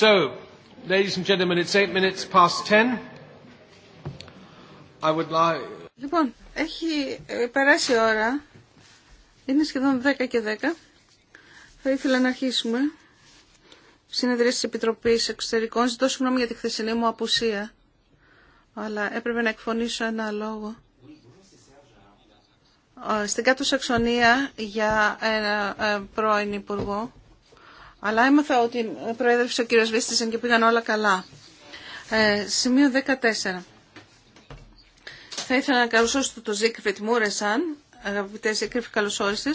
So, ladies and gentlemen, it's minutes past I would like... Λοιπόν, έχει ε, περάσει η ώρα. Είναι σχεδόν 10 και 10. Θα ήθελα να αρχίσουμε. Συνεδρία τη Επιτροπή Εξωτερικών. Ζητώ συγγνώμη για τη χθεσινή μου απουσία. Αλλά έπρεπε να εκφωνήσω ένα λόγο. Στην κάτω Σαξονία για ένα ε, πρώην υπουργό αλλά έμαθα ότι προέδρευσε ο κύριο Βίστησεν και πήγαν όλα καλά. Ε, σημείο 14. Θα ήθελα να καλωσώσω τον Ζίκφριτ Μούρεσαν, αγαπητέ Ζίκφριτ, καλώς όρισε,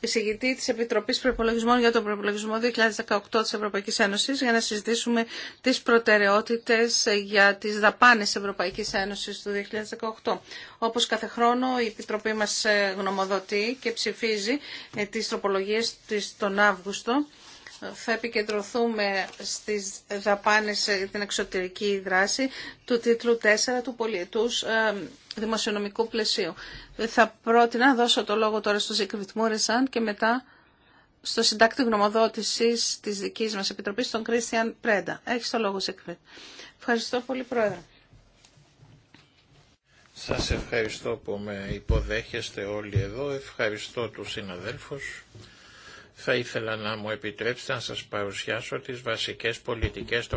εισηγητή τη Επιτροπή Προπολογισμών για τον Προπολογισμό 2018 τη Ευρωπαϊκή Ένωση, για να συζητήσουμε τι προτεραιότητε για τι δαπάνε Ευρωπαϊκή Ένωση του 2018. Όπω κάθε χρόνο η Επιτροπή μα ε, γνωμοδοτεί και ψηφίζει ε, τι τροπολογίε τη τον Αύγουστο θα επικεντρωθούμε στις δαπάνες για την εξωτερική δράση του τίτλου 4 του πολιετούς ε, δημοσιονομικού πλαισίου. Θα πρότεινα να δώσω το λόγο τώρα στο Ζικβιτμού και μετά στο συντάκτη γνωμοδότησης της δικής μας επιτροπής, τον Κρίστιαν Πρέντα. Έχεις το λόγο, Ζικβιτ. Ευχαριστώ πολύ, Πρόεδρε. Σας ευχαριστώ που με υποδέχεστε όλοι εδώ. Ευχαριστώ τους συναδέλφους θα ήθελα να μου επιτρέψετε να σας παρουσιάσω τις βασικές πολιτικές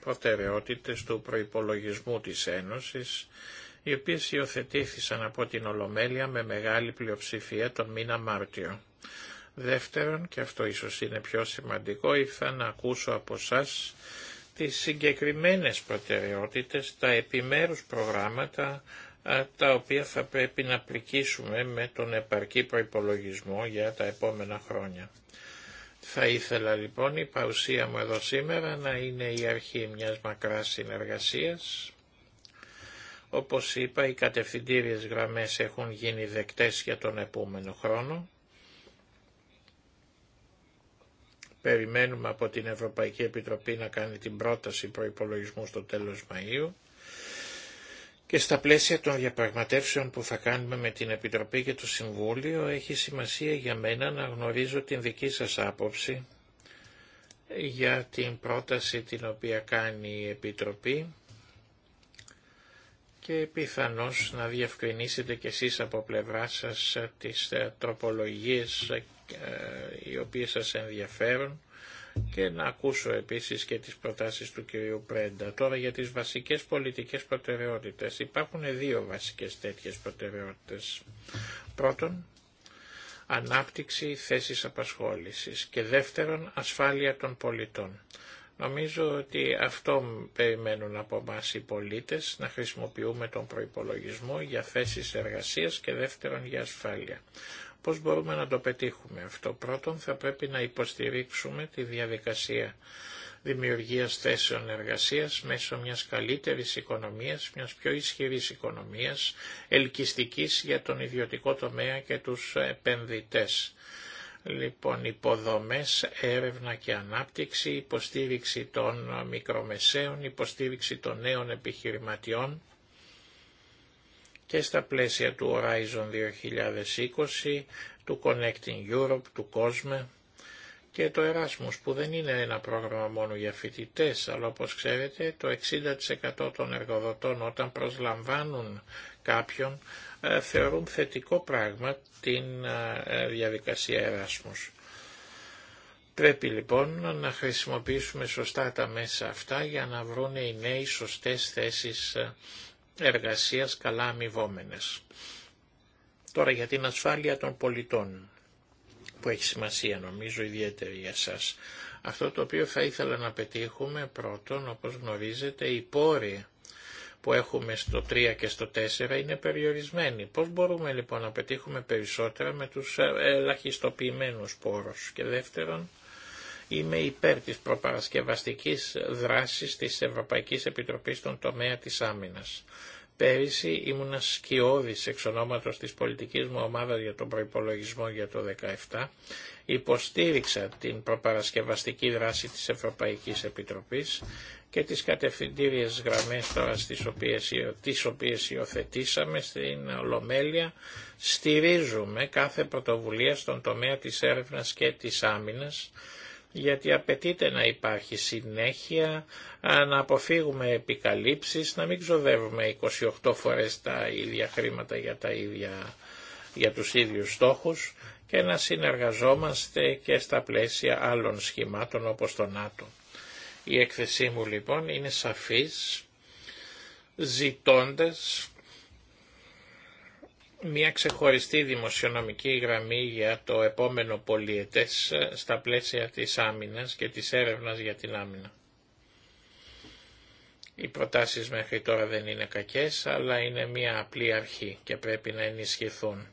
προτεραιότητες του προϋπολογισμού της Ένωσης, οι οποίες υιοθετήθησαν από την Ολομέλεια με μεγάλη πλειοψηφία τον μήνα Μάρτιο. Δεύτερον, και αυτό ίσως είναι πιο σημαντικό, ήρθα να ακούσω από εσά τις συγκεκριμένες προτεραιότητες, τα επιμέρους προγράμματα, τα οποία θα πρέπει να πληκίσουμε με τον επαρκή προϋπολογισμό για τα επόμενα χρόνια. Θα ήθελα λοιπόν η παρουσία μου εδώ σήμερα να είναι η αρχή μιας μακράς συνεργασίας. Όπως είπα, οι κατευθυντήριες γραμμές έχουν γίνει δεκτές για τον επόμενο χρόνο. Περιμένουμε από την Ευρωπαϊκή Επιτροπή να κάνει την πρόταση προϋπολογισμού στο τέλος Μαΐου και στα πλαίσια των διαπραγματεύσεων που θα κάνουμε με την Επιτροπή και το Συμβούλιο έχει σημασία για μένα να γνωρίζω την δική σας άποψη για την πρόταση την οποία κάνει η Επιτροπή και πιθανώς να διευκρινίσετε κι εσείς από πλευρά σας τις ε, τροπολογίες ε, οι οποίες σας ενδιαφέρουν και να ακούσω επίσης και τις προτάσεις του κυρίου Πρέντα. Τώρα για τις βασικές πολιτικές προτεραιότητες. Υπάρχουν δύο βασικές τέτοιες προτεραιότητες. Πρώτον, ανάπτυξη θέσης απασχόλησης και δεύτερον, ασφάλεια των πολιτών. Νομίζω ότι αυτό περιμένουν από εμά οι πολίτες, να χρησιμοποιούμε τον προϋπολογισμό για θέσεις εργασίας και δεύτερον για ασφάλεια. Πώς μπορούμε να το πετύχουμε αυτό. Πρώτον θα πρέπει να υποστηρίξουμε τη διαδικασία δημιουργίας θέσεων εργασίας μέσω μιας καλύτερης οικονομίας, μιας πιο ισχυρής οικονομίας, ελκυστικής για τον ιδιωτικό τομέα και τους επενδυτές. Λοιπόν, υποδομές, έρευνα και ανάπτυξη, υποστήριξη των μικρομεσαίων, υποστήριξη των νέων επιχειρηματιών, και στα πλαίσια του Horizon 2020, του Connecting Europe, του COSME και το Erasmus που δεν είναι ένα πρόγραμμα μόνο για φοιτητέ, αλλά όπως ξέρετε το 60% των εργοδοτών όταν προσλαμβάνουν κάποιον ε, θεωρούν θετικό πράγμα την ε, ε, διαδικασία Erasmus. Πρέπει λοιπόν να χρησιμοποιήσουμε σωστά τα μέσα αυτά για να βρουν οι νέοι σωστές θέσεις εργασίας καλά αμοιβόμενε. Τώρα για την ασφάλεια των πολιτών, που έχει σημασία νομίζω ιδιαίτερη για σας. Αυτό το οποίο θα ήθελα να πετύχουμε πρώτον, όπως γνωρίζετε, οι πόροι που έχουμε στο 3 και στο 4 είναι περιορισμένοι. Πώς μπορούμε λοιπόν να πετύχουμε περισσότερα με τους ε, ελαχιστοποιημένους πόρους. Και δεύτερον, Είμαι υπέρ της προπαρασκευαστικής δράσης της Ευρωπαϊκής Επιτροπής στον τομέα της άμυνας. Πέρυσι ήμουνα σκιώδης εξ ονόματος της πολιτικής μου ομάδας για τον προϋπολογισμό για το 2017. Υποστήριξα την προπαρασκευαστική δράση της Ευρωπαϊκής Επιτροπής και τις κατευθυντήριες γραμμές τώρα στις οποίες, τις οποίες υιοθετήσαμε στην Ολομέλεια. Στηρίζουμε κάθε πρωτοβουλία στον τομέα της έρευνας και της άμυνας γιατί απαιτείται να υπάρχει συνέχεια, να αποφύγουμε επικαλύψεις, να μην ξοδεύουμε 28 φορές τα ίδια χρήματα για, τα ίδια, για τους ίδιους στόχους και να συνεργαζόμαστε και στα πλαίσια άλλων σχημάτων όπως το ΝΑΤΟ. Η έκθεσή μου λοιπόν είναι σαφής, ζητώντας μια ξεχωριστή δημοσιονομική γραμμή για το επόμενο πολιετές ε, στα πλαίσια της άμυνας και της έρευνας για την άμυνα. Οι προτάσεις μέχρι τώρα δεν είναι κακές, αλλά είναι μια απλή αρχή και πρέπει να ενισχυθούν.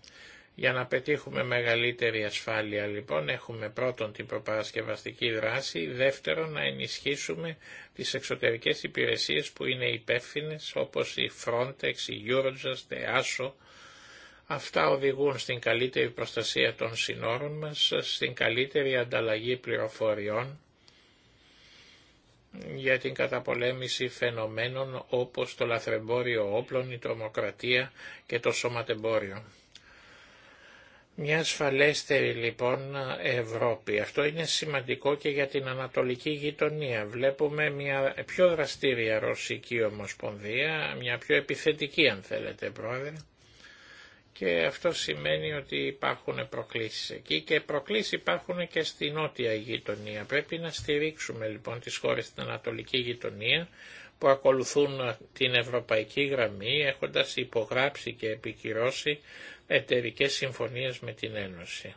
Για να πετύχουμε μεγαλύτερη ασφάλεια λοιπόν έχουμε πρώτον την προπαρασκευαστική δράση, δεύτερον να ενισχύσουμε τις εξωτερικές υπηρεσίες που είναι υπεύθυνε όπως η Frontex, η Eurojust, η ASO, Αυτά οδηγούν στην καλύτερη προστασία των συνόρων μας, στην καλύτερη ανταλλαγή πληροφοριών για την καταπολέμηση φαινομένων όπως το λαθρεμπόριο όπλων, η τρομοκρατία και το σωματεμπόριο. Μια ασφαλέστερη λοιπόν Ευρώπη. Αυτό είναι σημαντικό και για την ανατολική γειτονία. Βλέπουμε μια πιο δραστήρια ρωσική ομοσπονδία, μια πιο επιθετική αν θέλετε πρόεδρε, και αυτό σημαίνει ότι υπάρχουν προκλήσεις εκεί και προκλήσεις υπάρχουν και στη νότια γειτονία. Πρέπει να στηρίξουμε λοιπόν τις χώρες στην ανατολική γειτονία που ακολουθούν την ευρωπαϊκή γραμμή έχοντας υπογράψει και επικυρώσει εταιρικέ συμφωνίες με την Ένωση.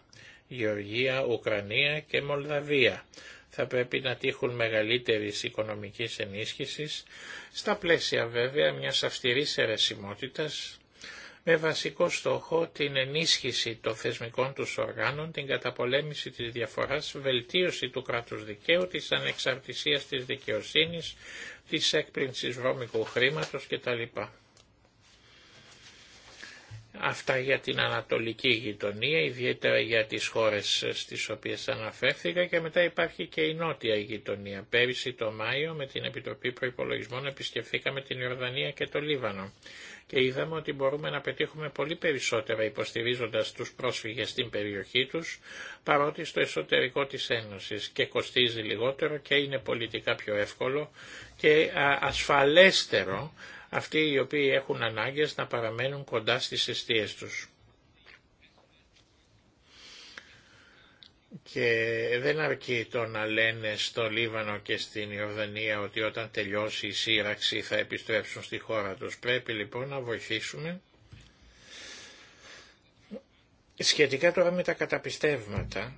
Γεωργία, Ουκρανία και Μολδαβία θα πρέπει να τύχουν μεγαλύτερης οικονομικής ενίσχυσης, στα πλαίσια βέβαια μια αυστηρής αιρεσιμότητας με βασικό στόχο την ενίσχυση των θεσμικών του οργάνων, την καταπολέμηση της διαφοράς, βελτίωση του κράτους δικαίου, της ανεξαρτησίας της δικαιοσύνης, της έκπληξης βρώμικου χρήματος κτλ. Αυτά για την ανατολική γειτονία, ιδιαίτερα για τις χώρες στις οποίες αναφέρθηκα και μετά υπάρχει και η νότια γειτονία. Πέρυσι το Μάιο με την Επιτροπή Προϋπολογισμών επισκεφθήκαμε την Ιορδανία και το Λίβανο και είδαμε ότι μπορούμε να πετύχουμε πολύ περισσότερα υποστηρίζοντας τους πρόσφυγες στην περιοχή τους, παρότι στο εσωτερικό της Ένωσης και κοστίζει λιγότερο και είναι πολιτικά πιο εύκολο και ασφαλέστερο αυτοί οι οποίοι έχουν ανάγκες να παραμένουν κοντά στις αιστείες τους. Και δεν αρκεί το να λένε στο Λίβανο και στην Ιορδανία ότι όταν τελειώσει η σύραξη θα επιστρέψουν στη χώρα τους. Πρέπει λοιπόν να βοηθήσουμε. Σχετικά τώρα με τα καταπιστεύματα,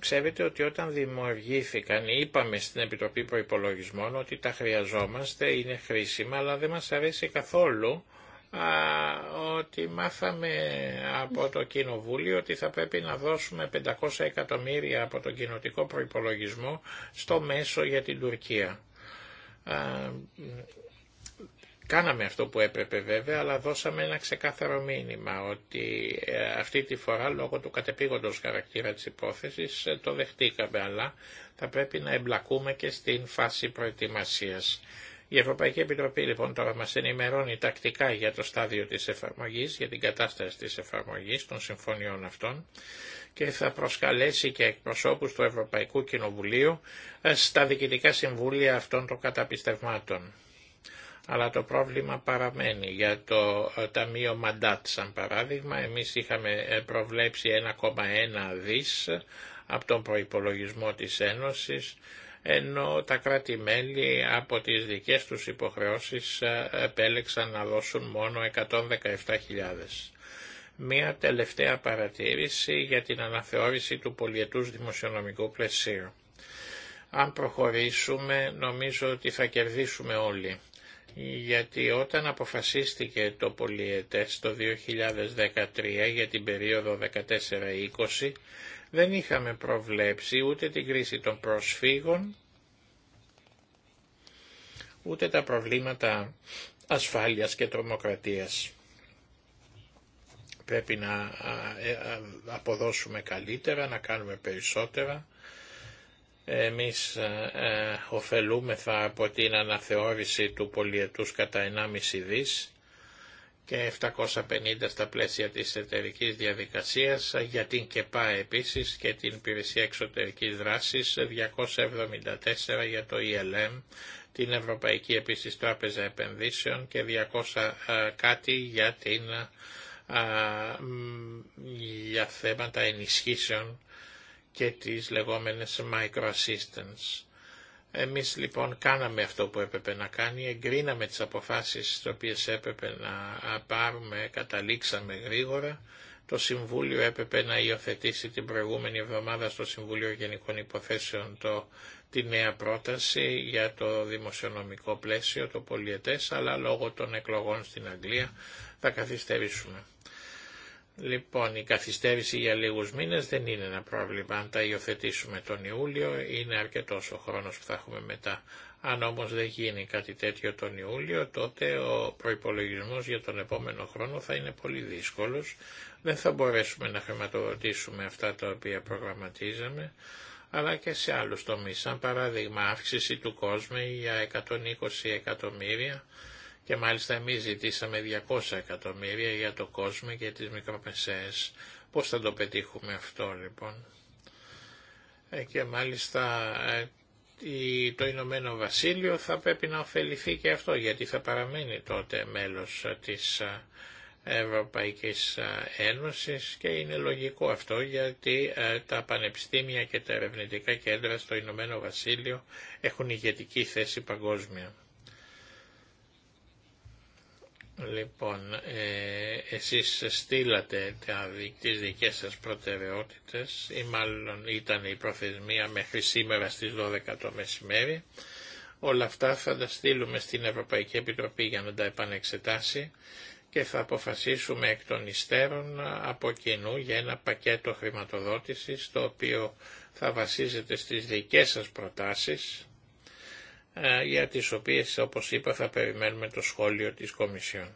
Ξέρετε ότι όταν δημιουργήθηκαν, είπαμε στην Επιτροπή Προϋπολογισμών ότι τα χρειαζόμαστε, είναι χρήσιμα, αλλά δεν μας αρέσει καθόλου ότι μάθαμε από το Κοινοβούλιο ότι θα πρέπει να δώσουμε 500 εκατομμύρια από τον κοινοτικό προϋπολογισμό στο μέσο για την Τουρκία. Κάναμε αυτό που έπρεπε βέβαια, αλλά δώσαμε ένα ξεκάθαρο μήνυμα ότι ε, αυτή τη φορά λόγω του κατεπήγοντος χαρακτήρα της υπόθεσης ε, το δεχτήκαμε, αλλά θα πρέπει να εμπλακούμε και στην φάση προετοιμασίας. Η Ευρωπαϊκή Επιτροπή λοιπόν τώρα μας ενημερώνει τακτικά για το στάδιο της εφαρμογής, για την κατάσταση της εφαρμογής των συμφωνιών αυτών και θα προσκαλέσει και εκπροσώπους του Ευρωπαϊκού Κοινοβουλίου ε, στα διοικητικά συμβούλια αυτών των καταπιστευμάτων. Αλλά το πρόβλημα παραμένει. Για το ε, Ταμείο Μαντάτ, σαν παράδειγμα, εμείς είχαμε ε, προβλέψει 1,1 δις από τον προϋπολογισμό της Ένωσης ενώ τα κράτη-μέλη από τις δικές τους υποχρεώσεις ε, επέλεξαν να δώσουν μόνο 117.000. Μία τελευταία παρατήρηση για την αναθεώρηση του πολιετούς δημοσιονομικού πλαισίου. Αν προχωρήσουμε νομίζω ότι θα κερδίσουμε όλοι γιατί όταν αποφασίστηκε το πολιετές το 2013 για την περίοδο 14-20 δεν είχαμε προβλέψει ούτε την κρίση των προσφύγων, ούτε τα προβλήματα ασφάλειας και τρομοκρατίας. Πρέπει να ε, αποδώσουμε καλύτερα, να κάνουμε περισσότερα. Εμείς ε, ωφελούμεθα από την αναθεώρηση του πολιετούς κατά 1,5 δις και 750 στα πλαίσια της εταιρικής διαδικασίας, για την ΚΕΠΑ επίσης και την Υπηρεσία Εξωτερικής Δράσης, 274 για το ELM, την Ευρωπαϊκή επίσης Τράπεζα Επενδύσεων και 200 κάτι για, την, για θέματα ενισχύσεων και τις λεγόμενες micro assistance. Εμείς λοιπόν κάναμε αυτό που έπρεπε να κάνει, εγκρίναμε τις αποφάσεις τις οποίες έπρεπε να πάρουμε, καταλήξαμε γρήγορα. Το Συμβούλιο έπρεπε να υιοθετήσει την προηγούμενη εβδομάδα στο Συμβούλιο Γενικών Υποθέσεων το, τη νέα πρόταση για το δημοσιονομικό πλαίσιο, το πολιετές, αλλά λόγω των εκλογών στην Αγγλία θα καθυστερήσουμε. Λοιπόν, η καθυστέρηση για λίγους μήνες δεν είναι ένα πρόβλημα. Αν τα υιοθετήσουμε τον Ιούλιο, είναι αρκετός ο χρόνος που θα έχουμε μετά. Αν όμως δεν γίνει κάτι τέτοιο τον Ιούλιο, τότε ο προϋπολογισμός για τον επόμενο χρόνο θα είναι πολύ δύσκολος. Δεν θα μπορέσουμε να χρηματοδοτήσουμε αυτά τα οποία προγραμματίζαμε, αλλά και σε άλλους τομείς. Σαν παράδειγμα, αύξηση του κόσμου για 120 εκατομμύρια, και μάλιστα εμείς ζητήσαμε 200 εκατομμύρια για το κόσμο και τις μικροπεσαίες. Πώς θα το πετύχουμε αυτό λοιπόν. Ε, και μάλιστα ε, το Ηνωμένο Βασίλειο θα πρέπει να ωφεληθεί και αυτό γιατί θα παραμένει τότε μέλος ε, της Ευρωπαϊκής Ένωσης και είναι λογικό αυτό γιατί τα πανεπιστήμια και τα ερευνητικά κέντρα στο Ηνωμένο Βασίλειο έχουν ηγετική θέση παγκόσμια. Λοιπόν, ε, εσείς στείλατε τα, τις δικές σας προτεραιότητες ή μάλλον ήταν η προθεσμία μέχρι σήμερα στις 12 το μεσημέρι. Όλα αυτά θα τα στείλουμε στην Ευρωπαϊκή Επιτροπή για να τα επανεξετάσει και θα αποφασίσουμε εκ των υστέρων από κοινού για ένα πακέτο χρηματοδότησης το οποίο θα βασίζεται στις δικές σας προτάσεις ε, για τις οποίες όπως είπα θα περιμένουμε το σχόλιο της Κομισιόν.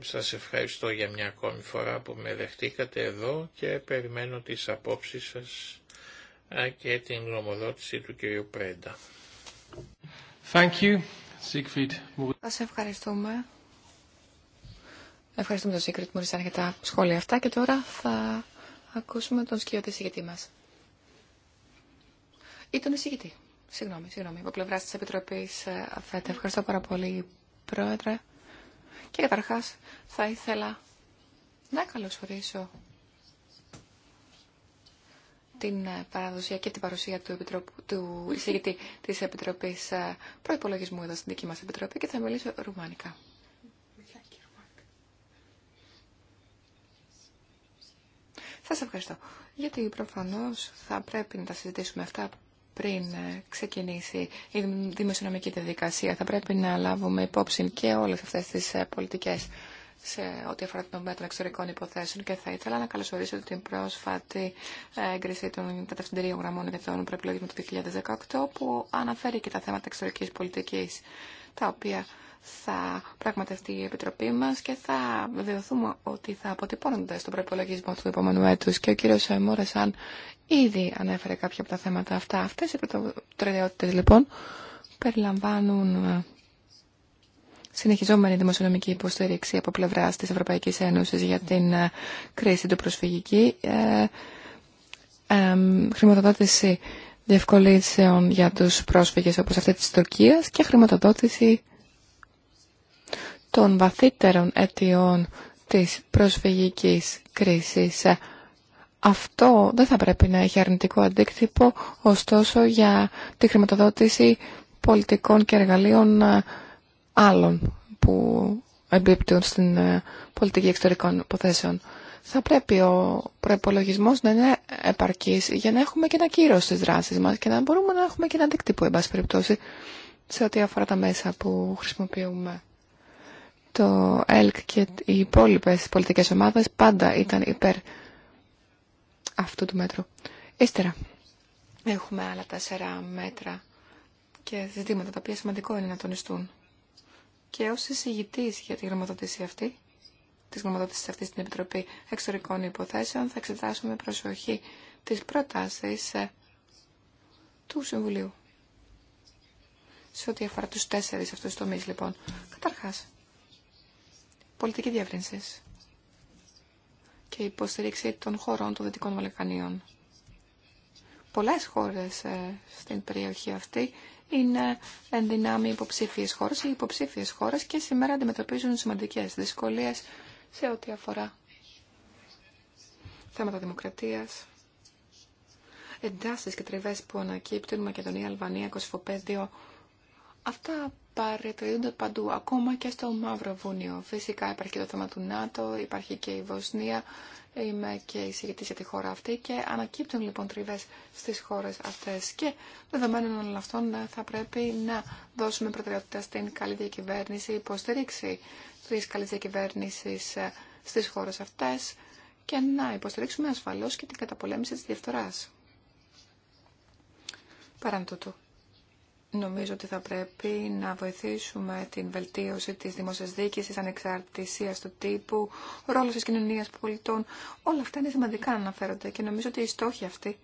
Σας ευχαριστώ για μια ακόμη φορά που με δεχτήκατε εδώ και περιμένω τις απόψεις σας ε, και την γνωμοδότηση του κυρίου Πρέντα. Thank you, Σας ευχαριστούμε. Ευχαριστούμε τον Siegfried Μουρισάν για τα σχόλια αυτά και τώρα θα ακούσουμε τον σκιώτη συγκεκριτή μας ή τον εισηγητή. Συγγνώμη, συγγνώμη. Από πλευρά τη Επιτροπή ε, ΑΦΕΤ. Ευχαριστώ πάρα πολύ, Πρόεδρε. Και καταρχά θα ήθελα να καλωσορίσω την ε, παραδοσία και την παρουσία του, Επιτροπου, του εισηγητή τη Επιτροπή ε, Προπολογισμού εδώ στην δική μα Επιτροπή και θα μιλήσω ρουμάνικα. Σας ευχαριστώ. Γιατί προφανώς θα πρέπει να τα συζητήσουμε αυτά πριν ε, ξεκινήσει η δημοσιονομική διαδικασία. Θα πρέπει να λάβουμε υπόψη και όλες αυτές τις ε, πολιτικές σε ό,τι αφορά την τομέα των εξωτερικών υποθέσεων και θα ήθελα να καλωσορίσω την πρόσφατη ε, έγκριση των κατευθυντηρίων γραμμών για τον προεπιλογισμό του 2018 που αναφέρει και τα θέματα εξωτερικής πολιτικής τα οποία θα πραγματευτεί η Επιτροπή μας και θα βεβαιωθούμε ότι θα αποτυπώνονται στον προπολογισμό του επόμενου έτους και ο κύριος Μόρεσαν ήδη ανέφερε κάποια από τα θέματα αυτά. Αυτές οι προτεραιότητες λοιπόν περιλαμβάνουν ε, συνεχιζόμενη δημοσιονομική υποστήριξη από πλευρά της Ευρωπαϊκής Ένωσης για την ε, κρίση του προσφυγική, ε, χρηματοδότηση διευκολύνσεων για τους πρόσφυγες όπως αυτή της Τουρκίας και χρηματοδότηση των βαθύτερων αιτιών της προσφυγικής κρίσης. Αυτό δεν θα πρέπει να έχει αρνητικό αντίκτυπο, ωστόσο για τη χρηματοδότηση πολιτικών και εργαλείων ε, άλλων που εμπίπτουν στην ε, πολιτική εξωτερικών υποθέσεων. Θα πρέπει ο προπολογισμό να είναι επαρκή για να έχουμε και ένα κύρο στι δράσει μα και να μπορούμε να έχουμε και ένα αντίκτυπο, σε ό,τι αφορά τα μέσα που χρησιμοποιούμε το ΕΛΚ και οι υπόλοιπε πολιτικές ομάδες πάντα ήταν υπέρ αυτού του μέτρου. Ύστερα, έχουμε άλλα τέσσερα μέτρα και ζητήματα τα οποία σημαντικό είναι να τονιστούν. Και ως εισηγητής για τη γνωμοδότηση αυτή, της γνωμοδότησης αυτής στην Επιτροπή Εξωτερικών Υποθέσεων, θα εξετάσουμε προσοχή τις προτάσεις ε, του Συμβουλίου. Σε ό,τι αφορά τους τέσσερις αυτούς τομείς, λοιπόν. Καταρχάς, πολιτική διεύρυνση και υποστήριξη των χωρών των Δυτικών Βαλκανίων. Πολλές χώρες ε, στην περιοχή αυτή είναι εν δυνάμει υποψήφιες χώρες ή υποψήφιες χώρες και σήμερα αντιμετωπίζουν σημαντικές δυσκολίες σε ό,τι αφορά θέματα δημοκρατίας, εντάσεις και τριβές που ανακύπτουν Μακεδονία, Αλβανία, Κοσφοπέδιο, Αυτά παρατηρούνται παντού, ακόμα και στο Μαύρο Βούνιο. Φυσικά υπάρχει και το θέμα του ΝΑΤΟ, υπάρχει και η Βοσνία, είμαι και συγκεκριτή για τη χώρα αυτή και ανακύπτουν λοιπόν τριβέ στι χώρε αυτέ και δεδομένων όλων αυτών θα πρέπει να δώσουμε προτεραιότητα στην καλή διακυβέρνηση, υποστηρίξη τη καλή διακυβέρνηση ε, στι χώρε αυτέ και να υποστηρίξουμε ασφαλώ και την καταπολέμηση τη διαφθόρα. Παράν τούτου. Νομίζω ότι θα πρέπει να βοηθήσουμε την βελτίωση της δημόσιας διοίκησης, ανεξαρτησίας του τύπου, ρόλο της κοινωνίας πολιτών. Όλα αυτά είναι σημαντικά να αναφέρονται και νομίζω ότι οι στόχοι αυτοί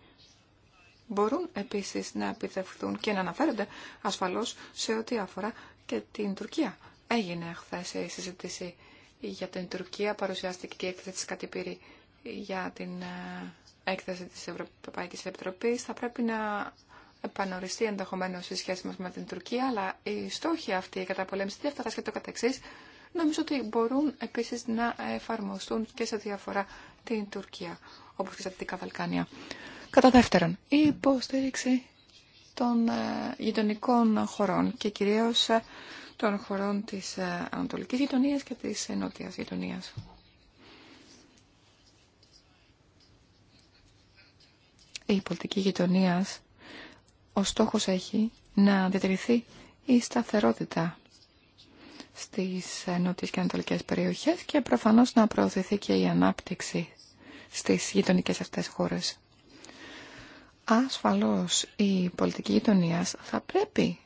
μπορούν επίσης να επιτευχθούν και να αναφέρονται ασφαλώς σε ό,τι αφορά και την Τουρκία. Έγινε χθε η συζήτηση για την Τουρκία, παρουσιάστηκε και η έκθεση της Κατυπήρη για την ε, έκθεση της Ευρωπαϊκής Επιτροπής. Θα πρέπει να επανοριστεί ενδεχομένω η σχέση μα με την Τουρκία, αλλά οι στόχοι αυτοί, η καταπολέμηση, τη διαφθορά και το καταξή, νομίζω ότι μπορούν επίση να εφαρμοστούν και σε διαφορά την Τουρκία, όπω και στα Δυτικά Βαλκάνια. Κατά δεύτερον, η υποστήριξη των ε, γειτονικών χωρών και κυρίω ε, των χωρών τη ε, Ανατολική Γειτονία και τη Νότια Γειτονία. Η πολιτική γειτονίας ο στόχος έχει να διατηρηθεί η σταθερότητα στις νότιες και ανατολικές περιοχές και προφανώς να προωθηθεί και η ανάπτυξη στις γειτονικές αυτές χώρες. Ασφαλώς η πολιτική γειτονία θα πρέπει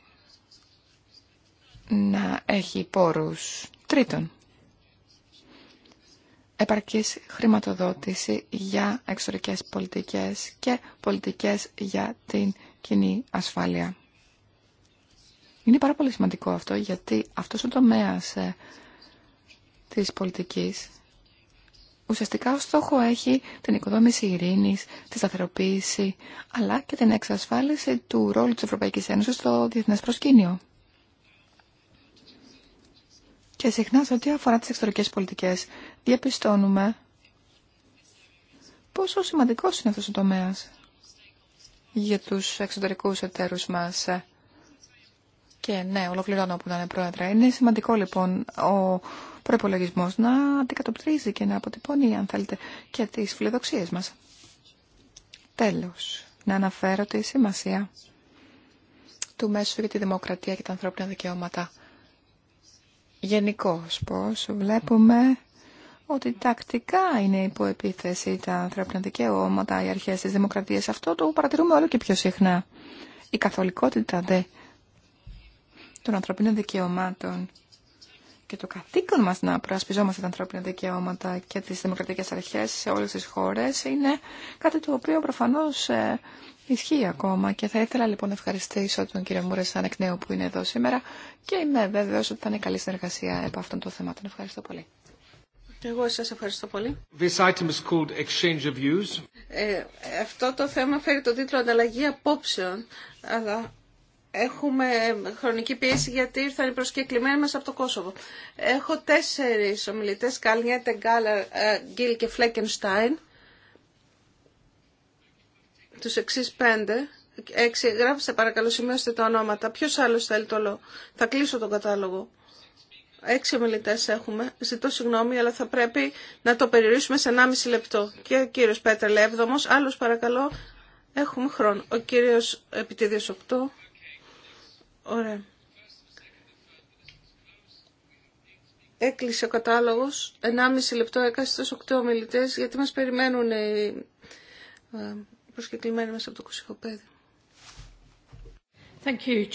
να έχει πόρους τρίτων. Επαρκής χρηματοδότηση για εξωτερικές πολιτικές και πολιτικές για την κοινή ασφάλεια. Είναι πάρα πολύ σημαντικό αυτό γιατί αυτός ο τομέας ε, της πολιτικής ουσιαστικά ως στόχο έχει την οικοδόμηση ειρήνης, τη σταθεροποίηση αλλά και την εξασφάλιση του ρόλου της Ευρωπαϊκής Ένωσης στο διεθνές προσκήνιο. Και συχνά σε ό,τι αφορά τις εξωτερικές πολιτικές διαπιστώνουμε πόσο σημαντικός είναι αυτός ο τομέας για τους εξωτερικούς εταίρους μας. Και ναι, ολοκληρώνω που ήταν πρόεδρε. Είναι σημαντικό λοιπόν ο προπολογισμό να αντικατοπτρίζει και να αποτυπώνει, αν θέλετε, και τις φιλοδοξίες μας. Τέλος, να αναφέρω τη σημασία του μέσου για τη δημοκρατία και τα ανθρώπινα δικαιώματα. Γενικώ πώς βλέπουμε ότι τακτικά είναι υπό επίθεση τα ανθρώπινα δικαιώματα, οι αρχές της δημοκρατίας. Αυτό το παρατηρούμε όλο και πιο συχνά. Η καθολικότητα των ανθρωπίνων δικαιωμάτων και το καθήκον μας να προασπιζόμαστε τα ανθρώπινα δικαιώματα και τις δημοκρατικές αρχές σε όλες τις χώρες είναι κάτι το οποίο προφανώς ε, ισχύει ακόμα και θα ήθελα λοιπόν να ευχαριστήσω τον κύριο Μούρεσαν εκ νέου που είναι εδώ σήμερα και είμαι βέβαιος ότι θα είναι καλή συνεργασία από το θέμα. Τον Ευχαριστώ πολύ. Εγώ σας ευχαριστώ πολύ. This item is called exchange of views. Ε, αυτό το θέμα φέρει το τίτλο «Ανταλλαγή απόψεων», αλλά έχουμε χρονική πίεση γιατί ήρθαν οι προσκεκλημένοι μας από το Κόσοβο. Έχω τέσσερις ομιλητές, Καλνιέτε, Γκάλα, ε, Γκίλ και Φλέκενστάιν, τους εξής πέντε. Έξι, γράψτε παρακαλώ, σημειώστε τα ονόματα. Ποιος άλλος θέλει το λόγο. Θα κλείσω τον κατάλογο. Έξι ομιλητέ έχουμε. Ζητώ συγγνώμη, αλλά θα πρέπει να το περιορίσουμε σε 1,5 λεπτό. Και ο κύριο Πέτρελ, έβδομο. Άλλο παρακαλώ, έχουμε χρόνο. Ο κύριο Επιτίδιο, 8. Ωραία. Έκλεισε ο κατάλογο. 1,5 λεπτό έκανε στου 8 ομιλητέ, γιατί μα περιμένουν οι ε, προσκεκλημένοι μα από το Κουσικοπέδιο. Thank you.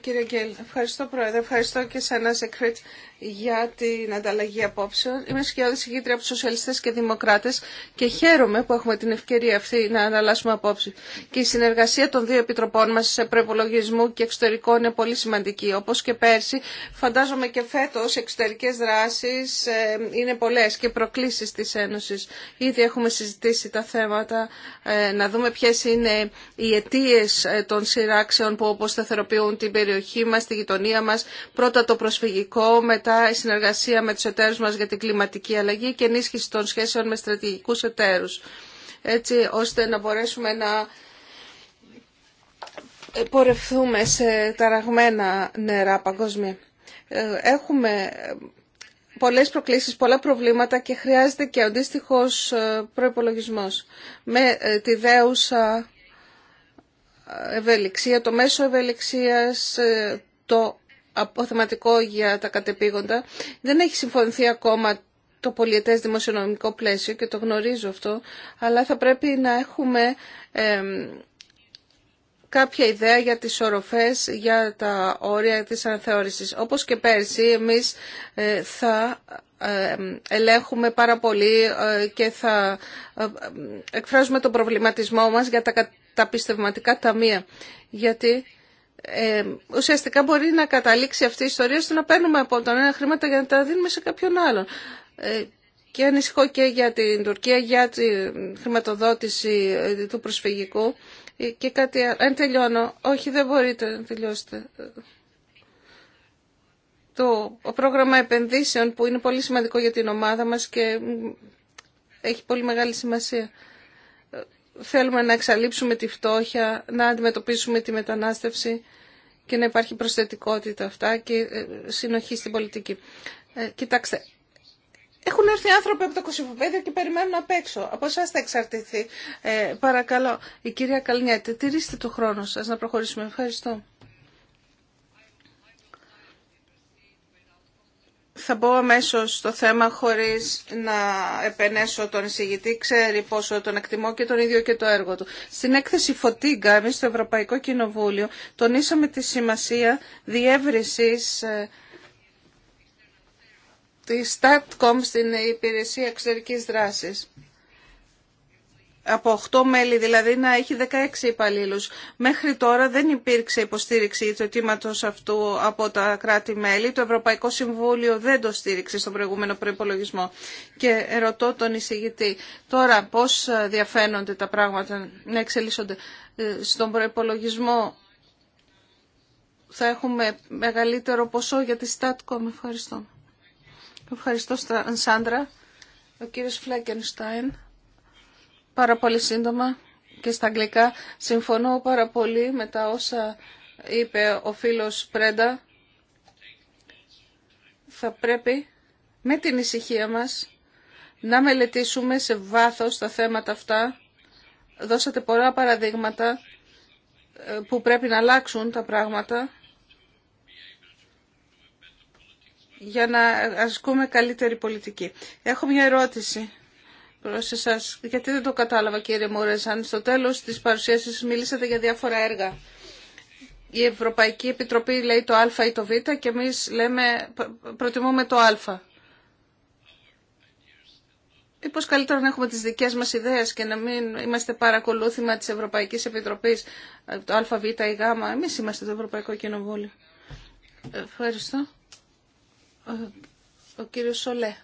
Κύριε Γκέλ, ευχαριστώ Πρόεδρε, ευχαριστώ και σαν Secret για την ανταλλαγή απόψεων. Είμαι σχεδόν συγκήτρια από τους σοσιαλιστές και δημοκράτες και χαίρομαι που έχουμε την ευκαιρία αυτή να ανταλλάσσουμε απόψη. Και η συνεργασία των δύο επιτροπών μας σε προπολογισμού και εξωτερικό είναι πολύ σημαντική. Όπως και πέρσι, φαντάζομαι και φέτος εξωτερικές δράσεις ε, είναι πολλές και προκλήσεις της Ένωσης. Ήδη έχουμε συζητήσει τα θέματα, ε, να δούμε ποιε είναι οι αιτίε ε, των σειράξεων που σταθεροποιούν την περιοχή μας, στη γειτονία μας. Πρώτα το προσφυγικό, μετά η συνεργασία με τους εταίρους μας για την κλιματική αλλαγή και ενίσχυση των σχέσεων με στρατηγικούς εταίρους. Έτσι ώστε να μπορέσουμε να πορευθούμε σε ταραγμένα νερά παγκόσμια. Ε, έχουμε πολλές προκλήσεις, πολλά προβλήματα και χρειάζεται και ο αντίστοιχο ε, προπολογισμό. Με ε, τη δέουσα ευελιξία, το μέσο ευελιξίας, ε, το αποθεματικό για τα κατεπήγοντα. Δεν έχει συμφωνηθεί ακόμα το πολιετές δημοσιονομικό πλαίσιο και το γνωρίζω αυτό, αλλά θα πρέπει να έχουμε κάποια ιδέα για τις οροφές, για τα όρια της αναθεώρησης. Όπως και πέρσι, εμείς ε, θα ε, ελέγχουμε πάρα πολύ και θα εκφράζουμε τον προβληματισμό μας για τα τα πιστευματικά ταμεία. Γιατί ε, ουσιαστικά μπορεί να καταλήξει αυτή η ιστορία στο να παίρνουμε από τον ένα χρήματα για να τα δίνουμε σε κάποιον άλλον. Ε, και ανησυχώ και για την Τουρκία, για τη χρηματοδότηση ε, του προσφυγικού και κάτι άλλο. Αν τελειώνω, όχι δεν μπορείτε να τελειώσετε. Το πρόγραμμα επενδύσεων που είναι πολύ σημαντικό για την ομάδα μας και έχει πολύ μεγάλη σημασία θέλουμε να εξαλείψουμε τη φτώχεια, να αντιμετωπίσουμε τη μετανάστευση και να υπάρχει προσθετικότητα αυτά και ε, συνοχή στην πολιτική. Ε, κοιτάξτε, έχουν έρθει άνθρωποι από το Κωσυφοπέδιο και περιμένουν απ' έξω. Από εσά θα εξαρτηθεί. Ε, παρακαλώ, η κυρία Καλνιέτη, τηρήστε το χρόνο σας να προχωρήσουμε. Ευχαριστώ. Θα μπω αμέσω στο θέμα χωρίς να επενέσω τον εισηγητή. Ξέρει πόσο τον εκτιμώ και τον ίδιο και το έργο του. Στην έκθεση Φωτίγκα, εμεί στο Ευρωπαϊκό Κοινοβούλιο, τονίσαμε τη σημασία διεύρυνση ε, τη STATCOM στην υπηρεσία εξωτερική δράση από 8 μέλη δηλαδή να έχει 16 υπαλλήλου. Μέχρι τώρα δεν υπήρξε υποστήριξη του αιτήματο αυτού από τα κράτη-μέλη. Το Ευρωπαϊκό Συμβούλιο δεν το στήριξε στον προηγούμενο προπολογισμό. Και ρωτώ τον εισηγητή τώρα πώ διαφαίνονται τα πράγματα να εξελίσσονται ε, στον προπολογισμό. Θα έχουμε μεγαλύτερο ποσό για τη Στάτκομ. Ευχαριστώ. Ευχαριστώ, Σάντρα. Ο κύριος Φλέκενστάιν. Πάρα πολύ σύντομα και στα αγγλικά. Συμφωνώ πάρα πολύ με τα όσα είπε ο φίλος Πρέντα. Θα πρέπει με την ησυχία μας να μελετήσουμε σε βάθος τα θέματα αυτά. Δώσατε πολλά παραδείγματα ε, που πρέπει να αλλάξουν τα πράγματα για να ασκούμε καλύτερη πολιτική. Έχω μια ερώτηση προς Γιατί δεν το κατάλαβα κύριε αν Στο τέλος της παρουσίασης μίλησατε για διάφορα έργα. Η Ευρωπαϊκή Επιτροπή λέει το Α ή το Β και εμείς λέμε, προτιμούμε το Α. Ή καλύτερα να έχουμε τις δικές μας ιδέες και να μην είμαστε παρακολούθημα της Ευρωπαϊκής Επιτροπής, το Α, Β ή Γ. Εμείς είμαστε το Ευρωπαϊκό Κοινοβούλιο. Ευχαριστώ. Ο κύριος Σολέ.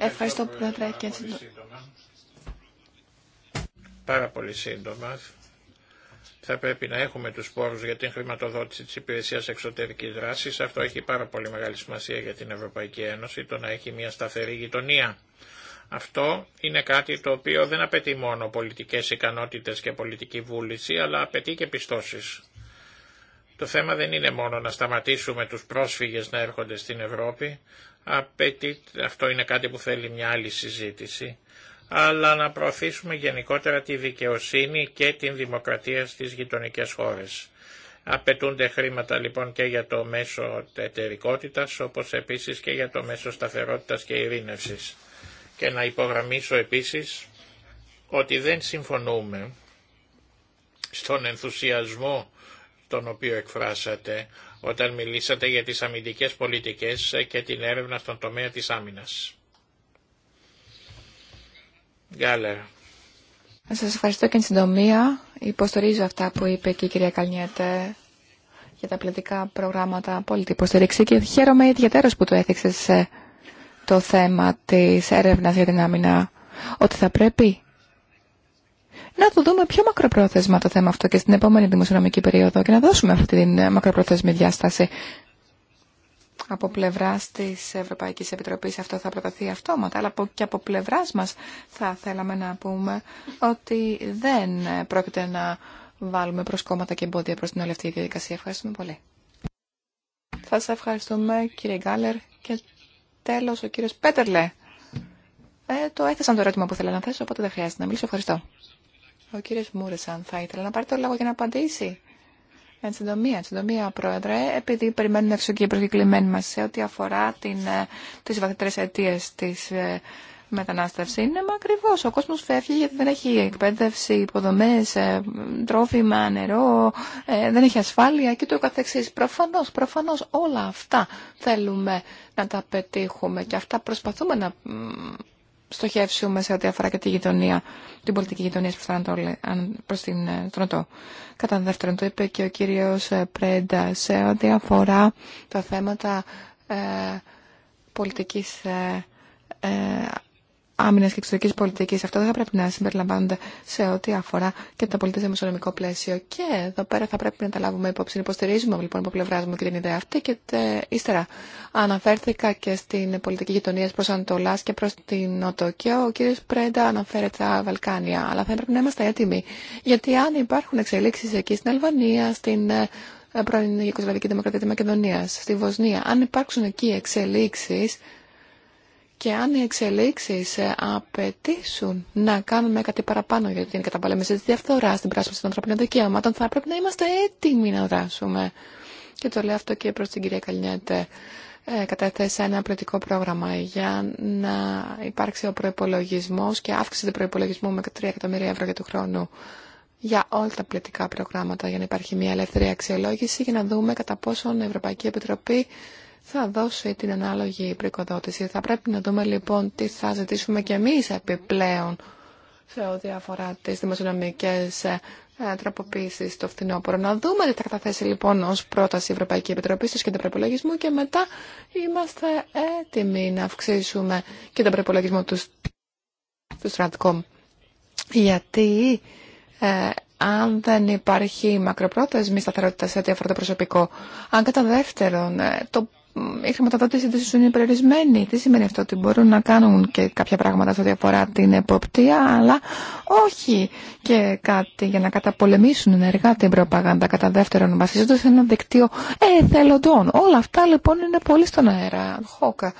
Ευχαριστώ, Πρόεδρε. Και... Πάρα πολύ σύντομα. Θα πρέπει να έχουμε τους πόρους για την χρηματοδότηση της υπηρεσίας εξωτερικής δράσης. Αυτό έχει πάρα πολύ μεγάλη σημασία για την Ευρωπαϊκή Ένωση, το να έχει μια σταθερή γειτονία. Αυτό είναι κάτι το οποίο δεν απαιτεί μόνο πολιτικές ικανότητες και πολιτική βούληση, αλλά απαιτεί και πιστώσεις. Το θέμα δεν είναι μόνο να σταματήσουμε τους πρόσφυγες να έρχονται στην Ευρώπη, απαιτεί, αυτό είναι κάτι που θέλει μια άλλη συζήτηση, αλλά να προωθήσουμε γενικότερα τη δικαιοσύνη και την δημοκρατία στις γειτονικές χώρες. Απαιτούνται χρήματα λοιπόν και για το μέσο εταιρικότητας, όπως επίσης και για το μέσο σταθερότητας και ειρήνευσης. Και να υπογραμμίσω επίσης ότι δεν συμφωνούμε στον ενθουσιασμό τον οποίο εκφράσατε όταν μιλήσατε για τις αμυντικές πολιτικές και την έρευνα στον τομέα της άμυνας. Γκάλερ. Σας ευχαριστώ και την συντομία. Υποστηρίζω αυτά που είπε και η κυρία Καλνιέτε για τα πλατικά προγράμματα απόλυτη υποστήριξη και χαίρομαι ιδιαίτερος που το έθιξες το θέμα της έρευνας για την άμυνα ότι θα πρέπει να το δούμε πιο μακροπρόθεσμα το θέμα αυτό και στην επόμενη δημοσιονομική περίοδο και να δώσουμε αυτή την ε, μακροπρόθεσμη διάσταση. Από πλευρά τη Ευρωπαϊκή Επιτροπή αυτό θα προταθεί αυτόματα, αλλά και από πλευρά μα θα θέλαμε να πούμε ότι δεν πρόκειται να βάλουμε προσκόμματα και εμπόδια προ την όλη αυτή τη διαδικασία. Ευχαριστούμε πολύ. Θα σα ευχαριστούμε κύριε Γκάλερ και τέλο ο κύριο Πέτερλε. Ε, το έθεσαν το ερώτημα που θέλω να θέσω, οπότε δεν χρειάζεται να μιλήσω. Ευχαριστώ. Ο κύριος Μούρεσαν θα ήθελε να πάρει το λόγο για να απαντήσει. Εν συντομία, εν συντομία, Πρόεδρε, επειδή περιμένουν έξω και οι μας σε ό,τι αφορά τι ε, τις αιτίε τη της ε, μετανάστευση. Είναι ακριβώ. Ο κόσμο φεύγει γιατί δεν έχει εκπαίδευση, υποδομέ, ε, τρόφιμα, νερό, δεν έχει ασφάλεια και το καθεξή. Προφανώ, προφανώ όλα αυτά θέλουμε να τα πετύχουμε και αυτά προσπαθούμε να στοχεύσουμε σε ό,τι αφορά και τη γειτονία, την πολιτική γειτονία προς την ε, Τρονοτό. Κατά δεύτερον, το είπε και ο κύριος ε, Πρέντα σε ό,τι αφορά τα θέματα ε, πολιτικής ε, Άμυνα και εξωτερική πολιτική, Αυτό δεν θα πρέπει να συμπεριλαμβάνονται σε ό,τι αφορά και το πολιτικό δημοσιονομικό πλαίσιο. Και εδώ πέρα θα πρέπει να τα λάβουμε υπόψη. Υποστηρίζουμε λοιπόν από πλευρά μου και την ιδέα αυτή και τε, ύστερα αναφέρθηκα και στην πολιτική γειτονία προ Ανατολά και προ την Νότο. ο κ. Πρέντα αναφέρεται στα Βαλκάνια. Αλλά θα έπρεπε να είμαστε έτοιμοι. Γιατί αν υπάρχουν εξελίξει εκεί στην Αλβανία, στην ε, πρώην Ιεκοσλαβική Δημοκρατία τη Μακεδονία, στη Βοσνία, αν υπάρξουν εκεί εξελίξει και αν οι εξελιξει ε, απαιτήσουν να κάνουμε κάτι παραπάνω για την καταπολέμηση τη διαφθορά την πράσινη των ανθρωπίνων δικαιωμάτων, θα πρέπει να είμαστε έτοιμοι να δράσουμε. Και το λέω αυτό και προ την κυρία Καλνιέτε. Ε, κατέθεσα ένα πολιτικό πρόγραμμα για να υπάρξει ο προπολογισμό και αύξηση του προπολογισμού με 3 εκατομμύρια ευρώ για του χρόνου για όλα τα πολιτικά προγράμματα για να υπάρχει μια ελεύθερη αξιολόγηση για να δούμε κατά πόσον η Ευρωπαϊκή Επιτροπή θα δώσει την ανάλογη πρικοδότηση. Θα πρέπει να δούμε λοιπόν τι θα ζητήσουμε και εμείς επιπλέον σε ό,τι αφορά τις δημοσιονομικές ε, τροποποίησεις στο φθινόπωρο. Να δούμε τι θα καταθέσει λοιπόν ως πρόταση η Ευρωπαϊκή Επιτροπή στο σχέδιο προπολογισμού και μετά είμαστε έτοιμοι να αυξήσουμε και τον προπολογισμό του, του Stratcom. Γιατί ε, αν δεν υπάρχει μακροπρόθεσμη σταθερότητα σε ό,τι αφορά το προσωπικό. Αν κατά δεύτερον, ε, το η χρηματοδότηση της είναι περιορισμένη. Τι σημαίνει αυτό, ότι μπορούν να κάνουν και κάποια πράγματα σε ό,τι την εποπτεία, αλλά όχι και κάτι για να καταπολεμήσουν ενεργά την προπαγάνδα. Κατά δεύτερον, βασίζονται σε ένα δικτύο εθελοντών. Όλα αυτά λοιπόν είναι πολύ στον αέρα. Χόκα.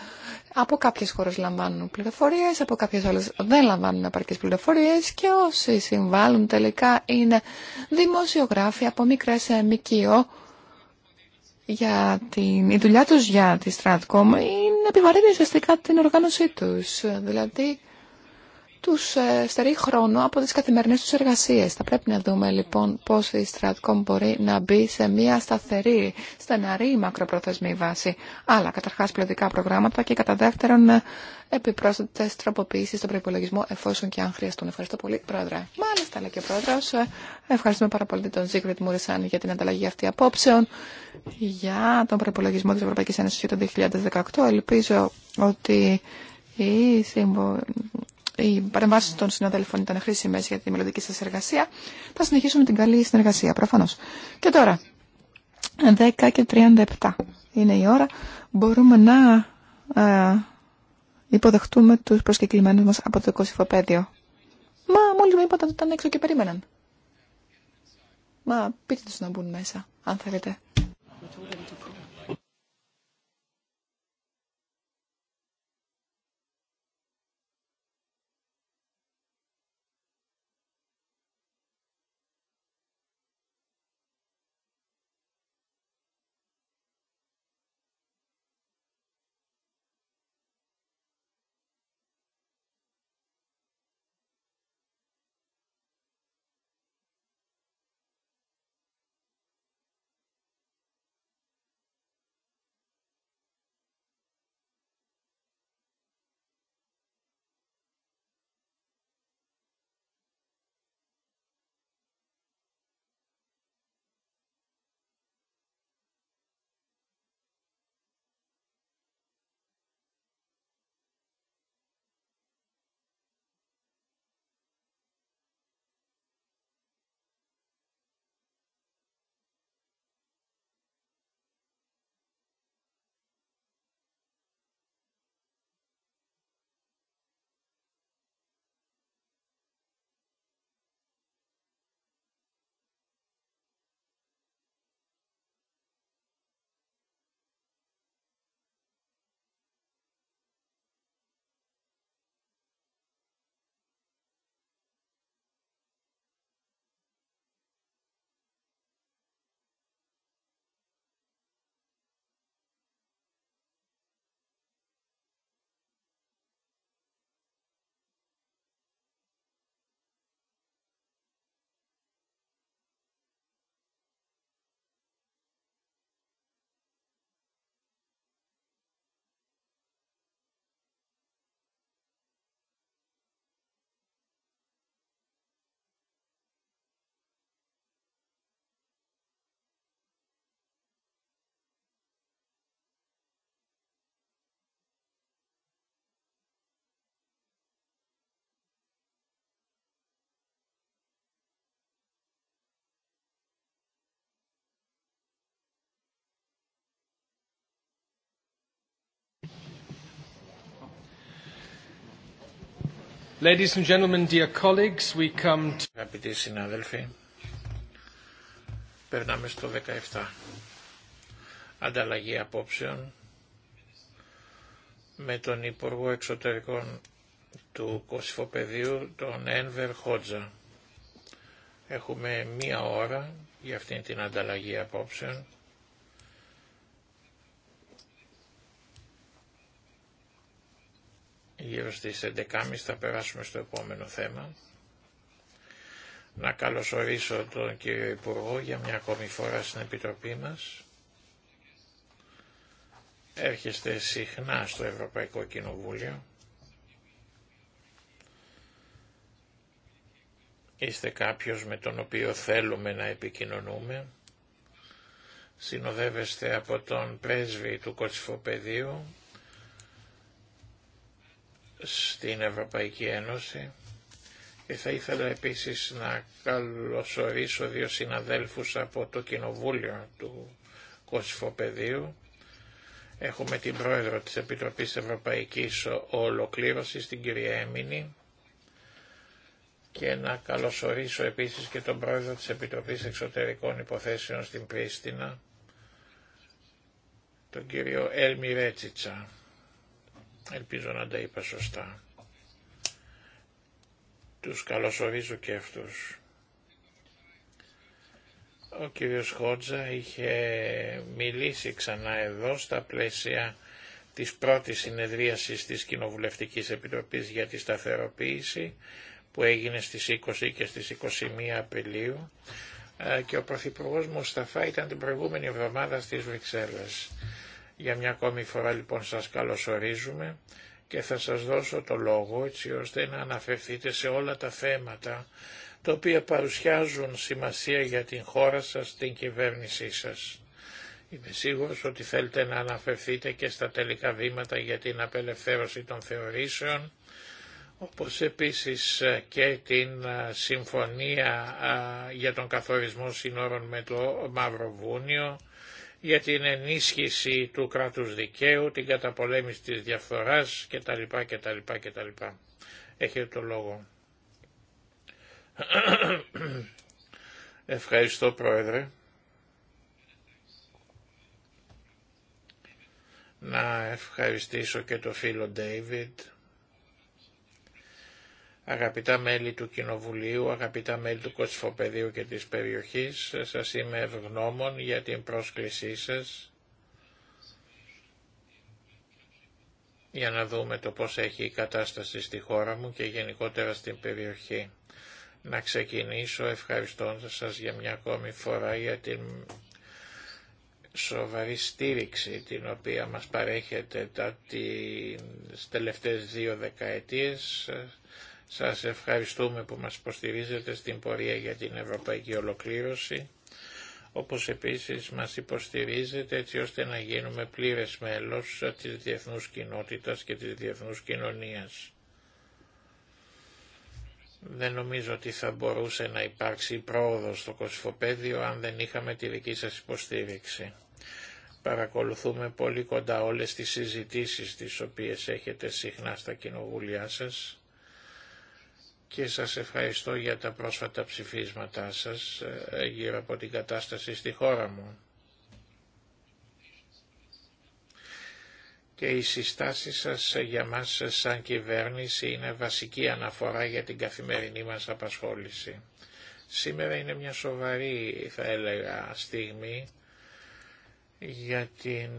Από κάποιε χώρε λαμβάνουν πληροφορίε, από κάποιε άλλε δεν λαμβάνουν επαρκέ πληροφορίε και όσοι συμβάλλουν τελικά είναι δημοσιογράφοι από μικρέ ΜΚΟ για την, η δουλειά τους για τη Stratcom είναι να επιβαρύνει ουσιαστικά την οργάνωσή τους. Δηλαδή τους ε, στερεί χρόνο από τις καθημερινές τους εργασίες. Θα πρέπει να δούμε λοιπόν πώς η Stratcom μπορεί να μπει σε μια σταθερή, στεναρή μακροπροθεσμή βάση. Αλλά καταρχάς πλωτικά προγράμματα και κατά δεύτερον επιπρόσθετες τροποποιήσεις στον προπολογισμό εφόσον και αν χρειαστούν. Ευχαριστώ πολύ, Πρόεδρε. Μάλιστα, λέει και ο Πρόεδρος. Ε, ευχαριστούμε πάρα πολύ τον Ζίγκριτ Μούρισαν για την ανταλλαγή αυτή απόψεων για τον προπολογισμό της Ευρωπαϊκής Ένωσης για το 2018. Ελπίζω ότι η οι παρεμβάσει των συναδέλφων ήταν χρήσιμε για τη μελλοντική σα εργασία. Θα συνεχίσουμε την καλή συνεργασία, προφανώ. Και τώρα, 10 και 37 είναι η ώρα. Μπορούμε να ε, υποδεχτούμε του προσκεκλημένου μα από το 20 Μα μόλι μου είπατε ότι ήταν έξω και περίμεναν. Μα πείτε του να μπουν μέσα, αν θέλετε. Ladies and gentlemen, dear colleagues, we come to... Αγαπητοί συνάδελφοι, περνάμε στο 17. Ανταλλαγή απόψεων με τον Υπουργό Εξωτερικών του Κωσυφοπεδίου, τον Ένβερ Χότζα. Έχουμε μία ώρα για αυτήν την ανταλλαγή απόψεων Γύρω στις 11.30 θα περάσουμε στο επόμενο θέμα. Να καλωσορίσω τον κύριο Υπουργό για μια ακόμη φορά στην Επιτροπή μας. Έρχεστε συχνά στο Ευρωπαϊκό Κοινοβούλιο. Είστε κάποιος με τον οποίο θέλουμε να επικοινωνούμε. Συνοδεύεστε από τον πρέσβη του Κοτσιφοπεδίου στην Ευρωπαϊκή Ένωση και θα ήθελα επίσης να καλωσορίσω δύο συναδέλφους από το Κοινοβούλιο του Κοσφοπεδίου. Έχουμε την πρόεδρο της Επιτροπής Ευρωπαϊκής Ολοκλήρωσης, την κυρία Έμινη, και να καλωσορίσω επίσης και τον πρόεδρο της Επιτροπής Εξωτερικών Υποθέσεων στην Πρίστινα, τον κύριο Έλμι Ρέτσιτσα. Ελπίζω να τα είπα σωστά. Τους καλωσορίζω και αυτούς. Ο κύριος Χότζα είχε μιλήσει ξανά εδώ στα πλαίσια της πρώτης συνεδρίασης της Κοινοβουλευτικής Επιτροπής για τη σταθεροποίηση που έγινε στις 20 και στις 21 Απριλίου ε, και ο Πρωθυπουργός Μουσταφά ήταν την προηγούμενη εβδομάδα στις Βρυξέλλες. Για μια ακόμη φορά λοιπόν σας καλωσορίζουμε και θα σας δώσω το λόγο έτσι ώστε να αναφερθείτε σε όλα τα θέματα τα οποία παρουσιάζουν σημασία για την χώρα σας, την κυβέρνησή σας. Είμαι σίγουρος ότι θέλετε να αναφερθείτε και στα τελικά βήματα για την απελευθέρωση των θεωρήσεων, όπως επίσης ε, και την ε, συμφωνία ε, για τον καθορισμό σύνορων με το Μαυροβούνιο, για την ενίσχυση του κράτους δικαίου, την καταπολέμηση της διαφθοράς κτλ. κτλ, κτλ. Έχει το λόγο. Ευχαριστώ Πρόεδρε. Να ευχαριστήσω και το φίλο David. Αγαπητά μέλη του Κοινοβουλίου, αγαπητά μέλη του Κοσφοπεδίου και της περιοχής, σας είμαι ευγνώμων για την πρόσκλησή σας για να δούμε το πώς έχει η κατάσταση στη χώρα μου και γενικότερα στην περιοχή. Να ξεκινήσω ευχαριστώντας σας για μια ακόμη φορά για την σοβαρή στήριξη την οποία μας παρέχεται τα τις τελευταίες δύο δεκαετίες σας ευχαριστούμε που μας υποστηρίζετε στην πορεία για την ευρωπαϊκή ολοκλήρωση, όπως επίσης μας υποστηρίζετε έτσι ώστε να γίνουμε πλήρες μέλος της διεθνούς κοινότητας και της διεθνούς κοινωνίας. Δεν νομίζω ότι θα μπορούσε να υπάρξει πρόοδο στο κοσφοπέδιο αν δεν είχαμε τη δική σας υποστήριξη. Παρακολουθούμε πολύ κοντά όλες τις συζητήσεις τις οποίες έχετε συχνά στα κοινοβούλια σας και σας ευχαριστώ για τα πρόσφατα ψηφίσματά σας ε, γύρω από την κατάσταση στη χώρα μου. Και οι συστάσεις σας για μας σαν κυβέρνηση είναι βασική αναφορά για την καθημερινή μας απασχόληση. Σήμερα είναι μια σοβαρή, θα έλεγα, στιγμή για την,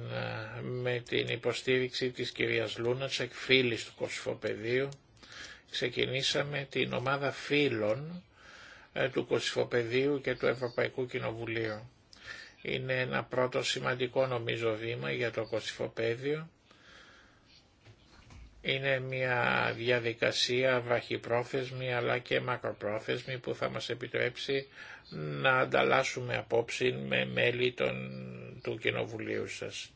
ε, με την υποστήριξη της κυρίας Λούνατσεκ, φίλης του Κοσφοπεδίου, ξεκινήσαμε την ομάδα φίλων ε, του Κωσυφοπεδίου και του Ευρωπαϊκού Κοινοβουλίου. Είναι ένα πρώτο σημαντικό νομίζω βήμα για το Κωσυφοπέδιο. Είναι μια διαδικασία βραχυπρόθεσμη αλλά και μακροπρόθεσμη που θα μας επιτρέψει να ανταλλάσσουμε απόψη με μέλη των, του Κοινοβουλίου σας.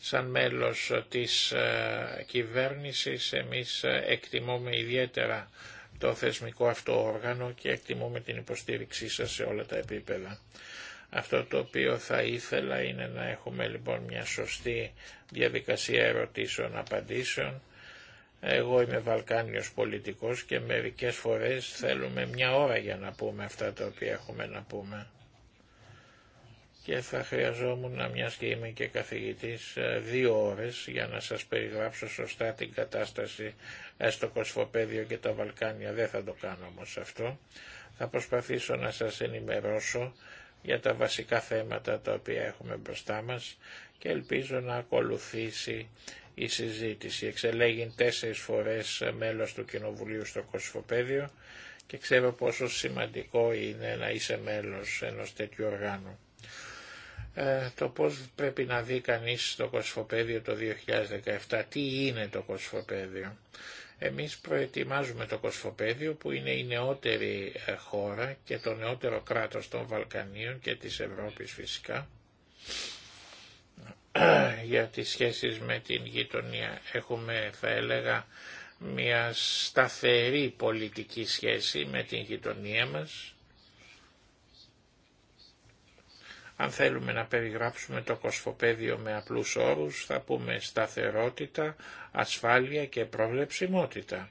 Σαν μέλος της ε, κυβέρνησης εμείς ε, εκτιμούμε ιδιαίτερα το θεσμικό αυτό όργανο και εκτιμούμε την υποστήριξή σας σε όλα τα επίπεδα. Αυτό το οποίο θα ήθελα είναι να έχουμε λοιπόν μια σωστή διαδικασία ερωτήσεων-απαντήσεων. Εγώ είμαι Βαλκάνιος πολιτικός και μερικές φορές θέλουμε μια ώρα για να πούμε αυτά τα οποία έχουμε να πούμε και θα χρειαζόμουν, μια και είμαι και καθηγητής, ε, δύο ώρες για να σας περιγράψω σωστά την κατάσταση ε, στο Κοσφοπέδιο και τα Βαλκάνια. Δεν θα το κάνω όμως αυτό. Θα προσπαθήσω να σας ενημερώσω για τα βασικά θέματα τα οποία έχουμε μπροστά μας και ελπίζω να ακολουθήσει η συζήτηση. Εξελέγει τέσσερις φορές ε, μέλος του Κοινοβουλίου στο Κοσφοπέδιο και ξέρω πόσο σημαντικό είναι να είσαι μέλος ενός τέτοιου οργάνου. Ε, το πώς πρέπει να δει κανείς το κοσφοπέδιο το 2017, τι είναι το κοσφοπέδιο. Εμείς προετοιμάζουμε το κοσφοπέδιο που είναι η νεότερη ε, χώρα και το νεότερο κράτος των Βαλκανίων και της Ευρώπης φυσικά για τις σχέσεις με την γειτονία. Έχουμε θα έλεγα μια σταθερή πολιτική σχέση με την γειτονία μας Αν θέλουμε να περιγράψουμε το κοσφοπέδιο με απλούς όρους θα πούμε σταθερότητα, ασφάλεια και προβλεψιμότητα.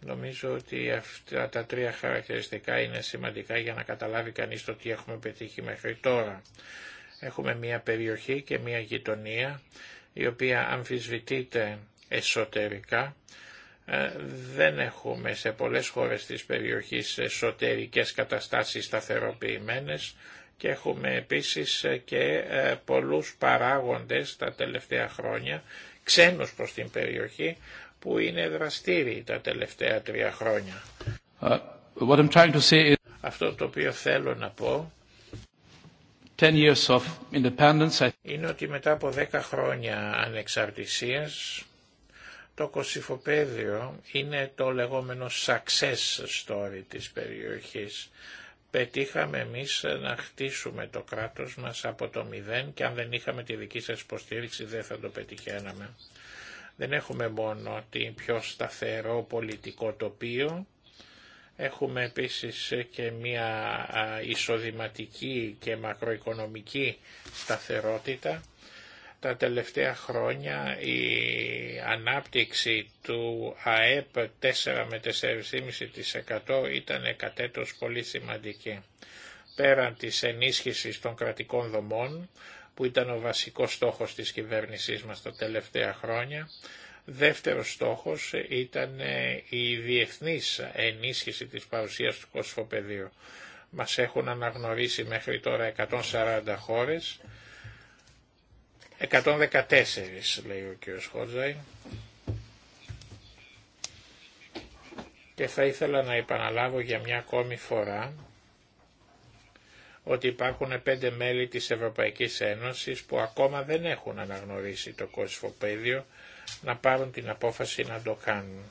Νομίζω ότι αυτά τα τρία χαρακτηριστικά είναι σημαντικά για να καταλάβει κανείς το τι έχουμε πετύχει μέχρι τώρα. Έχουμε μια περιοχή και μια γειτονία η οποία αμφισβητείται εσωτερικά, ε, δεν έχουμε σε πολλές χώρες της περιοχής εσωτερικές καταστάσεις σταθεροποιημένες και έχουμε επίσης και ε, πολλούς παράγοντες τα τελευταία χρόνια, ξένους προς την περιοχή, που είναι δραστήριοι τα τελευταία τρία χρόνια. Ε, what Αυτό το οποίο θέλω να πω years of είναι ότι μετά από 10 χρόνια ανεξαρτησίας το κοσυφοπέδιο είναι το λεγόμενο success story της περιοχής. Πετύχαμε εμείς να χτίσουμε το κράτος μας από το μηδέν και αν δεν είχαμε τη δική σας υποστήριξη δεν θα το πετυχαίναμε. Δεν έχουμε μόνο την πιο σταθερό πολιτικό τοπίο, έχουμε επίσης και μια εισοδηματική και μακροοικονομική σταθερότητα, τα τελευταία χρόνια η ανάπτυξη του ΑΕΠ 4 με 4,5% ήταν κατέτος πολύ σημαντική. Πέραν της ενίσχυσης των κρατικών δομών, που ήταν ο βασικός στόχος της κυβέρνησής μας τα τελευταία χρόνια, Δεύτερος στόχος ήταν η διεθνής ενίσχυση της παρουσίας του κοσφοπεδίου. Μας έχουν αναγνωρίσει μέχρι τώρα 140 χώρες 114 λέει ο κύριος Χόρζαϊ. Και θα ήθελα να επαναλάβω για μια ακόμη φορά ότι υπάρχουν πέντε μέλη της Ευρωπαϊκής Ένωσης που ακόμα δεν έχουν αναγνωρίσει το παιδιό να πάρουν την απόφαση να το κάνουν.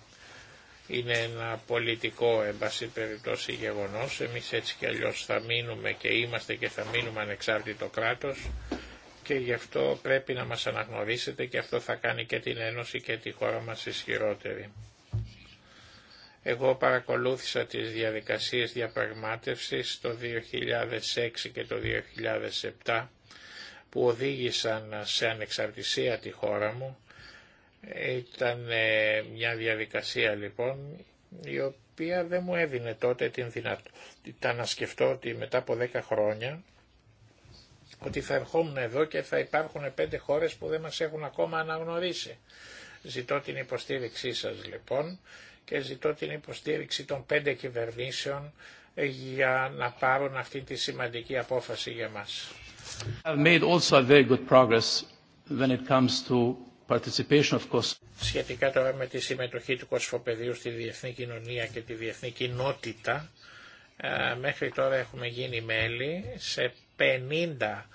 Είναι ένα πολιτικό εμπασί περιπτώσει γεγονός, εμείς έτσι κι αλλιώς θα μείνουμε και είμαστε και θα μείνουμε ανεξάρτητο κράτος και γι' αυτό πρέπει να μας αναγνωρίσετε και αυτό θα κάνει και την Ένωση και τη χώρα μας ισχυρότερη. Εγώ παρακολούθησα τις διαδικασίες διαπραγμάτευσης το 2006 και το 2007 που οδήγησαν σε ανεξαρτησία τη χώρα μου. Ήταν μια διαδικασία λοιπόν η οποία δεν μου έδινε τότε την δυνατότητα να σκεφτώ ότι μετά από 10 χρόνια ότι θα ερχόμουν εδώ και θα υπάρχουν πέντε χώρες που δεν μας έχουν ακόμα αναγνωρίσει. Ζητώ την υποστήριξή σας λοιπόν και ζητώ την υποστήριξη των πέντε κυβερνήσεων για να πάρουν αυτή τη σημαντική απόφαση για μας. Σχετικά τώρα με τη συμμετοχή του κοσφοπεδίου στη διεθνή κοινωνία και τη διεθνή κοινότητα, ε, μέχρι τώρα έχουμε γίνει μέλη σε 50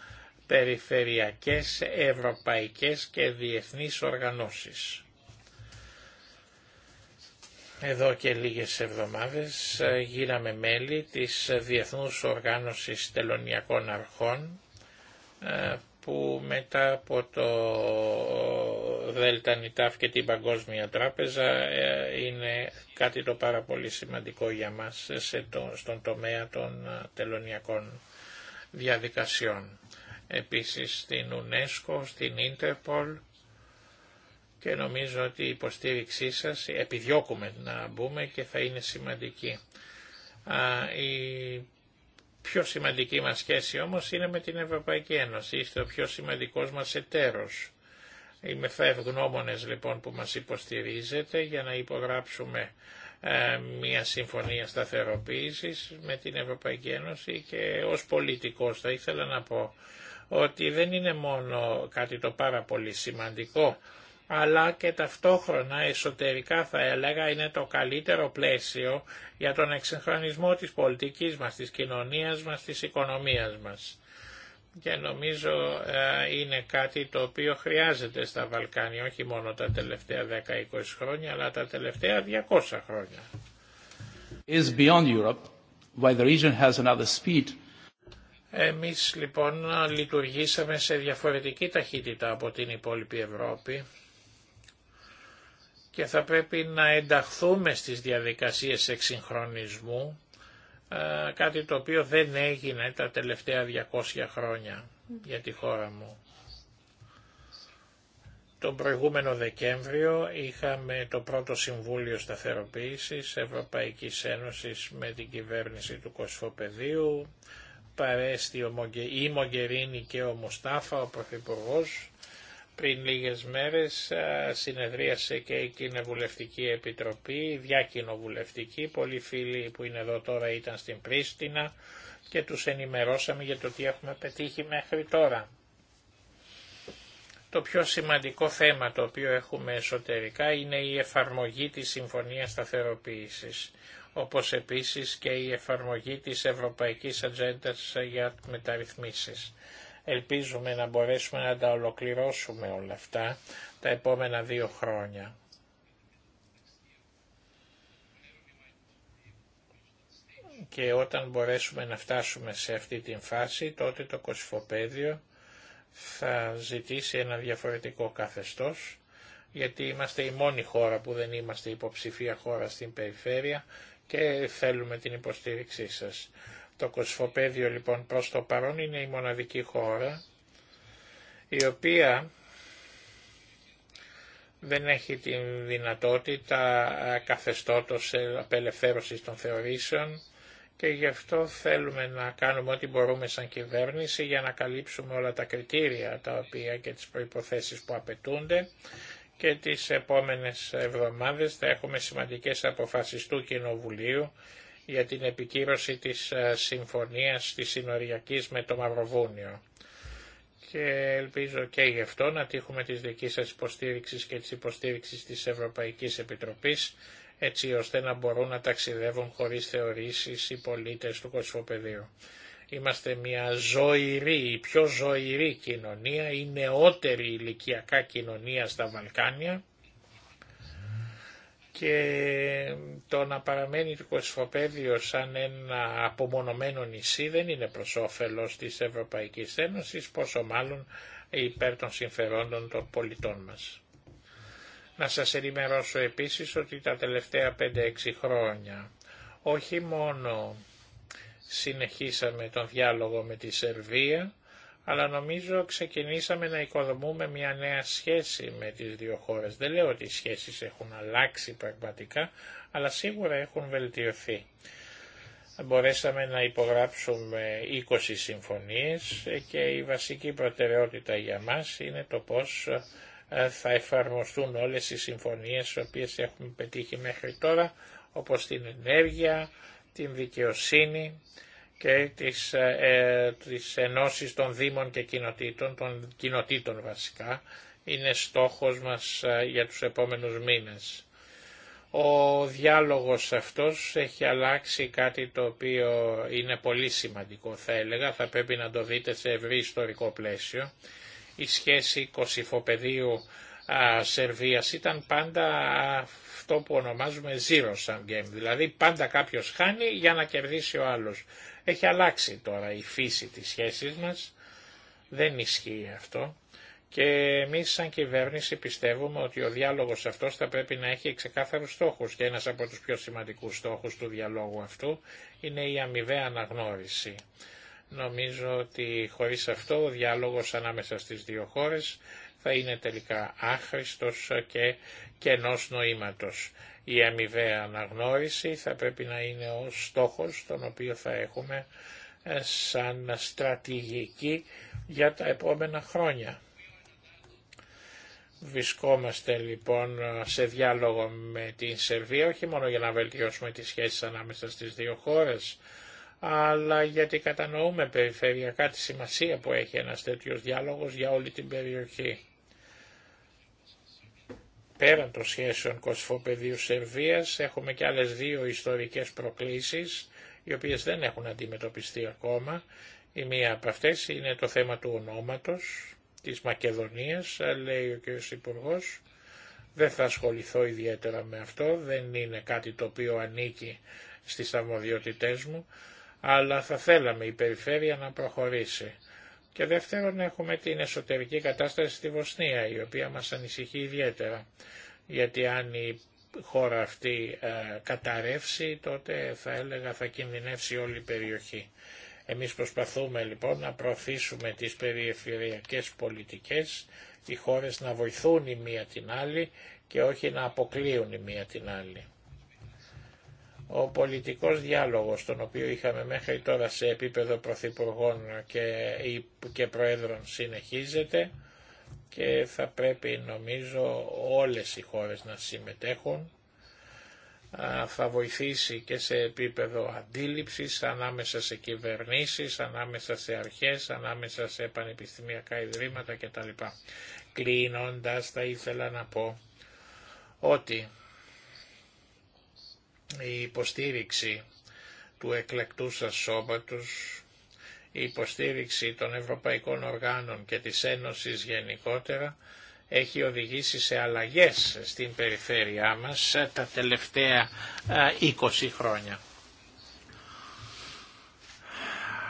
περιφερειακές, ευρωπαϊκές και διεθνείς οργανώσεις. Εδώ και λίγες εβδομάδες ε, γίναμε μέλη της Διεθνούς Οργάνωσης Τελωνιακών Αρχών ε, που μετά από το Δέλτα Νιτάφ και την Παγκόσμια Τράπεζα ε, είναι κάτι το πάρα πολύ σημαντικό για μας στον τομέα των τελωνιακών διαδικασιών. Επίσης στην UNESCO, στην Interpol και νομίζω ότι η υποστήριξή σας επιδιώκουμε να μπούμε και θα είναι σημαντική. Η πιο σημαντική μας σχέση όμως είναι με την Ευρωπαϊκή Ένωση. Είστε ο πιο σημαντικός μας εταίρος. Είμαι θα ευγνώμονες λοιπόν που μας υποστηρίζετε για να υπογράψουμε ε, μια συμφωνία σταθεροποίησης με την Ευρωπαϊκή Ένωση και ως πολιτικός θα ήθελα να πω ότι δεν είναι μόνο κάτι το πάρα πολύ σημαντικό αλλά και ταυτόχρονα εσωτερικά θα έλεγα είναι το καλύτερο πλαίσιο για τον εξυγχρονισμό της πολιτικής μας, της κοινωνίας μας, της οικονομίας μας και νομίζω ε, είναι κάτι το οποίο χρειάζεται στα Βαλκάνια όχι μόνο τα τελευταία 10-20 χρόνια αλλά τα τελευταία 200 χρόνια. Is beyond Europe, the region has another speed. Εμείς λοιπόν λειτουργήσαμε σε διαφορετική ταχύτητα από την υπόλοιπη Ευρώπη και θα πρέπει να ενταχθούμε στις διαδικασίες εξυγχρονισμού ε, κάτι το οποίο δεν έγινε τα τελευταία 200 χρόνια για τη χώρα μου. Τον προηγούμενο Δεκέμβριο είχαμε το πρώτο Συμβούλιο Σταθεροποίησης Ευρωπαϊκής Ένωσης με την κυβέρνηση του Κοσφοπεδίου. Παρέστη η Μογκερίνη και ο Μουστάφα, ο Πρωθυπουργός, πριν λίγες μέρες συνεδρίασε και η Κοινοβουλευτική Επιτροπή, η Διακοινοβουλευτική. Πολλοί φίλοι που είναι εδώ τώρα ήταν στην Πρίστινα και τους ενημερώσαμε για το τι έχουμε πετύχει μέχρι τώρα. Το πιο σημαντικό θέμα το οποίο έχουμε εσωτερικά είναι η εφαρμογή της Συμφωνίας Σταθεροποίησης, όπως επίσης και η εφαρμογή της Ευρωπαϊκής Ατζέντας για μεταρρυθμίσεις. Ελπίζουμε να μπορέσουμε να τα ολοκληρώσουμε όλα αυτά τα επόμενα δύο χρόνια. Και όταν μπορέσουμε να φτάσουμε σε αυτή την φάση, τότε το κοσφοπέδιο θα ζητήσει ένα διαφορετικό καθεστώς, γιατί είμαστε η μόνη χώρα που δεν είμαστε υποψηφία χώρα στην περιφέρεια και θέλουμε την υποστήριξή σας. Το Κοσφοπέδιο λοιπόν προς το παρόν είναι η μοναδική χώρα η οποία δεν έχει την δυνατότητα καθεστώτος απελευθέρωσης των θεωρήσεων και γι' αυτό θέλουμε να κάνουμε ό,τι μπορούμε σαν κυβέρνηση για να καλύψουμε όλα τα κριτήρια τα οποία και τις προϋποθέσεις που απαιτούνται και τις επόμενες εβδομάδες θα έχουμε σημαντικές αποφάσεις του Κοινοβουλίου για την επικύρωση της ε, συμφωνίας της συνοριακής με το Μαυροβούνιο. Και ελπίζω και γι' αυτό να τύχουμε της δική σας υποστήριξης και της υποστήριξης της Ευρωπαϊκής Επιτροπής, έτσι ώστε να μπορούν να ταξιδεύουν χωρίς θεωρήσεις οι πολίτες του κοσφοπεδίου. Είμαστε μια ζωηρή, η πιο ζωηρή κοινωνία, η νεότερη ηλικιακά κοινωνία στα Βαλκάνια, και το να παραμένει το Κοσφοπέδιο σαν ένα απομονωμένο νησί δεν είναι προς όφελος της Ευρωπαϊκής Ένωσης, πόσο μάλλον υπέρ των συμφερόντων των πολιτών μας. Να σας ενημερώσω επίσης ότι τα τελευταία 5-6 χρόνια όχι μόνο συνεχίσαμε τον διάλογο με τη Σερβία, αλλά νομίζω ξεκινήσαμε να οικοδομούμε μια νέα σχέση με τις δύο χώρες. Δεν λέω ότι οι σχέσεις έχουν αλλάξει πραγματικά, αλλά σίγουρα έχουν βελτιωθεί. Μπορέσαμε να υπογράψουμε 20 συμφωνίες και η βασική προτεραιότητα για μας είναι το πώς ε, θα εφαρμοστούν όλες οι συμφωνίες οι οποίες έχουμε πετύχει μέχρι τώρα, όπως την ενέργεια, την δικαιοσύνη, και της, ε, ε της Ενώσης των Δήμων και Κοινοτήτων, των κοινοτήτων βασικά, είναι στόχος μας ε, για τους επόμενους μήνες. Ο διάλογος αυτός έχει αλλάξει κάτι το οποίο είναι πολύ σημαντικό θα έλεγα, θα πρέπει να το δείτε σε ευρύ ιστορικό πλαίσιο. Η σχέση κοσυφοπεδίου Σερβίας ήταν πάντα αυτό που ονομάζουμε zero sum game, δηλαδή πάντα κάποιος χάνει για να κερδίσει ο άλλος. Έχει αλλάξει τώρα η φύση της σχέσης μας, δεν ισχύει αυτό και εμείς σαν κυβέρνηση πιστεύουμε ότι ο διάλογος αυτός θα πρέπει να έχει ξεκάθαρους στόχους και ένας από τους πιο σημαντικούς στόχους του διαλόγου αυτού είναι η αμοιβαία αναγνώριση. Νομίζω ότι χωρίς αυτό ο διάλογος ανάμεσα στις δύο χώρες θα είναι τελικά άχρηστος και κενός νοήματος. Η αμοιβαία αναγνώριση θα πρέπει να είναι ο στόχος τον οποίο θα έχουμε ε, σαν στρατηγική για τα επόμενα χρόνια. Βρισκόμαστε λοιπόν σε διάλογο με την Σερβία, όχι μόνο για να βελτιώσουμε τις σχέσεις ανάμεσα στις δύο χώρες, αλλά γιατί κατανοούμε περιφερειακά τη σημασία που έχει ένας τέτοιος διάλογος για όλη την περιοχή πέραν των σχέσεων Κοσφοπεδίου Σερβίας έχουμε και άλλες δύο ιστορικές προκλήσεις οι οποίες δεν έχουν αντιμετωπιστεί ακόμα. Η μία από αυτές είναι το θέμα του ονόματος της Μακεδονίας, λέει ο κ. υπουργό. Δεν θα ασχοληθώ ιδιαίτερα με αυτό, δεν είναι κάτι το οποίο ανήκει στις αρμοδιότητές μου, αλλά θα θέλαμε η περιφέρεια να προχωρήσει. Και δεύτερον έχουμε την εσωτερική κατάσταση στη Βοσνία, η οποία μας ανησυχεί ιδιαίτερα. Γιατί αν η χώρα αυτή ε, καταρρεύσει, τότε θα έλεγα θα κινδυνεύσει όλη η περιοχή. Εμείς προσπαθούμε λοιπόν να προωθήσουμε τις περιεφηριακές πολιτικές, οι χώρες να βοηθούν η μία την άλλη και όχι να αποκλείουν η μία την άλλη ο πολιτικός διάλογος τον οποίο είχαμε μέχρι τώρα σε επίπεδο πρωθυπουργών και, και προέδρων συνεχίζεται και θα πρέπει νομίζω όλες οι χώρες να συμμετέχουν. Θα βοηθήσει και σε επίπεδο αντίληψης ανάμεσα σε κυβερνήσεις, ανάμεσα σε αρχές, ανάμεσα σε πανεπιστημιακά ιδρύματα κτλ. Κλείνοντας θα ήθελα να πω ότι η υποστήριξη του εκλεκτού σας σώματος, η υποστήριξη των ευρωπαϊκών οργάνων και της Ένωσης γενικότερα έχει οδηγήσει σε αλλαγές στην περιφέρειά μας τα τελευταία 20 χρόνια.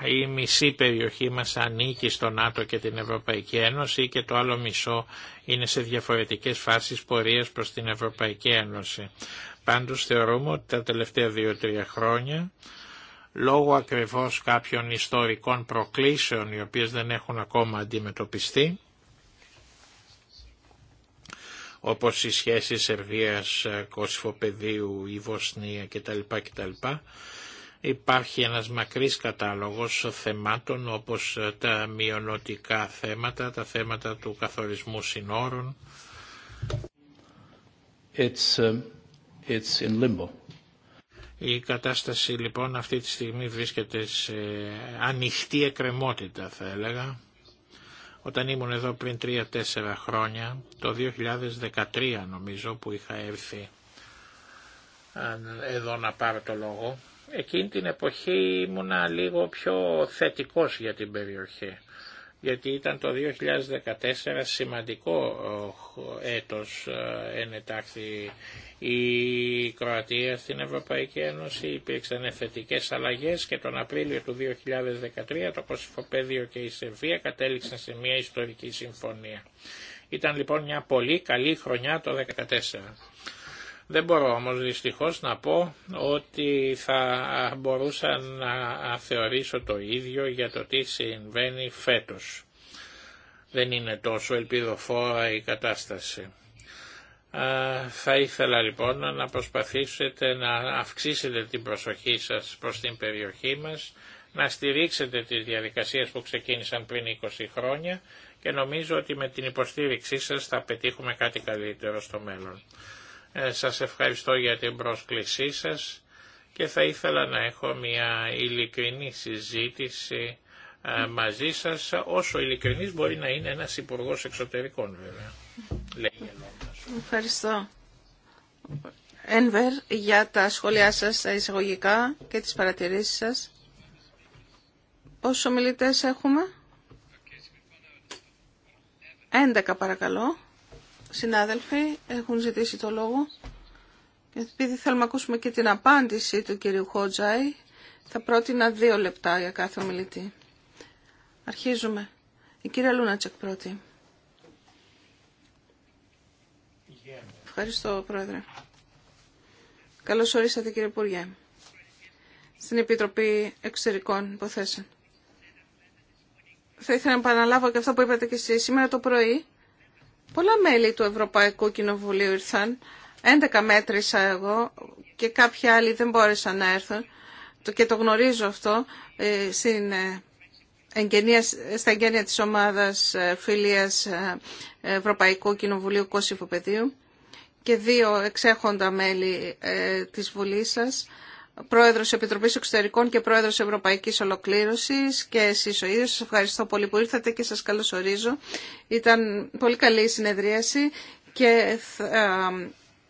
Η μισή περιοχή μας ανήκει στο ΝΑΤΟ και την Ευρωπαϊκή Ένωση και το άλλο μισό είναι σε διαφορετικές φάσεις πορείας προς την Ευρωπαϊκή Ένωση. Πάντως θεωρούμε ότι τα τελευταία δύο-τρία χρόνια λόγω ακριβώς κάποιων ιστορικών προκλήσεων οι οποίες δεν έχουν ακόμα αντιμετωπιστεί όπως οι σχέσεις Σερβίας, τα η Βοσνία κτλ. κτλ. Υπάρχει ένας μακρύς κατάλογος θεμάτων όπως τα μειονοτικά θέματα, τα θέματα του καθορισμού συνόρων. It's, um, η κατάσταση λοιπόν αυτή τη στιγμή βρίσκεται σε ανοιχτή εκκρεμότητα θα έλεγα. Όταν ήμουν εδώ πριν 3-4 χρόνια, το 2013 νομίζω που είχα έρθει εδώ να πάρω το λόγο, εκείνη την εποχή ήμουνα λίγο πιο θετικός για την περιοχή γιατί ήταν το 2014 σημαντικό έτος ε, ενετάχθη η Κροατία στην Ευρωπαϊκή Ένωση. Υπήρξαν θετικές αλλαγές και τον Απρίλιο του 2013 το Κωσυφοπέδιο και η Σερβία κατέληξαν σε μια ιστορική συμφωνία. Ήταν λοιπόν μια πολύ καλή χρονιά το 2014. Δεν μπορώ όμως δυστυχώς να πω ότι θα μπορούσα να θεωρήσω το ίδιο για το τι συμβαίνει φέτος. Δεν είναι τόσο ελπιδοφόρα η κατάσταση. Θα ήθελα λοιπόν να προσπαθήσετε να αυξήσετε την προσοχή σας προς την περιοχή μας, να στηρίξετε τις διαδικασίες που ξεκίνησαν πριν 20 χρόνια και νομίζω ότι με την υποστήριξή σας θα πετύχουμε κάτι καλύτερο στο μέλλον. Ε, σας ευχαριστώ για την πρόσκλησή σας και θα ήθελα να έχω μια ειλικρινή συζήτηση ε, μαζί σας, όσο ειλικρινής μπορεί να είναι ένας υπουργό εξωτερικών βέβαια. Ευχαριστώ. Ένβερ, για τα σχόλιά σας, τα εισαγωγικά και τις παρατηρήσεις σας. Πόσο ομιλητές έχουμε? 11 παρακαλώ συνάδελφοι έχουν ζητήσει το λόγο. Επειδή θέλουμε να ακούσουμε και την απάντηση του κυρίου Χότζαη, θα πρότεινα δύο λεπτά για κάθε ομιλητή. Αρχίζουμε. Η κυρία Λούνατσεκ πρώτη. Ευχαριστώ, Πρόεδρε. Καλώς ορίσατε, κύριε Υπουργέ, στην Επιτροπή Εξωτερικών Υποθέσεων. Θα ήθελα να επαναλάβω και αυτό που είπατε και εσείς σήμερα το πρωί Πολλά μέλη του Ευρωπαϊκού Κοινοβουλίου ήρθαν, 11 μέτρησα εγώ και κάποιοι άλλοι δεν μπόρεσαν να έρθουν και το γνωρίζω αυτό ε, στην ε, εγγενία, στα εγγένεια της ομάδας ε, φιλίας Ευρωπαϊκού Κοινοβουλίου Κοσυφοπεδίου και δύο εξέχοντα μέλη της Βουλής σας Πρόεδρος Επιτροπής Εξωτερικών και Πρόεδρος Ευρωπαϊκής Ολοκλήρωσης και εσείς ο ίδιος. Σας ευχαριστώ πολύ που ήρθατε και σας καλωσορίζω. Ήταν πολύ καλή η συνεδρίαση και ε,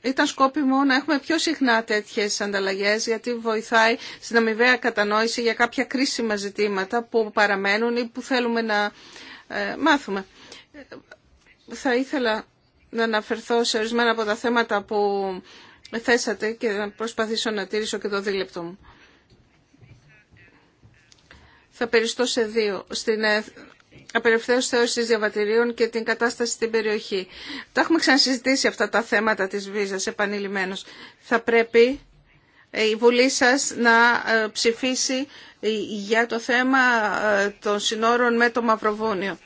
ήταν σκόπιμο να έχουμε πιο συχνά τέτοιες ανταλλαγές γιατί βοηθάει στην αμοιβαία κατανόηση για κάποια κρίσιμα ζητήματα που παραμένουν ή που θέλουμε να ε, μάθουμε. Θα ήθελα να αναφερθώ σε ορισμένα από τα θέματα που θέσατε και θα προσπαθήσω να τηρήσω και το δίλεπτο μου. Θα περιστώ σε δύο. Στην ε, απελευθέρωση θεώρησης διαβατηρίων και την κατάσταση στην περιοχή. Τα έχουμε ξανασυζητήσει αυτά τα θέματα της Βίζας επανειλημμένως. Θα πρέπει ε, η Βουλή σας να ε, ψηφίσει για το θέμα των συνόρων με το Μαυροβούνιο.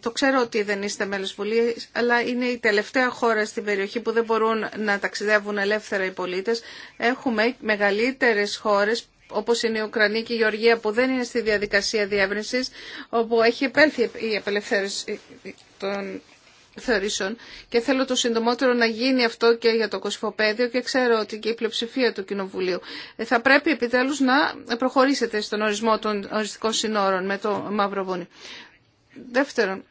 Το ξέρω ότι δεν είστε μέλος Βουλής, αλλά είναι η τελευταία χώρα στην περιοχή που δεν μπορούν να ταξιδεύουν ελεύθερα οι πολίτες. Έχουμε μεγαλύτερες χώρες όπως είναι η Ουκρανία και η Γεωργία που δεν είναι στη διαδικασία διεύρυνσης, όπου έχει επέλθει η απελευθέρωση των θεωρήσεων και θέλω το συντομότερο να γίνει αυτό και για το κοσμοπέδιο και ξέρω ότι και η πλειοψηφία του Κοινοβουλίου. Ε, θα πρέπει επιτέλους να προχωρήσετε στον ορισμό των οριστικών συνόρων με το Μαυροβούνι. Δεύτερον,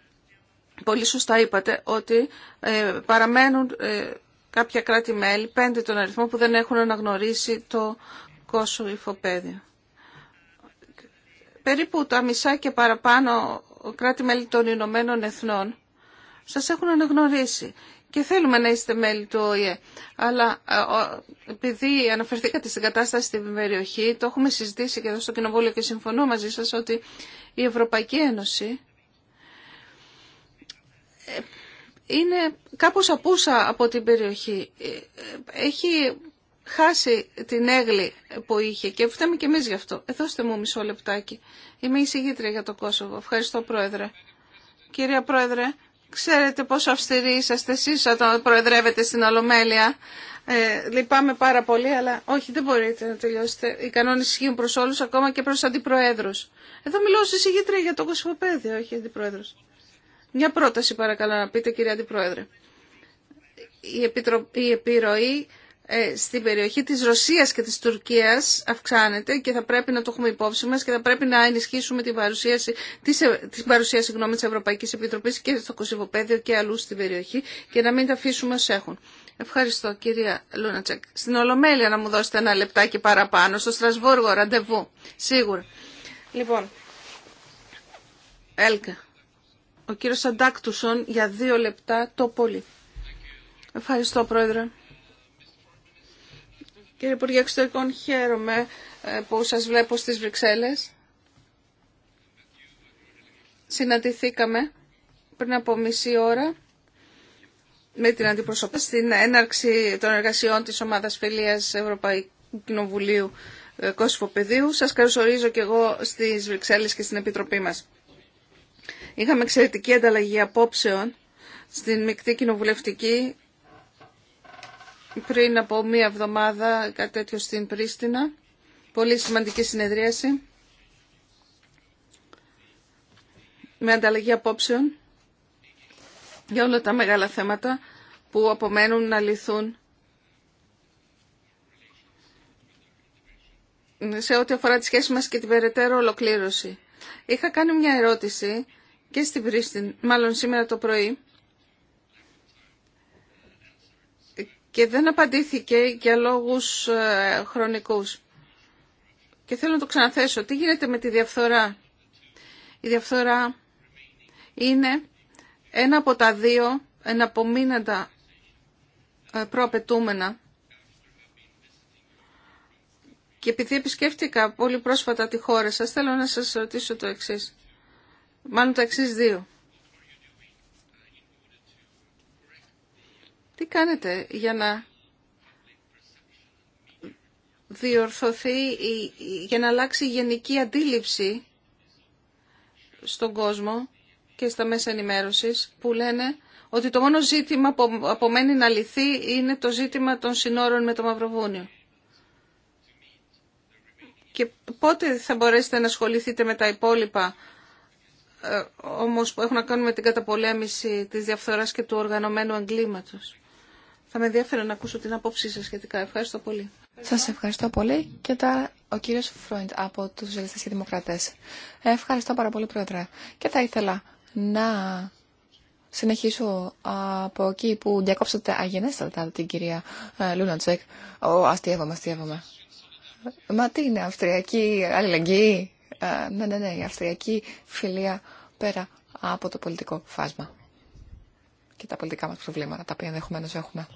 πολύ σωστά είπατε ότι ε, παραμένουν ε, κάποια κράτη-μέλη, πέντε τον αριθμό που δεν έχουν αναγνωρίσει το κόσο υφοπαίδιο. Περίπου τα μισά και παραπάνω κράτη-μέλη των Ηνωμένων Εθνών σας έχουν αναγνωρίσει και θέλουμε να είστε μέλη του ΟΗΕ. Αλλά ε, επειδή αναφερθήκατε στην κατάσταση στην περιοχή, το έχουμε συζητήσει και εδώ στο Κοινοβούλιο και συμφωνώ μαζί σας ότι η Ευρωπαϊκή Ένωση είναι κάπως απούσα από την περιοχή. Έχει χάσει την έγλη που είχε και φταίμε και εμείς γι' αυτό. Ε, δώστε μου μισό λεπτάκι. Είμαι εισηγήτρια για το Κόσοβο. Ευχαριστώ Πρόεδρε. Κυρία Πρόεδρε, ξέρετε πόσο αυστηροί είσαστε εσείς όταν προεδρεύετε στην Ολομέλεια. Ε, λυπάμαι πάρα πολύ, αλλά όχι, δεν μπορείτε να τελειώσετε. Οι κανόνε ισχύουν προ όλου, ακόμα και προ αντιπροέδρου. Εδώ μιλώ ω εισηγήτρια για το Κοσμοπέδιο, όχι αντιπρόεδρο. Μια πρόταση παρακαλώ να πείτε κυρία Αντιπρόεδρε. Η, επιτρο... η επιρροή ε, στην περιοχή της Ρωσίας και της Τουρκίας αυξάνεται και θα πρέπει να το έχουμε υπόψη μας και θα πρέπει να ενισχύσουμε την παρουσίαση, της, ε- της, παρουσίαση, συγγνώμη, της Ευρωπαϊκής Επιτροπής και στο Κωσυβοπαίδιο και αλλού στην περιοχή και να μην τα αφήσουμε ως έχουν. Ευχαριστώ κυρία Λούνατσεκ. Στην Ολομέλεια να μου δώσετε ένα λεπτάκι παραπάνω, στο Στρασβούργο ραντεβού, σίγουρα. Λοιπόν, Έλκα. Ο κύριος Αντάκτουσον για δύο λεπτά το πολύ. Ευχαριστώ πρόεδρε. Κύριε Υπουργέ Εξωτερικών, χαίρομαι ε, που σας βλέπω στις Βρυξέλλες. Συναντηθήκαμε πριν από μισή ώρα με την αντιπροσωπή στην έναρξη των εργασιών της Ομάδας Φιλίας Ευρωπαϊκού Κοινοβουλίου ε, Κόσυφο Παιδίου. Σας καλωσορίζω και εγώ στις Βρυξέλλες και στην Επιτροπή μας. Είχαμε εξαιρετική ανταλλαγή απόψεων στην Μικτή Κοινοβουλευτική πριν από μία εβδομάδα, κάτι τέτοιο στην Πρίστινα. Πολύ σημαντική συνεδρίαση με ανταλλαγή απόψεων για όλα τα μεγάλα θέματα που απομένουν να λυθούν σε ό,τι αφορά τη σχέση μας και την περαιτέρω ολοκλήρωση Είχα κάνει μια ερώτηση και στην Πρίστιν, μάλλον σήμερα το πρωί, και δεν απαντήθηκε για λόγους ε, χρονικούς. Και θέλω να το ξαναθέσω. Τι γίνεται με τη διαφθορά. Η διαφθορά είναι ένα από τα δύο εναπομείναντα ε, προαπαιτούμενα και επειδή επισκέφτηκα πολύ πρόσφατα τη χώρα σας, θέλω να σας ρωτήσω το εξής. Μάλλον το εξής δύο. Τι κάνετε για να διορθωθεί, για να αλλάξει η γενική αντίληψη στον κόσμο και στα μέσα ενημέρωσης που λένε ότι το μόνο ζήτημα που απομένει να λυθεί είναι το ζήτημα των συνόρων με το Μαυροβούνιο και πότε θα μπορέσετε να ασχοληθείτε με τα υπόλοιπα ε, όμως που έχουν να κάνουν με την καταπολέμηση της διαφθοράς και του οργανωμένου εγκλήματος. Θα με ενδιαφέρει να ακούσω την απόψή σας σχετικά. Ευχαριστώ πολύ. Σας ευχαριστώ πολύ και τα ο κύριος Φρόιντ από τους Ζελιστές και Δημοκρατές. Ευχαριστώ πάρα πολύ πρόεδρε και θα ήθελα να συνεχίσω από εκεί που διακόψατε αγενέστατα την κυρία ε, Λούνατσεκ. Ο, αστείευομαι, αστείευομαι. Μα τι είναι, Αυστριακή αλληλεγγύη. Ε, ναι, ναι, ναι, η Αυστριακή φιλία πέρα από το πολιτικό φάσμα και τα πολιτικά μας προβλήματα, τα οποία ενδεχομένω έχουμε.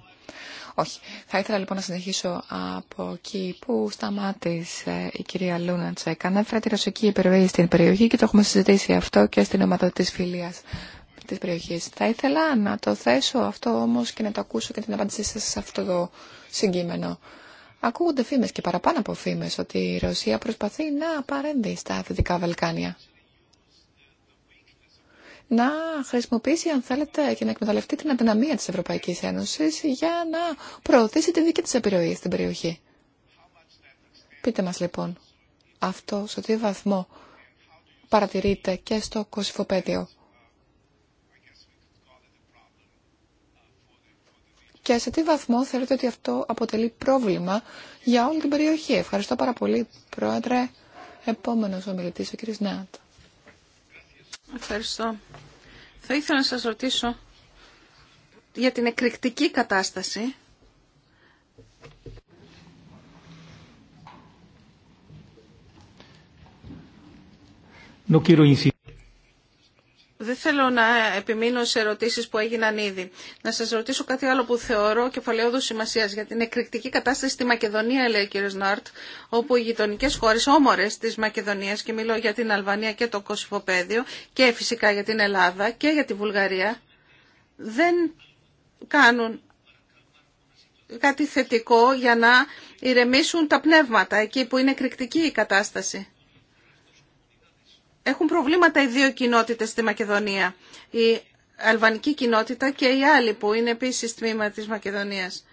Όχι. Θα ήθελα λοιπόν να συνεχίσω από εκεί που σταμάτησε η κυρία Λούνατσεκ. Έφερε τη ρωσική υπερβολή στην περιοχή και το έχουμε συζητήσει αυτό και στην ομάδα της φιλίας της περιοχής. Θα ήθελα να το θέσω αυτό όμως και να το ακούσω και την απάντησή σας σε αυτό το συγκείμενο. Ακούγονται φήμες και παραπάνω από φήμες ότι η Ρωσία προσπαθεί να παρέμβει στα Δυτικά Βαλκάνια. Να χρησιμοποιήσει, αν θέλετε, και να εκμεταλλευτεί την αδυναμία της Ευρωπαϊκής Ένωσης για να προωθήσει τη δική της επιρροή στην περιοχή. Πείτε μας λοιπόν αυτό σε τι βαθμό παρατηρείται και στο Κωσυφοπέδιο. και σε τι βαθμό θεωρείτε ότι αυτό αποτελεί πρόβλημα για όλη την περιοχή. Ευχαριστώ πάρα πολύ, Πρόεδρε. Επόμενος ομιλητή, ο κ. Νέατ. Ευχαριστώ. Θα ήθελα να σα ρωτήσω για την εκρηκτική κατάσταση. Δεν θέλω να επιμείνω σε ερωτήσεις που έγιναν ήδη. Να σας ρωτήσω κάτι άλλο που θεωρώ κεφαλαιόδου σημασία για την εκρηκτική κατάσταση στη Μακεδονία, λέει ο κ. Νάρτ, όπου οι γειτονικέ χώρε όμορες της Μακεδονίας, και μιλώ για την Αλβανία και το Κωσυφοπαίδιο, και φυσικά για την Ελλάδα και για τη Βουλγαρία, δεν κάνουν κάτι θετικό για να ηρεμήσουν τα πνεύματα εκεί που είναι εκρηκτική η κατάσταση. Έχουν προβλήματα οι δύο κοινότητες στη Μακεδονία. Η αλβανική κοινότητα και η άλλη που είναι επίσης τμήμα της Μακεδονίας.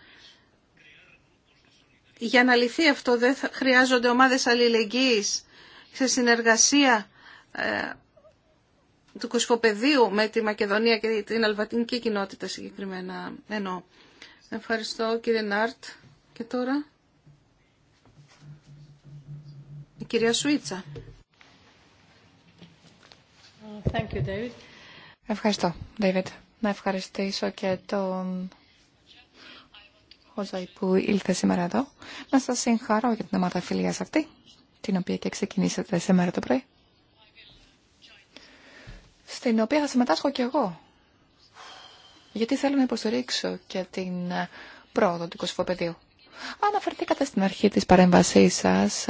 Για να λυθεί αυτό δεν χρειάζονται ομάδες αλληλεγγύης σε συνεργασία ε, του κοσφοπεδίου με τη Μακεδονία και την αλβανική κοινότητα συγκεκριμένα εννοώ. Ευχαριστώ κύριε Νάρτ. Και τώρα η κυρία Σουίτσα. Ευχαριστώ, David. Να ευχαριστήσω και τον Χωζαϊ που ήλθε σήμερα εδώ. Να σας συγχαρώ για την ομάδα φιλίας αυτή, την οποία και ξεκινήσατε σήμερα το πρωί. Στην οποία θα συμμετάσχω και εγώ. Γιατί θέλω να υποστηρίξω και την πρόοδο του κοσφοπεδίου. Αναφερθήκατε στην αρχή της παρέμβασής σας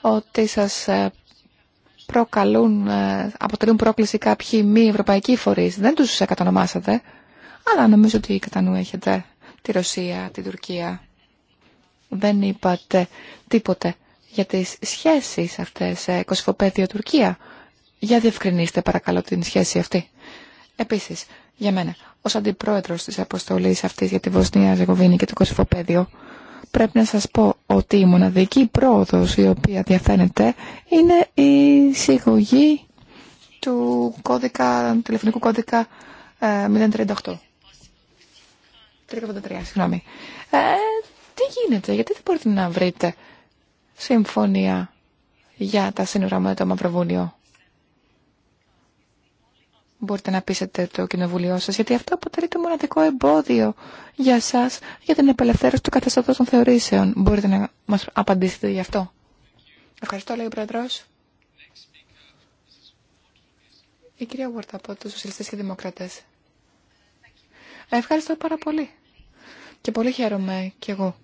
ότι σας προκαλούν, ε, αποτελούν πρόκληση κάποιοι μη ευρωπαϊκοί φορεί. Δεν τους κατανομάσατε, αλλά νομίζω ότι κατά νου έχετε τη Ρωσία, την Τουρκία. Δεν είπατε τίποτε για τις σχέσεις αυτές ε, Κωσυφοπέδιο-Τουρκία. Για διευκρινίστε παρακαλώ την σχέση αυτή. Επίσης, για μένα, ως αντιπρόεδρος της αποστολής αυτής για τη Βοσνία, Ζεγοβίνη και το Κωσυφοπέδιο, πρέπει να σας πω ότι η μοναδική πρόοδος η οποία διαφαίνεται είναι η συγχωγή του κώδικα, τηλεφωνικού κώδικα 038. Ε, 383, συγγνώμη. Ε, τι γίνεται, γιατί δεν μπορείτε να βρείτε συμφωνία για τα σύνορα με το Μαυροβούνιο μπορείτε να πείσετε το κοινοβουλίο σας, γιατί αυτό αποτελεί το μοναδικό εμπόδιο για σας για την απελευθέρωση του καθεστώτος των θεωρήσεων. Μπορείτε να μας απαντήσετε γι' αυτό. Ευχαριστώ, λέει ο Πρόεδρος. Η κυρία Βόρτα από τους Σοσιαλιστές και Δημοκρατές. Ευχαριστώ πάρα πολύ. Και πολύ χαίρομαι κι εγώ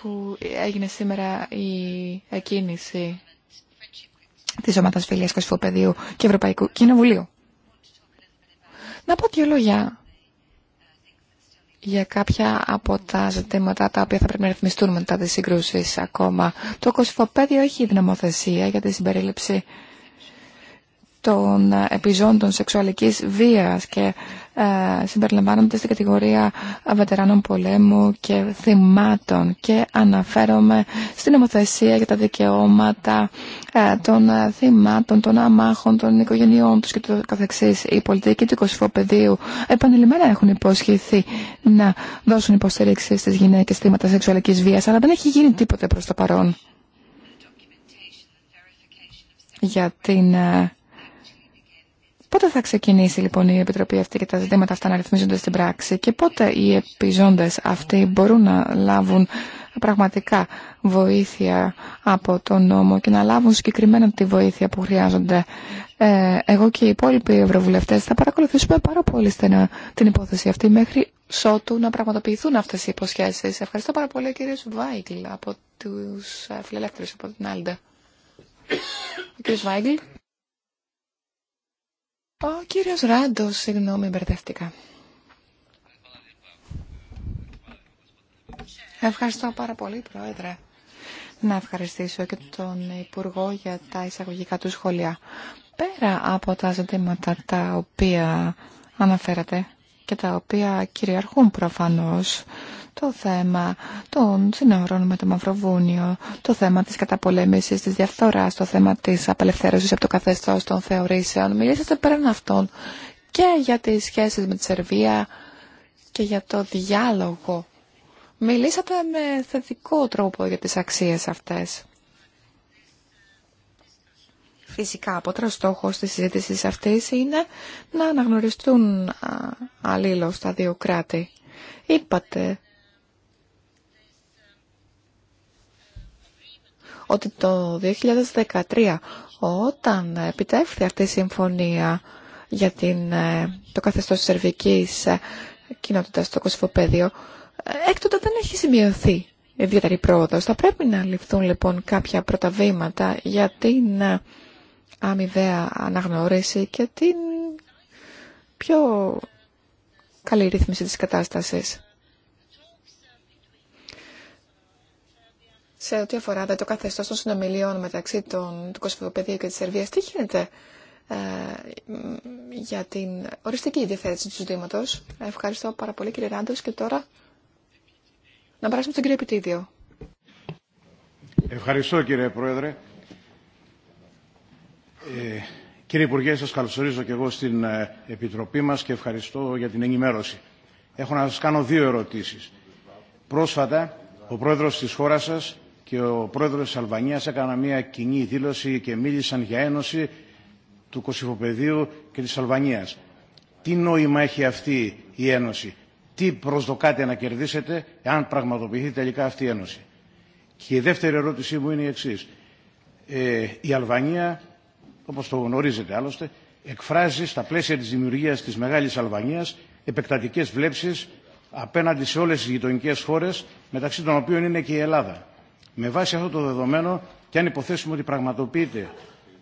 που έγινε σήμερα η εκκίνηση της Ομάδας Φιλίας Κοσφοπεδίου και Ευρωπαϊκού Κοινοβουλίου. Να πω δύο λόγια για κάποια από τα ζητήματα τα οποία θα πρέπει να ρυθμιστούν μετά τις συγκρούσεις ακόμα. Το κοσυφοπέδιο έχει νομοθεσία για τη συμπερίληψη των επιζώντων σεξουαλικής βίας και ε, συμπεριλαμβάνονται στην κατηγορία βετεράνων πολέμου και θυμάτων και αναφέρομαι στην νομοθεσία για τα δικαιώματα ε, των ε, θυμάτων, των αμάχων, των οικογενειών τους και το καθεξής. Οι πολιτική του κοσφοπεδίου επανειλημμένα έχουν υποσχεθεί να δώσουν υποστήριξη στις γυναίκες θύματα σεξουαλικής βίας, αλλά δεν έχει γίνει τίποτε προς το παρόν για την Πότε θα ξεκινήσει λοιπόν η Επιτροπή αυτή και τα ζητήματα αυτά να ρυθμίζονται στην πράξη και πότε οι επιζώντες αυτοί μπορούν να λάβουν πραγματικά βοήθεια από τον νόμο και να λάβουν συγκεκριμένα τη βοήθεια που χρειάζονται. Ε, εγώ και οι υπόλοιποι ευρωβουλευτές θα παρακολουθήσουμε πάρα πολύ στενά την υπόθεση αυτή μέχρι σότου να πραγματοποιηθούν αυτές οι υποσχέσεις. Ευχαριστώ πάρα πολύ κύριε Βάιγκλ από τους ε, φιλελεύθερους από την Άλντα. Ο κύριος Ράντος, συγγνώμη, μπερδεύτηκα. Ευχαριστώ πάρα πολύ, Πρόεδρε. Να ευχαριστήσω και τον Υπουργό για τα εισαγωγικά του σχόλια. Πέρα από τα ζητήματα τα οποία αναφέρατε και τα οποία κυριαρχούν προφανώς το θέμα των σύνορων με το Μαυροβούνιο, το θέμα της καταπολέμησης, της διαφθοράς, το θέμα της απελευθέρωσης από το καθεστώς των θεωρήσεων. Μιλήσατε πέραν αυτών και για τις σχέσεις με τη Σερβία και για το διάλογο. Μιλήσατε με θετικό τρόπο για τις αξίες αυτές. Φυσικά, απότερο στόχος της συζήτησης αυτής είναι να αναγνωριστούν αλλήλως τα δύο κράτη. Είπατε ότι το 2013 όταν επιτεύχθη αυτή η συμφωνία για την, ε, το καθεστώς της σερβικής ε, κοινότητας στο Κωσφοπαίδιο, ε, έκτοτε δεν έχει σημειωθεί ιδιαίτερη πρόοδος. Θα πρέπει να ληφθούν λοιπόν κάποια πρωταβήματα για την αμοιβαία αναγνώριση και την πιο καλή ρύθμιση της κατάστασης. σε ό,τι αφορά το καθεστώ των συνομιλίων μεταξύ των, του Κωσυφοπαιδίου και τη Σερβία, τι γίνεται ε, για την οριστική διαθέτηση του ζητήματο. Ευχαριστώ πάρα πολύ, κύριε Ράντο. Και τώρα να περάσουμε στον κύριο Επιτίδιο. Ευχαριστώ, κύριε Πρόεδρε. Ε, κύριε Υπουργέ, σας καλωσορίζω και εγώ στην ε, Επιτροπή μας και ευχαριστώ για την ενημέρωση. Έχω να σας κάνω δύο ερωτήσεις. Πρόσφατα, ο πρόεδρος της χώρας σας και ο πρόεδρος της Αλβανίας έκανα μια κοινή δήλωση και μίλησαν για ένωση του Κωσυφοπεδίου και της Αλβανίας. Τι νόημα έχει αυτή η ένωση. Τι προσδοκάτε να κερδίσετε αν πραγματοποιηθεί τελικά αυτή η ένωση. Και η δεύτερη ερώτησή μου είναι η εξή. Ε, η Αλβανία, όπως το γνωρίζετε άλλωστε, εκφράζει στα πλαίσια της δημιουργίας της Μεγάλης Αλβανίας επεκτατικές βλέψεις απέναντι σε όλες τις γειτονικές χώρες μεταξύ των οποίων είναι και η Ελλάδα. Με βάση αυτό το δεδομένο και αν υποθέσουμε ότι πραγματοποιείται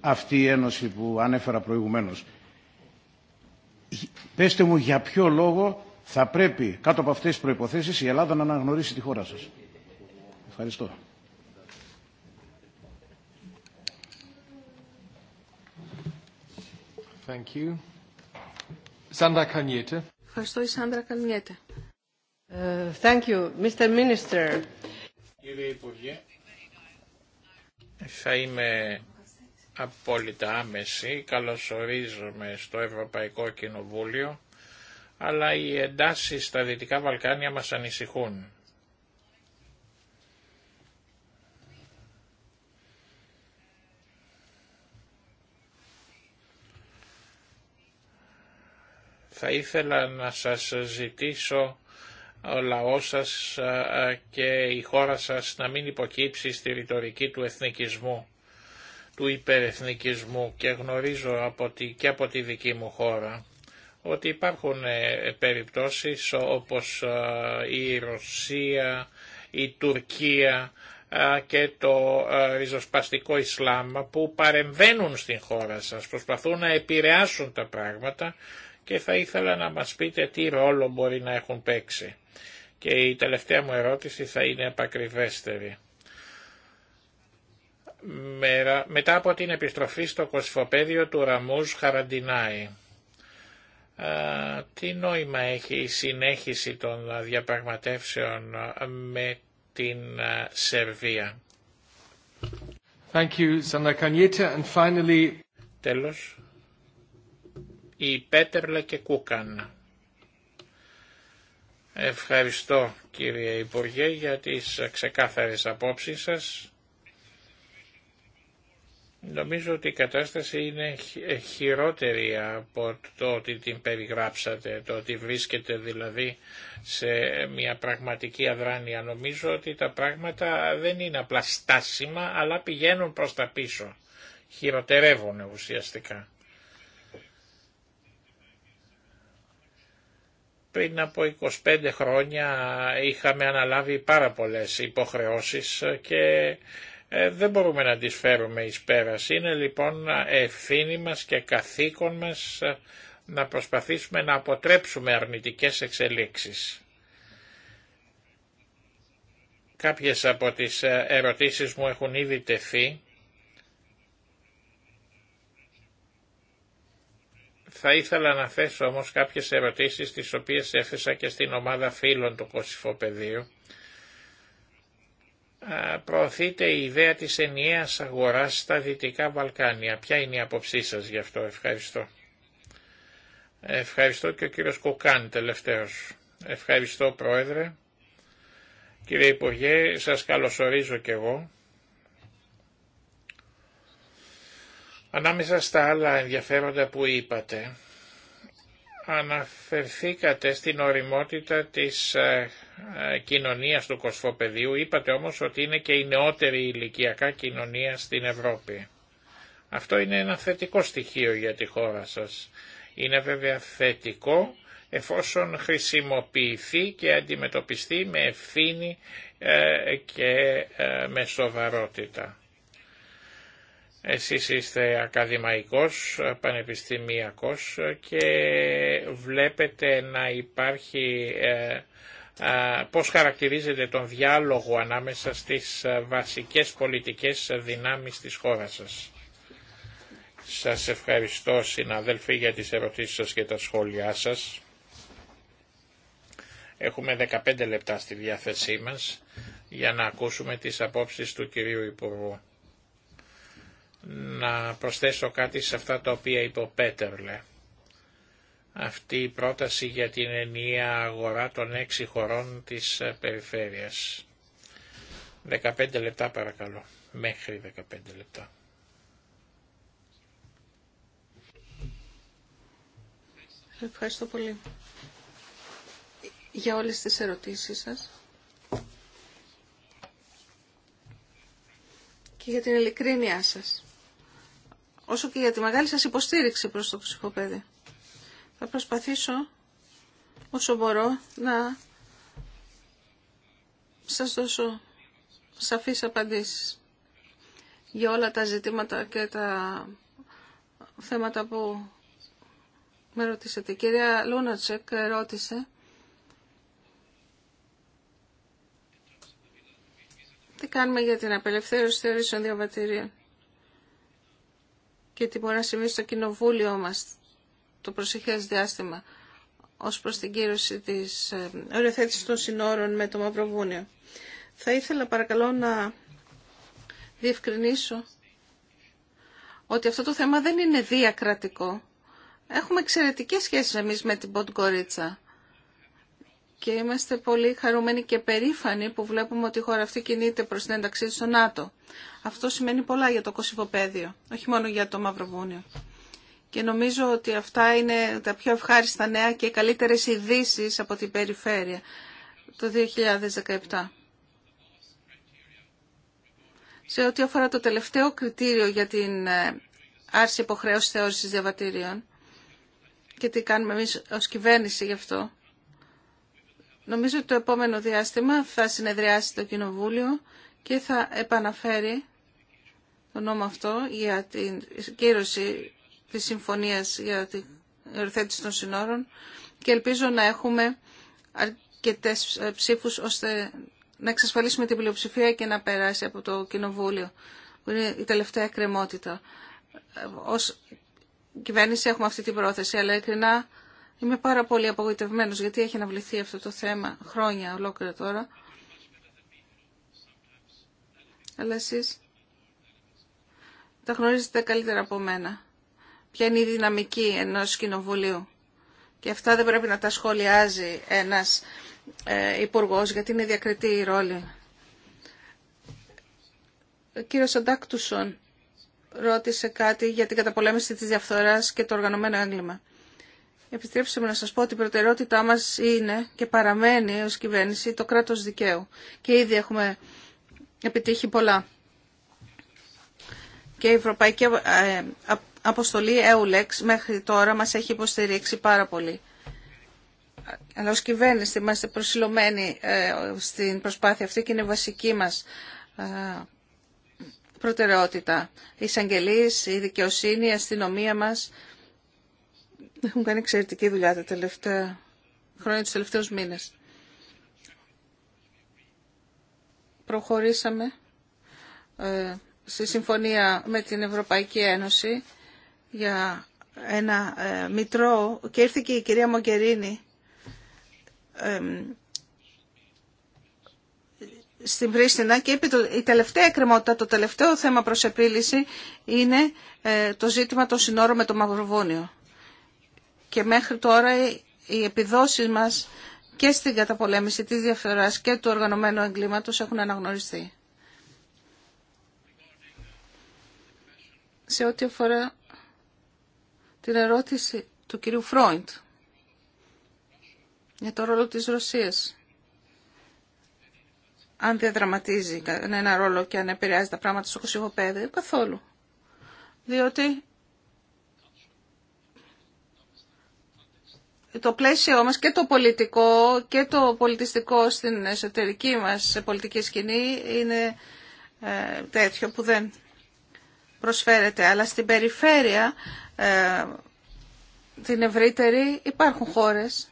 αυτή η ένωση που ανέφερα προηγουμένως. Πεστε μου για ποιο λόγο θα πρέπει κάτω από αυτές τις προϋποθέσεις η Ελλάδα να αναγνωρίσει τη χώρα σας. Ευχαριστώ. Thank you. Sandra Ευχαριστώ ε, thank you, Mr. Minister. Κύριε Υπουργέ, θα είμαι απόλυτα άμεση. Καλωσορίζομαι στο Ευρωπαϊκό Κοινοβούλιο, αλλά οι εντάσεις στα Δυτικά Βαλκάνια μας ανησυχούν. θα ήθελα να σας ζητήσω ο λαός σας και η χώρα σας να μην υποκύψει στη ρητορική του εθνικισμού, του υπερεθνικισμού και γνωρίζω από και από τη δική μου χώρα ότι υπάρχουν ε, περιπτώσεις όπως η Ρωσία, η Τουρκία και το ριζοσπαστικό Ισλάμ που παρεμβαίνουν στην χώρα σας, προσπαθούν να επηρεάσουν τα πράγματα και θα ήθελα να μας πείτε τι ρόλο μπορεί να έχουν παίξει. Και η τελευταία μου ερώτηση θα είναι επακριβέστερη. Μετά από την επιστροφή στο κοσφοπέδιο του Ραμούς Χαραντινάη, τι νόημα έχει η συνέχιση των διαπραγματεύσεων με την Σερβία. Thank Τέλος, η Πέτερλε και Κούκαν. Ευχαριστώ κύριε Υπουργέ για τις ξεκάθαρες απόψεις σας. Νομίζω ότι η κατάσταση είναι ε, χειρότερη από το ότι την περιγράψατε, το ότι βρίσκεται δηλαδή σε μια πραγματική αδράνεια. Νομίζω ότι τα πράγματα δεν είναι απλά στάσιμα, αλλά πηγαίνουν προς τα πίσω. Χειροτερεύουν ουσιαστικά. Πριν από 25 χρόνια είχαμε αναλάβει πάρα πολλές υποχρεώσεις και ε, δεν μπορούμε να τις φέρουμε εις πέρας. Είναι λοιπόν ευθύνη μας και καθήκον μας ε, να προσπαθήσουμε να αποτρέψουμε αρνητικές εξελίξεις. Κάποιες από τις ε, ερωτήσεις μου έχουν ήδη τεθεί Θα ήθελα να θέσω όμως κάποιες ερωτήσεις τις οποίες έθεσα και στην ομάδα φίλων του Κωσυφοπεδίου. Προωθείται η ιδέα της ενιαίας αγοράς στα Δυτικά Βαλκάνια. Ποια είναι η αποψή σας γι' αυτό. Ευχαριστώ. Ευχαριστώ και ο κύριος Κοκάν τελευταίο. Ευχαριστώ Πρόεδρε. Κύριε Υπουργέ, σας καλωσορίζω και εγώ. Ανάμεσα στα άλλα ενδιαφέροντα που είπατε, αναφερθήκατε στην οριμότητα της ε, ε, κοινωνίας του κοσφοπεδίου, είπατε όμως ότι είναι και η νεότερη ηλικιακά κοινωνία στην Ευρώπη. Αυτό είναι ένα θετικό στοιχείο για τη χώρα σας. Είναι βέβαια θετικό εφόσον χρησιμοποιηθεί και αντιμετωπιστεί με ευθύνη ε, και με σοβαρότητα. Εσείς είστε ακαδημαϊκός, πανεπιστημιακός και βλέπετε να υπάρχει, ε, πώς χαρακτηρίζεται τον διάλογο ανάμεσα στις βασικές πολιτικές δυνάμεις της χώρας σας. Σας ευχαριστώ συναδέλφοι για τις ερωτήσεις σας και τα σχόλιά σας. Έχουμε 15 λεπτά στη διάθεσή μας για να ακούσουμε τις απόψεις του κυρίου Υπουργού να προσθέσω κάτι σε αυτά τα οποία είπε ο Πέτερλε. Αυτή η πρόταση για την ενιαία αγορά των έξι χωρών της ε, περιφέρειας. 15 λεπτά παρακαλώ. Μέχρι 15 λεπτά. Ευχαριστώ πολύ για όλες τις ερωτήσεις σας και για την ειλικρίνειά σας όσο και για τη μεγάλη σας υποστήριξη προς το ψυχοπαίδι. Θα προσπαθήσω όσο μπορώ να σας δώσω σαφείς απαντήσεις για όλα τα ζητήματα και τα θέματα που με ρωτήσατε. Η κυρία Λούνατσεκ ρώτησε τι κάνουμε για την απελευθέρωση θεωρήσεων διαβατηρίων και τι μπορεί να συμβεί στο κοινοβούλιο μας το προσεχές διάστημα ως προς την κύρωση της ε, οριοθέτησης των συνόρων με το Μαυροβούνιο. Θα ήθελα παρακαλώ να διευκρινίσω ότι αυτό το θέμα δεν είναι διακρατικό. Έχουμε εξαιρετικές σχέσεις εμείς με την Ποντγκορίτσα και είμαστε πολύ χαρούμενοι και περήφανοι που βλέπουμε ότι η χώρα αυτή κινείται προς την ένταξή της στο ΝΑΤΟ. Αυτό σημαίνει πολλά για το Κωσυφοπαίδιο, όχι μόνο για το Μαυροβούνιο. Και νομίζω ότι αυτά είναι τα πιο ευχάριστα νέα και οι καλύτερες ειδήσει από την περιφέρεια το 2017. Σε ό,τι αφορά το τελευταίο κριτήριο για την ε, άρση υποχρέωση θεώρησης διαβατήριων και τι κάνουμε εμείς ως κυβέρνηση γι' αυτό, Νομίζω ότι το επόμενο διάστημα θα συνεδριάσει το Κοινοβούλιο και θα επαναφέρει το νόμο αυτό για την κύρωση της συμφωνίας για την οριοθέτηση των συνόρων και ελπίζω να έχουμε αρκετές ψήφους ώστε να εξασφαλίσουμε την πλειοψηφία και να περάσει από το Κοινοβούλιο που είναι η τελευταία κρεμότητα. Ως κυβέρνηση έχουμε αυτή την πρόθεση, αλλά ειλικρινά Είμαι πάρα πολύ απογοητευμένος γιατί έχει αναβληθεί αυτό το θέμα χρόνια ολόκληρα τώρα. Αλλά εσείς τα γνωρίζετε καλύτερα από μένα. Ποια είναι η δυναμική ενός κοινοβουλίου. Και αυτά δεν πρέπει να τα σχολιάζει ένας ε, γιατί είναι διακριτή η ρόλη. Ο κύριος Αντάκτουσον ρώτησε κάτι για την καταπολέμηση της διαφθοράς και το οργανωμένο έγκλημα. Επιτρέψτε μου να σας πω ότι η προτεραιότητά μας είναι και παραμένει ως κυβέρνηση το κράτος δικαίου. Και ήδη έχουμε επιτύχει πολλά. Και η Ευρωπαϊκή ε, Αποστολή EULEX μέχρι τώρα μας έχει υποστηρίξει πάρα πολύ. Αλλά ως κυβέρνηση είμαστε προσιλωμένοι ε, στην προσπάθεια αυτή και είναι βασική μας ε, προτεραιότητα. Οι εισαγγελίες, η δικαιοσύνη, η αστυνομία μας έχουν κάνει εξαιρετική δουλειά τα τελευταία χρόνια, τους τελευταίους μήνες. Προχωρήσαμε ε, στη συμφωνία με την Ευρωπαϊκή Ένωση για ένα ε, μητρό και ήρθε και η κυρία Μογκερίνη ε, στην Πρίστινα και είπε η τελευταία εκκρεμότητα, το τελευταίο θέμα προς επίλυση είναι το ζήτημα των συνόρων με το Μαυροβόνιο και μέχρι τώρα οι επιδόσεις μας και στην καταπολέμηση της διαφθοράς και του οργανωμένου εγκλήματος έχουν αναγνωριστεί. Σε ό,τι αφορά την ερώτηση του κυρίου Φρόιντ για το ρόλο της Ρωσίας, αν διαδραματίζει ένα ρόλο και αν επηρεάζει τα πράγματα στο κοσυγοπαίδιο, καθόλου. Διότι το πλαίσιο μας και το πολιτικό και το πολιτιστικό στην εσωτερική μας πολιτική σκηνή είναι ε, τέτοιο που δεν προσφέρεται. Αλλά στην περιφέρεια ε, την ευρύτερη υπάρχουν χώρες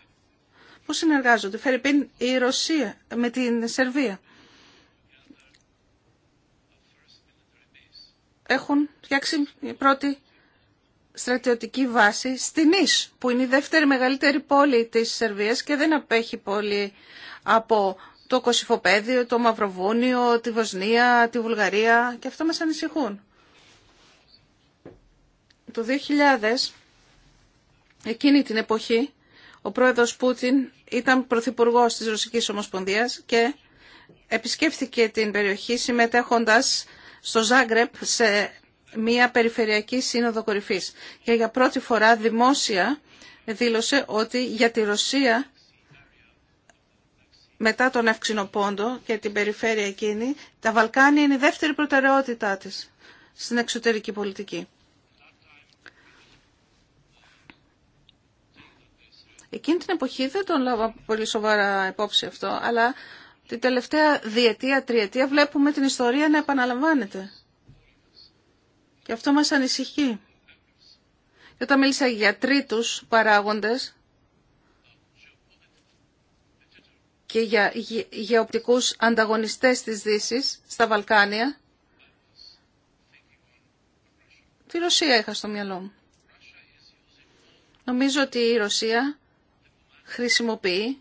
που συνεργάζονται. Φέρει η Ρωσία με την Σερβία. Έχουν φτιάξει πρώτη στρατιωτική βάση στη Νίσ, που είναι η δεύτερη μεγαλύτερη πόλη της Σερβίας και δεν απέχει πολύ από το Κωσυφοπέδιο, το Μαυροβούνιο, τη Βοσνία, τη Βουλγαρία και αυτό μας ανησυχούν. Το 2000, εκείνη την εποχή, ο πρόεδρος Πούτιν ήταν πρωθυπουργός της Ρωσικής Ομοσπονδίας και επισκέφθηκε την περιοχή συμμετέχοντας στο Ζάγκρεπ σε μία περιφερειακή σύνοδο κορυφής. Και για πρώτη φορά δημόσια δήλωσε ότι για τη Ρωσία μετά τον Ευξηνοπόντο και την περιφέρεια εκείνη, τα Βαλκάνια είναι η δεύτερη προτεραιότητά της στην εξωτερική πολιτική. Εκείνη την εποχή δεν τον λάβα πολύ σοβαρά υπόψη αυτό, αλλά την τελευταία διετία, τριετία βλέπουμε την ιστορία να επαναλαμβάνεται. Και αυτό μας ανησυχεί. Και όταν μίλησα για τρίτους παράγοντες και για γεωπτικούς ανταγωνιστές της δύση στα Βαλκάνια, τη Ρωσία είχα στο μυαλό μου. Νομίζω ότι η Ρωσία χρησιμοποιεί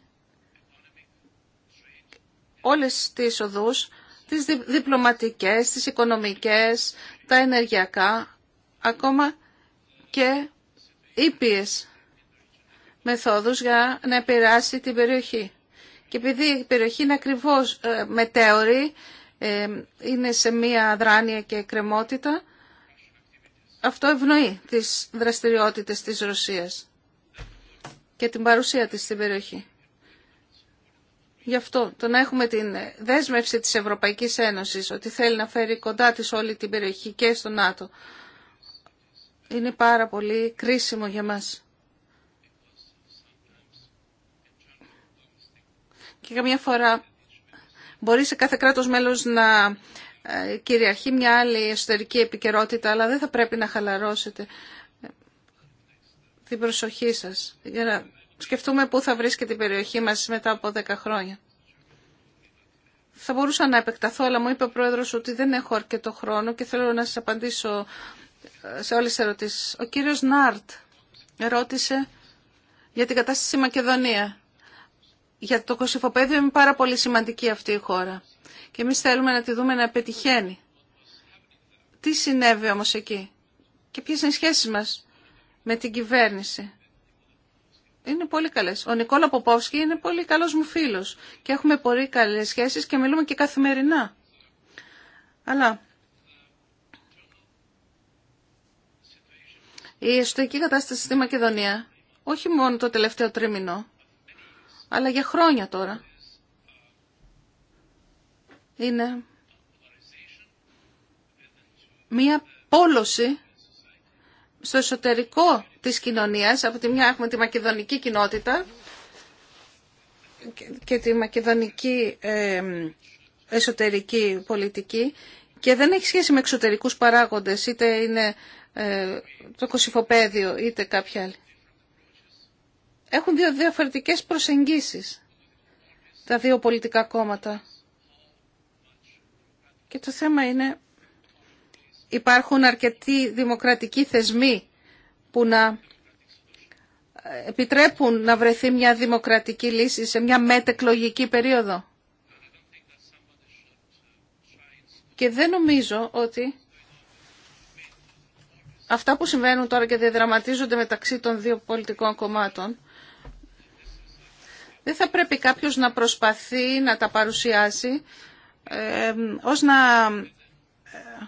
όλες τις οδούς τις διπλωματικές, τις οικονομικές, τα ενεργειακά, ακόμα και ήπιες μεθόδους για να επηρεάσει την περιοχή. Και επειδή η περιοχή είναι ακριβώς ε, μετέωρη, ε, είναι σε μία δράνεια και κρεμότητα, αυτό ευνοεί τις δραστηριότητες της Ρωσίας και την παρουσία της στην περιοχή. Γι' αυτό το να έχουμε την δέσμευση της Ευρωπαϊκής Ένωσης ότι θέλει να φέρει κοντά της όλη την περιοχή και στο ΝΑΤΟ είναι πάρα πολύ κρίσιμο για μας. Και καμιά φορά μπορεί σε κάθε κράτος μέλος να ε, κυριαρχεί μια άλλη εσωτερική επικαιρότητα, αλλά δεν θα πρέπει να χαλαρώσετε την προσοχή σας για να σκεφτούμε πού θα βρίσκεται η περιοχή μας μετά από 10 χρόνια. Θα μπορούσα να επεκταθώ, αλλά μου είπε ο Πρόεδρος ότι δεν έχω αρκετό χρόνο και θέλω να σας απαντήσω ε, σε όλες τις ερωτήσεις. Ο κύριος Νάρτ ρώτησε για την κατάσταση στη Μακεδονία. Για το Κωσυφοπέδιο είναι πάρα πολύ σημαντική αυτή η χώρα. Και εμείς θέλουμε να τη δούμε να πετυχαίνει. Τι συνέβη όμως εκεί και ποιες είναι οι σχέσεις μας με την κυβέρνηση είναι πολύ καλές. Ο Νικόλα Ποπόφσκι είναι πολύ καλός μου φίλος και έχουμε πολύ καλές σχέσεις και μιλούμε και καθημερινά. Αλλά η εσωτερική κατάσταση στη Μακεδονία, όχι μόνο το τελευταίο τρίμηνο, αλλά για χρόνια τώρα, είναι μία πόλωση στο εσωτερικό της κοινωνίας. Από τη μια έχουμε τη μακεδονική κοινότητα και τη μακεδονική εσωτερική πολιτική και δεν έχει σχέση με εξωτερικούς παράγοντες, είτε είναι ε, το κοσυφοπαίδιο είτε κάποια άλλη. Έχουν δύο διαφορετικές προσεγγίσεις τα δύο πολιτικά κόμματα. Και το θέμα είναι υπάρχουν αρκετοί δημοκρατικοί θεσμοί που να ε, επιτρέπουν να βρεθεί μια δημοκρατική λύση σε μια μετεκλογική περίοδο. Και δεν νομίζω ότι αυτά που συμβαίνουν τώρα και διαδραματίζονται μεταξύ των δύο πολιτικών κομμάτων δεν θα πρέπει κάποιος να προσπαθεί να τα παρουσιάσει ε, ως να ε,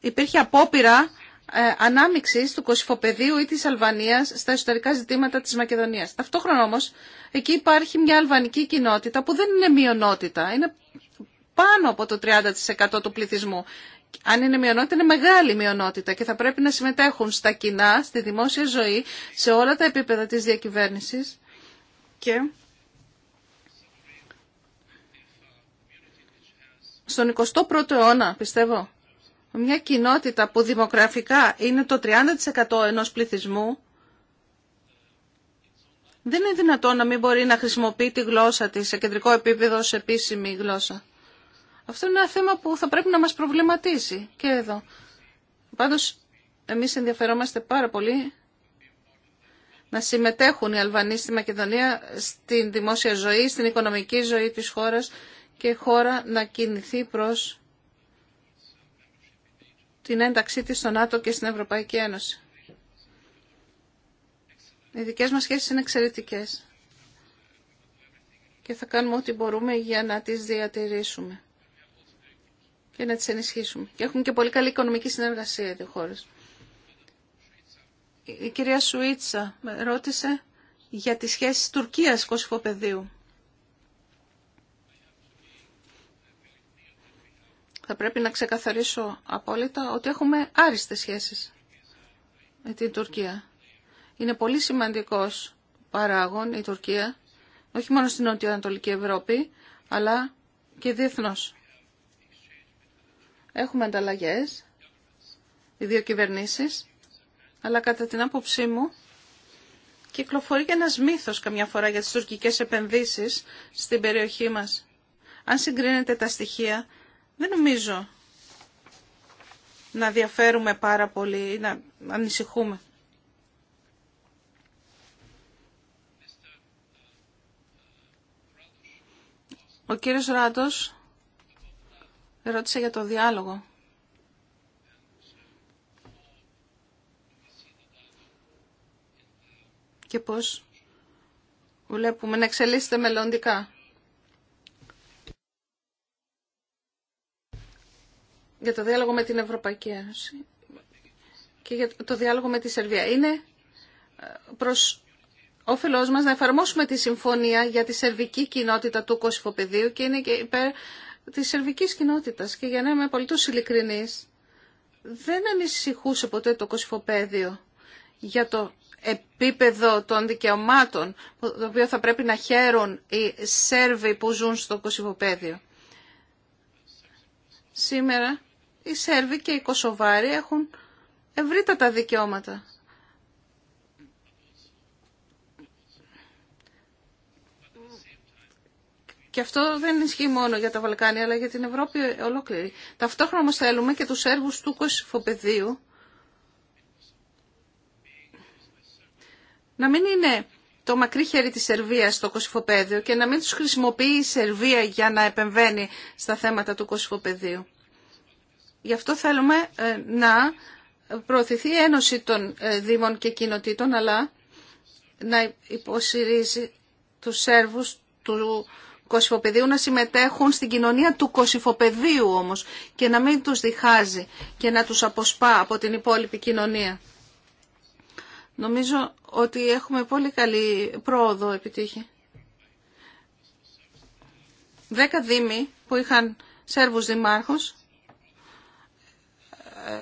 υπήρχε απόπειρα ε, ανάμειξη του Κωσυφοπεδίου ή της Αλβανίας στα εσωτερικά ζητήματα της Μακεδονίας. Ταυτόχρονα όμως εκεί υπάρχει μια αλβανική κοινότητα που δεν είναι μειονότητα, είναι πάνω από το 30% του πληθυσμού. Αν είναι μειονότητα, είναι μεγάλη μειονότητα και θα πρέπει να συμμετέχουν στα κοινά, στη δημόσια ζωή, σε όλα τα επίπεδα της διακυβέρνησης. Και στον 21ο αιώνα, πιστεύω, μια κοινότητα που δημογραφικά είναι το 30% ενός πληθυσμού, δεν είναι δυνατόν να μην μπορεί να χρησιμοποιεί τη γλώσσα της σε κεντρικό επίπεδο σε επίσημη γλώσσα. Αυτό είναι ένα θέμα που θα πρέπει να μας προβληματίσει και εδώ. Πάντως, εμείς ενδιαφερόμαστε πάρα πολύ να συμμετέχουν οι Αλβανοί στη Μακεδονία στην δημόσια ζωή, στην οικονομική ζωή της χώρας και η χώρα να κινηθεί προς την ένταξή της στο ΝΑΤΟ και στην Ευρωπαϊκή Ένωση. Οι δικές μας σχέσεις είναι εξαιρετικές και θα κάνουμε ό,τι μπορούμε για να τις διατηρήσουμε και να τις ενισχύσουμε. Και έχουν και πολύ καλή οικονομική συνεργασία οι δύο χώρες. Η κυρία Σουίτσα ρώτησε για τις σχέσεις Τουρκίας-Κωσυφοπεδίου. Θα πρέπει να ξεκαθαρίσω απόλυτα ότι έχουμε άριστες σχέσεις με την Τουρκία. Είναι πολύ σημαντικός παράγων η Τουρκία, όχι μόνο στην Νοτιοανατολική Ευρώπη, αλλά και διεθνώς. Έχουμε ανταλλαγές, οι δύο κυβερνήσεις, αλλά κατά την άποψή μου κυκλοφορεί και ένας μύθος καμιά φορά για τις τουρκικές επενδύσεις στην περιοχή μας. Αν συγκρίνετε τα στοιχεία δεν νομίζω να διαφέρουμε πάρα πολύ ή να ανησυχούμε. Ο κύριος Ράτος ρώτησε για το διάλογο. Και πώς βλέπουμε να εξελίσσεται μελλοντικά. για το διάλογο με την Ευρωπαϊκή Ένωση και για το διάλογο με τη Σερβία. Είναι ε, προς όφελός μας να εφαρμόσουμε τη συμφωνία για τη σερβική κοινότητα του Κωσυφοπεδίου και είναι και υπέρ της σερβικής κοινότητας. Και για να είμαι απολύτως ειλικρινής, δεν ανησυχούσε ποτέ το Κωσυφοπέδιο για το επίπεδο των δικαιωμάτων το οποίο θα πρέπει να χαίρουν οι Σέρβοι που ζουν στο Κωσυφοπέδιο. Σήμερα οι Σέρβοι και οι Κωσοβάροι έχουν ευρύτατα δικαιώματα. Και αυτό δεν ισχύει μόνο για τα Βαλκάνια, αλλά για την Ευρώπη ολόκληρη. Ταυτόχρονα όμως θέλουμε και τους Σέρβους του Κωσυφοπεδίου να μην είναι το μακρύ χέρι της Σερβίας στο Κωσυφοπέδιο και να μην τους χρησιμοποιεί η Σερβία για να επεμβαίνει στα θέματα του Κωσυφοπεδίου. Γι' αυτό θέλουμε ε, να προωθηθεί η ένωση των ε, Δήμων και Κοινοτήτων, αλλά να υποσυρίζει τους Σέρβους του Κωσυφοπεδίου να συμμετέχουν στην κοινωνία του Κωσυφοπεδίου όμως και να μην τους διχάζει και να τους αποσπά από την υπόλοιπη κοινωνία. Νομίζω ότι έχουμε πολύ καλή πρόοδο επιτύχει. Δέκα δήμοι που είχαν Σέρβους δημάρχους ε,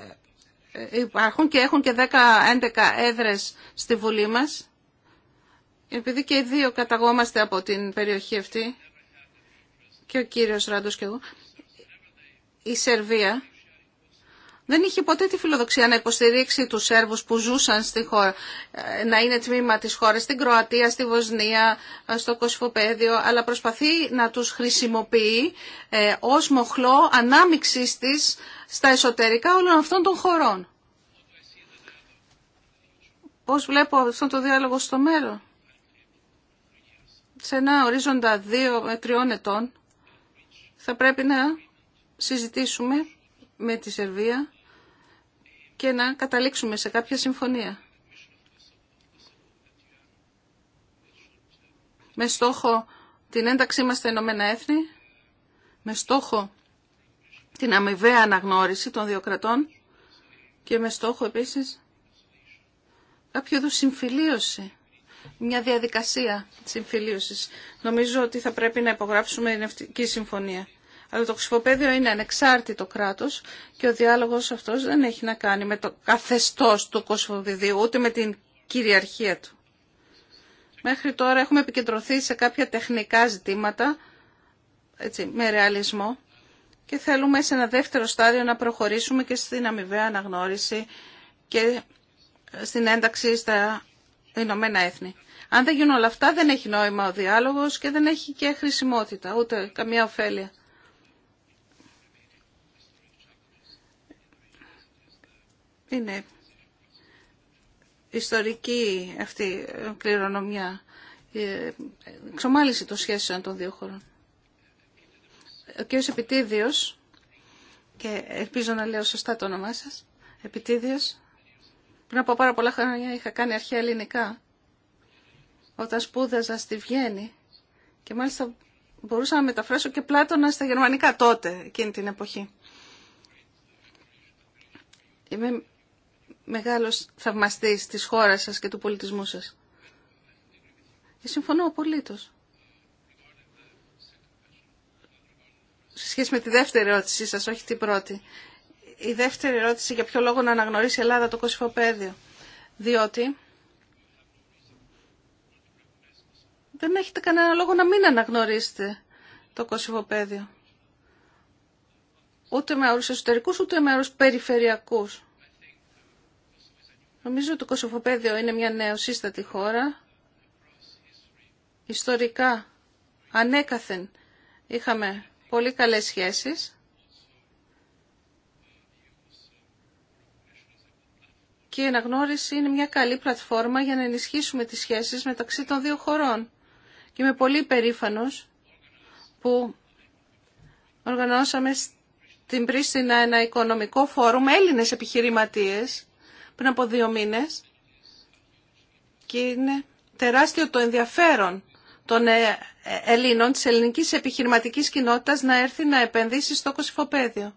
ε, υπάρχουν και έχουν και 10-11 έδρες στη Βουλή μας. Επειδή και οι δύο καταγόμαστε από την περιοχή αυτή, και ο κύριος Ράντος και εγώ, η Σερβία δεν είχε ποτέ τη φιλοδοξία να υποστηρίξει τους Σέρβους που ζούσαν στη χώρα, ε, να είναι τμήμα της χώρας, στην Κροατία, στη Βοσνία, ε, στο Κοσφοπέδιο, αλλά προσπαθεί να τους χρησιμοποιεί ε, ως μοχλό ανάμειξης της στα εσωτερικά όλων αυτών των χωρών. Πώς βλέπω αυτόν το διάλογο στο μέλλον. Σε ένα ορίζοντα δύο με τριών ετών θα πρέπει να συζητήσουμε με τη Σερβία και να καταλήξουμε σε κάποια συμφωνία. Με στόχο την ένταξή μας στα Ηνωμένα Έθνη, με στόχο την αμοιβαία αναγνώριση των δύο κρατών και με στόχο επίσης κάποιο είδου συμφιλίωση, μια διαδικασία συμφιλίωσης. Νομίζω ότι θα πρέπει να υπογράψουμε η Νευτική Συμφωνία. Αλλά το κοσμοπέδιο είναι ανεξάρτητο κράτο και ο διάλογος αυτός δεν έχει να κάνει με το καθεστώς του κοσμοπεδίου, ούτε με την κυριαρχία του. Μέχρι τώρα έχουμε επικεντρωθεί σε κάποια τεχνικά ζητήματα, έτσι, με ρεαλισμό, και θέλουμε σε ένα δεύτερο στάδιο να προχωρήσουμε και στην αμοιβαία αναγνώριση και στην ένταξη στα Ηνωμένα Έθνη. Αν δεν γίνουν όλα αυτά δεν έχει νόημα ο διάλογος και δεν έχει και χρησιμότητα, ούτε καμία ωφέλεια. Είναι ιστορική αυτή κληρονομιά, η ε, εξομάλυση των σχέσεων των δύο χωρών. Ο κ. Επιτίδιος, και ελπίζω να λέω σωστά το όνομά σας, Επιτίδιος, πριν από πάρα πολλά χρόνια είχα κάνει αρχαία ελληνικά, όταν σπούδαζα στη Βιέννη και μάλιστα μπορούσα να μεταφράσω και πλάτωνα στα γερμανικά τότε, εκείνη την εποχή. Είμαι μεγάλος θαυμαστής της χώρας σας και του πολιτισμού σας. Συμφωνώ απολύτως. Σε σχέση με τη δεύτερη ερώτησή σας, όχι την πρώτη. Η δεύτερη ερώτηση για ποιο λόγο να αναγνωρίσει η Ελλάδα το κοσυφοπαίδιο. Διότι δεν έχετε κανένα λόγο να μην αναγνωρίσετε το κοσυφοπαίδιο. Ούτε με όρους εσωτερικούς, ούτε με όρους περιφερειακούς. Νομίζω ότι το Κωσοφοπέδιο είναι μια νεοσύστατη χώρα. Ιστορικά, ανέκαθεν, είχαμε πολύ καλές σχέσεις. Και η αναγνώριση είναι μια καλή πλατφόρμα για να ενισχύσουμε τις σχέσεις μεταξύ των δύο χωρών. Και είμαι πολύ περήφανος που οργανώσαμε στην Πρίστινα ένα οικονομικό φόρουμ Έλληνες επιχειρηματίες πριν από δύο μήνες και είναι τεράστιο το ενδιαφέρον των ε, Ελλήνων, της ελληνικής επιχειρηματικής κοινότητας να έρθει να επενδύσει στο κοσυφοπαίδιο.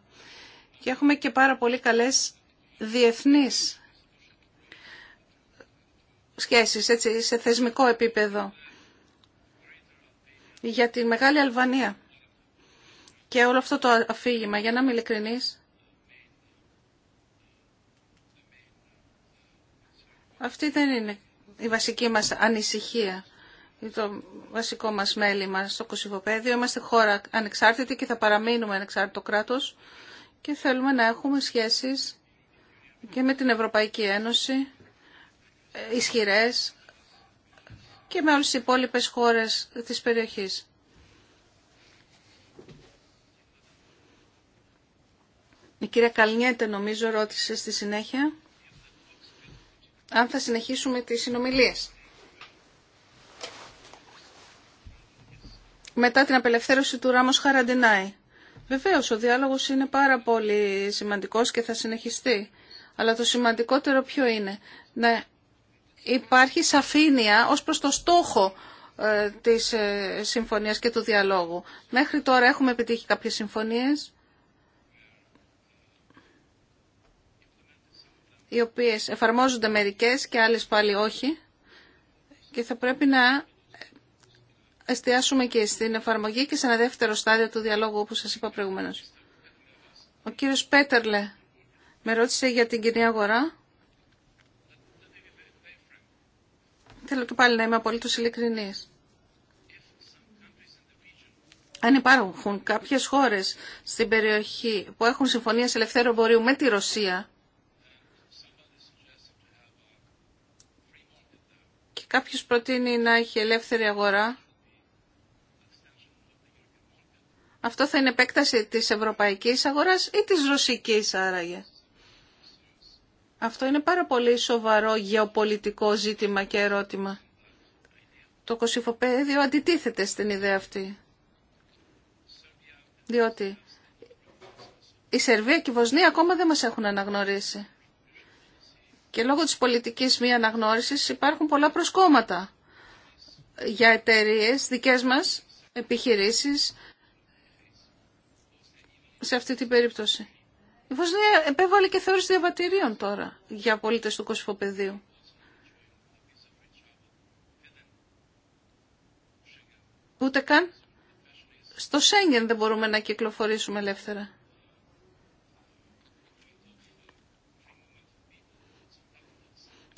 Και έχουμε και πάρα πολύ καλές διεθνείς σχέσεις, έτσι, σε θεσμικό επίπεδο για τη Μεγάλη Αλβανία και όλο αυτό το αφήγημα, για να είμαι ειλικρινής, Αυτή δεν είναι η βασική μας ανησυχία το βασικό μας μέλημα στο Κωσυβοπαίδιο. Είμαστε χώρα ανεξάρτητη και θα παραμείνουμε ανεξάρτητο κράτος και θέλουμε να έχουμε σχέσεις και με την Ευρωπαϊκή Ένωση ε, ισχυρές και με όλες τις υπόλοιπες χώρες της περιοχής. Η κυρία Καλνιέτε νομίζω ρώτησε στη συνέχεια αν θα συνεχίσουμε τις συνομιλίες. Μετά την απελευθέρωση του Ράμος Χαραντινάη. Βεβαίως, ο διάλογος είναι πάρα πολύ σημαντικός και θα συνεχιστεί. Αλλά το σημαντικότερο ποιο είναι. Να υπάρχει σαφήνεια ως προς το στόχο ε, της ε, συμφωνίας και του διαλόγου. Μέχρι τώρα έχουμε επιτύχει κάποιες συμφωνίες. οι οποίες εφαρμόζονται μερικές και άλλες πάλι όχι και θα πρέπει να εστιάσουμε και στην εφαρμογή και σε ένα δεύτερο στάδιο του διαλόγου όπως σας είπα προηγουμένως. Ο κύριος Πέτερλε με ρώτησε για την κοινή αγορά. Θέλω και πάλι να είμαι απολύτως ειλικρινής. Αν υπάρχουν κάποιες χώρες στην περιοχή που έχουν συμφωνίες ελευθέρω εμπορίου με τη Ρωσία, Κάποιος προτείνει να έχει ελεύθερη αγορά. Αυτό θα είναι επέκταση της ευρωπαϊκής αγοράς ή της ρωσικής άραγε. Αυτό είναι πάρα πολύ σοβαρό γεωπολιτικό ζήτημα και ερώτημα. Το κοσυφοπαίδιο αντιτίθεται στην ιδέα αυτή. Διότι η της ρωσικης αραγε αυτο ειναι παρα πολυ σοβαρο γεωπολιτικο ζητημα και ερωτημα το κοσυφοπέδιο αντιτιθεται στην ιδεα αυτη διοτι η σερβια και η Βοσνία ακόμα δεν μας έχουν αναγνωρίσει. Και λόγω της πολιτικής μη αναγνώρισης υπάρχουν πολλά προσκόμματα για εταιρείε δικές μας επιχειρήσεις σε αυτή την περίπτωση. Η Βοσνία επέβαλε και θεώρηση διαβατηρίων τώρα για πολίτες του Κωσυφοπεδίου. Ούτε καν στο Σέγγεν δεν μπορούμε να κυκλοφορήσουμε ελεύθερα.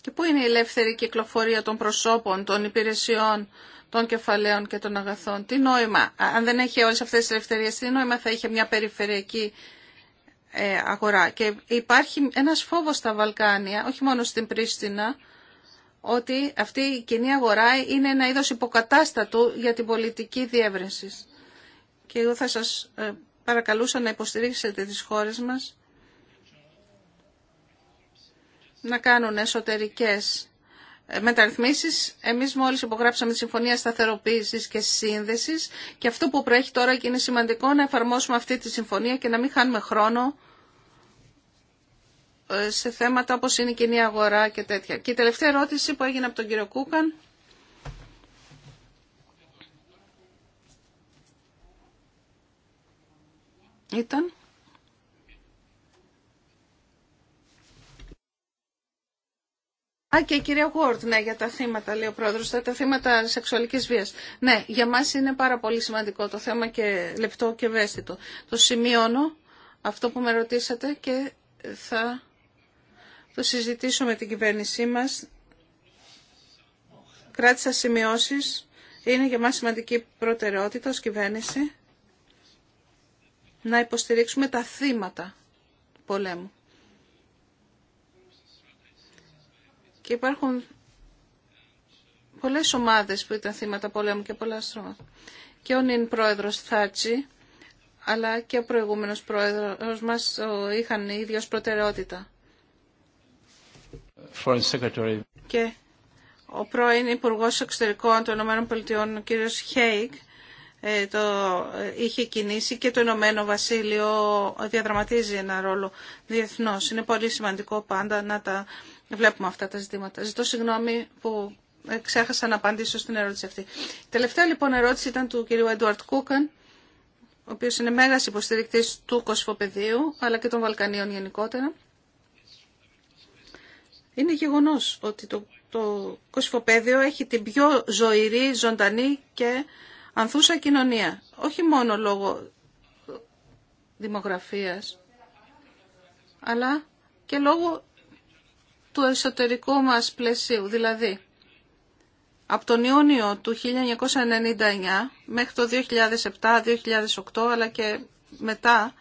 Και πού είναι η ελεύθερη κυκλοφορία των προσώπων, των υπηρεσιών, των κεφαλαίων και των αγαθών. Τι νόημα, αν δεν έχει όλες αυτές τις ελευθερίες, τι νόημα θα είχε μια περιφερειακή ε, αγορά. Και υπάρχει ένας φόβος στα Βαλκάνια, όχι μόνο στην Πρίστινα, ότι αυτή η κοινή αγορά είναι ένα είδος υποκατάστατου για την πολιτική διεύρυνση. Και εγώ θα σας ε, παρακαλούσα να υποστηρίξετε τις χώρες μας να κάνουν εσωτερικές μεταρρυθμίσεις. Εμείς μόλις υπογράψαμε τη Συμφωνία Σταθεροποίησης και Σύνδεσης και αυτό που προέχει τώρα και είναι σημαντικό να εφαρμόσουμε αυτή τη συμφωνία και να μην χάνουμε χρόνο ε, σε θέματα όπως είναι η κοινή αγορά και τέτοια. Και η τελευταία ερώτηση που έγινε από τον κύριο Κούκαν. Ήταν. Α, και η κυρία Γουόρτ, ναι, για τα θύματα, λέει ο πρόεδρο, τα, τα θύματα σεξουαλική βία. Ναι, για μα είναι πάρα πολύ σημαντικό το θέμα και λεπτό και ευαίσθητο. Το σημειώνω αυτό που με ρωτήσατε και θα το συζητήσω με την κυβέρνησή μας. Κράτησα σημειώσει Είναι για μα σημαντική προτεραιότητα ω κυβέρνηση να υποστηρίξουμε τα θύματα πολέμου. Και υπάρχουν πολλές ομάδες που ήταν θύματα πολέμου και πολλά στρώματα. Και ο νυν πρόεδρος Θάτσι, αλλά και ο προηγούμενος πρόεδρος μας είχαν ίδιος προτεραιότητα. Και ο πρώην Υπουργός Εξωτερικών των ΗΠΑ, ο κύριος Χέικ, ε, το ε, είχε κινήσει και το Ηνωμένο Βασίλειο διαδραματίζει ένα ρόλο διεθνώς. Είναι πολύ σημαντικό πάντα να τα βλέπουμε αυτά τα ζητήματα. Ζητώ συγγνώμη που ξέχασα να απαντήσω στην ερώτηση αυτή. Η τελευταία λοιπόν ερώτηση ήταν του κυρίου Έντουαρτ Κούκαν, ο οποίος είναι μέγας υποστηρικτής του Κοσφοπεδίου, αλλά και των Βαλκανίων γενικότερα. Είναι γεγονός ότι το, το έχει την πιο ζωηρή, ζωντανή και ανθούσα κοινωνία. Όχι μόνο λόγω δημογραφίας, αλλά και λόγω του εσωτερικού μας πλαισίου. Δηλαδή, από τον Ιούνιο του 1999 μέχρι το 2007-2008 αλλά και μετά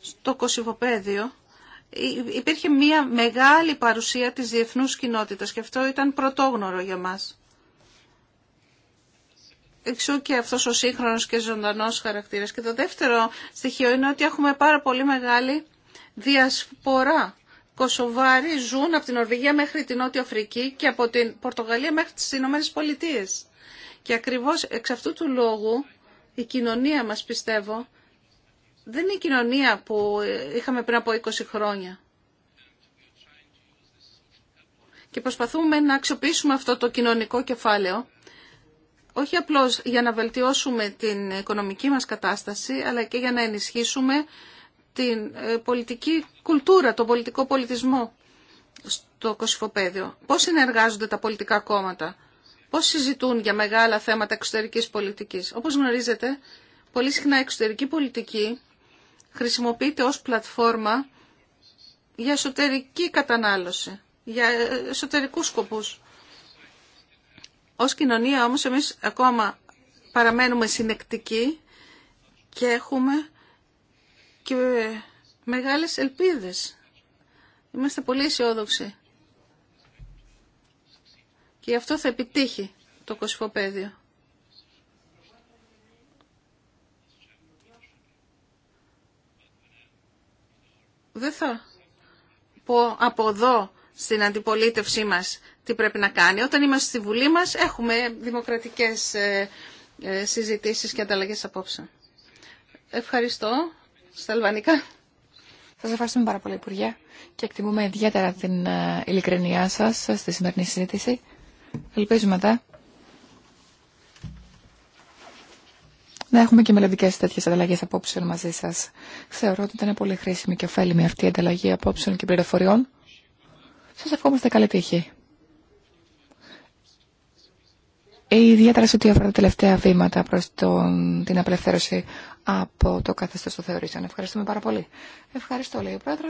στο Κωσυφοπαίδιο υπήρχε μια μεγάλη παρουσία της διεθνούς κοινότητας και αυτό ήταν πρωτόγνωρο για μας. Εξού και αυτός ο σύγχρονος και ζωντανός χαρακτήρας. Και το δεύτερο στοιχείο είναι ότι έχουμε πάρα πολύ μεγάλη διασπορά Κωσοβάροι ζουν από την Νορβηγία μέχρι την Νότια Αφρική και από την Πορτογαλία μέχρι τις Ηνωμένες Πολιτείες. Και ακριβώς εξ αυτού του λόγου η κοινωνία μας πιστεύω δεν είναι η κοινωνία που είχαμε πριν από 20 χρόνια. Και προσπαθούμε να αξιοποιήσουμε αυτό το κοινωνικό κεφάλαιο όχι απλώς για να βελτιώσουμε την οικονομική μας κατάσταση αλλά και για να ενισχύσουμε την ε, πολιτική κουλτούρα, τον πολιτικό πολιτισμό στο Κωσυφοπαίδιο. Πώς συνεργάζονται τα πολιτικά κόμματα, πώς συζητούν για μεγάλα θέματα εξωτερικής πολιτικής. Όπως γνωρίζετε, πολύ συχνά η εξωτερική πολιτική χρησιμοποιείται ως πλατφόρμα για εσωτερική κατανάλωση, για εσωτερικούς σκοπούς. Ως κοινωνία όμως εμείς ακόμα παραμένουμε συνεκτικοί και έχουμε και μεγάλες ελπίδες. Είμαστε πολύ αισιόδοξοι. Και γι' αυτό θα επιτύχει το κοσφοπέδιο. Δεν θα πω από εδώ στην αντιπολίτευσή μας τι πρέπει να κάνει. Όταν είμαστε στη Βουλή μας έχουμε δημοκρατικές ε, ε, συζητήσεις και ανταλλαγές απόψε. Ευχαριστώ στα αλβανικά. Σα ευχαριστούμε πάρα πολύ, Υπουργέ, και εκτιμούμε ιδιαίτερα την ε, ειλικρινιά σας στη σημερινή συζήτηση. Ελπίζουμε μετά. να έχουμε και μελλοντικέ τέτοιε ανταλλαγέ απόψεων μαζί σα. Θεωρώ ότι ήταν πολύ χρήσιμη και ωφέλιμη αυτή η ανταλλαγή απόψεων και πληροφοριών. Σα ευχόμαστε καλή τύχη. Ε, ιδιαίτερα σε ό,τι αφορά τα τελευταία βήματα προ την απελευθέρωση από το καθεστώ του θεωρήσεων. Ευχαριστούμε πάρα πολύ. Ευχαριστώ, λέει ο πρόεδρο.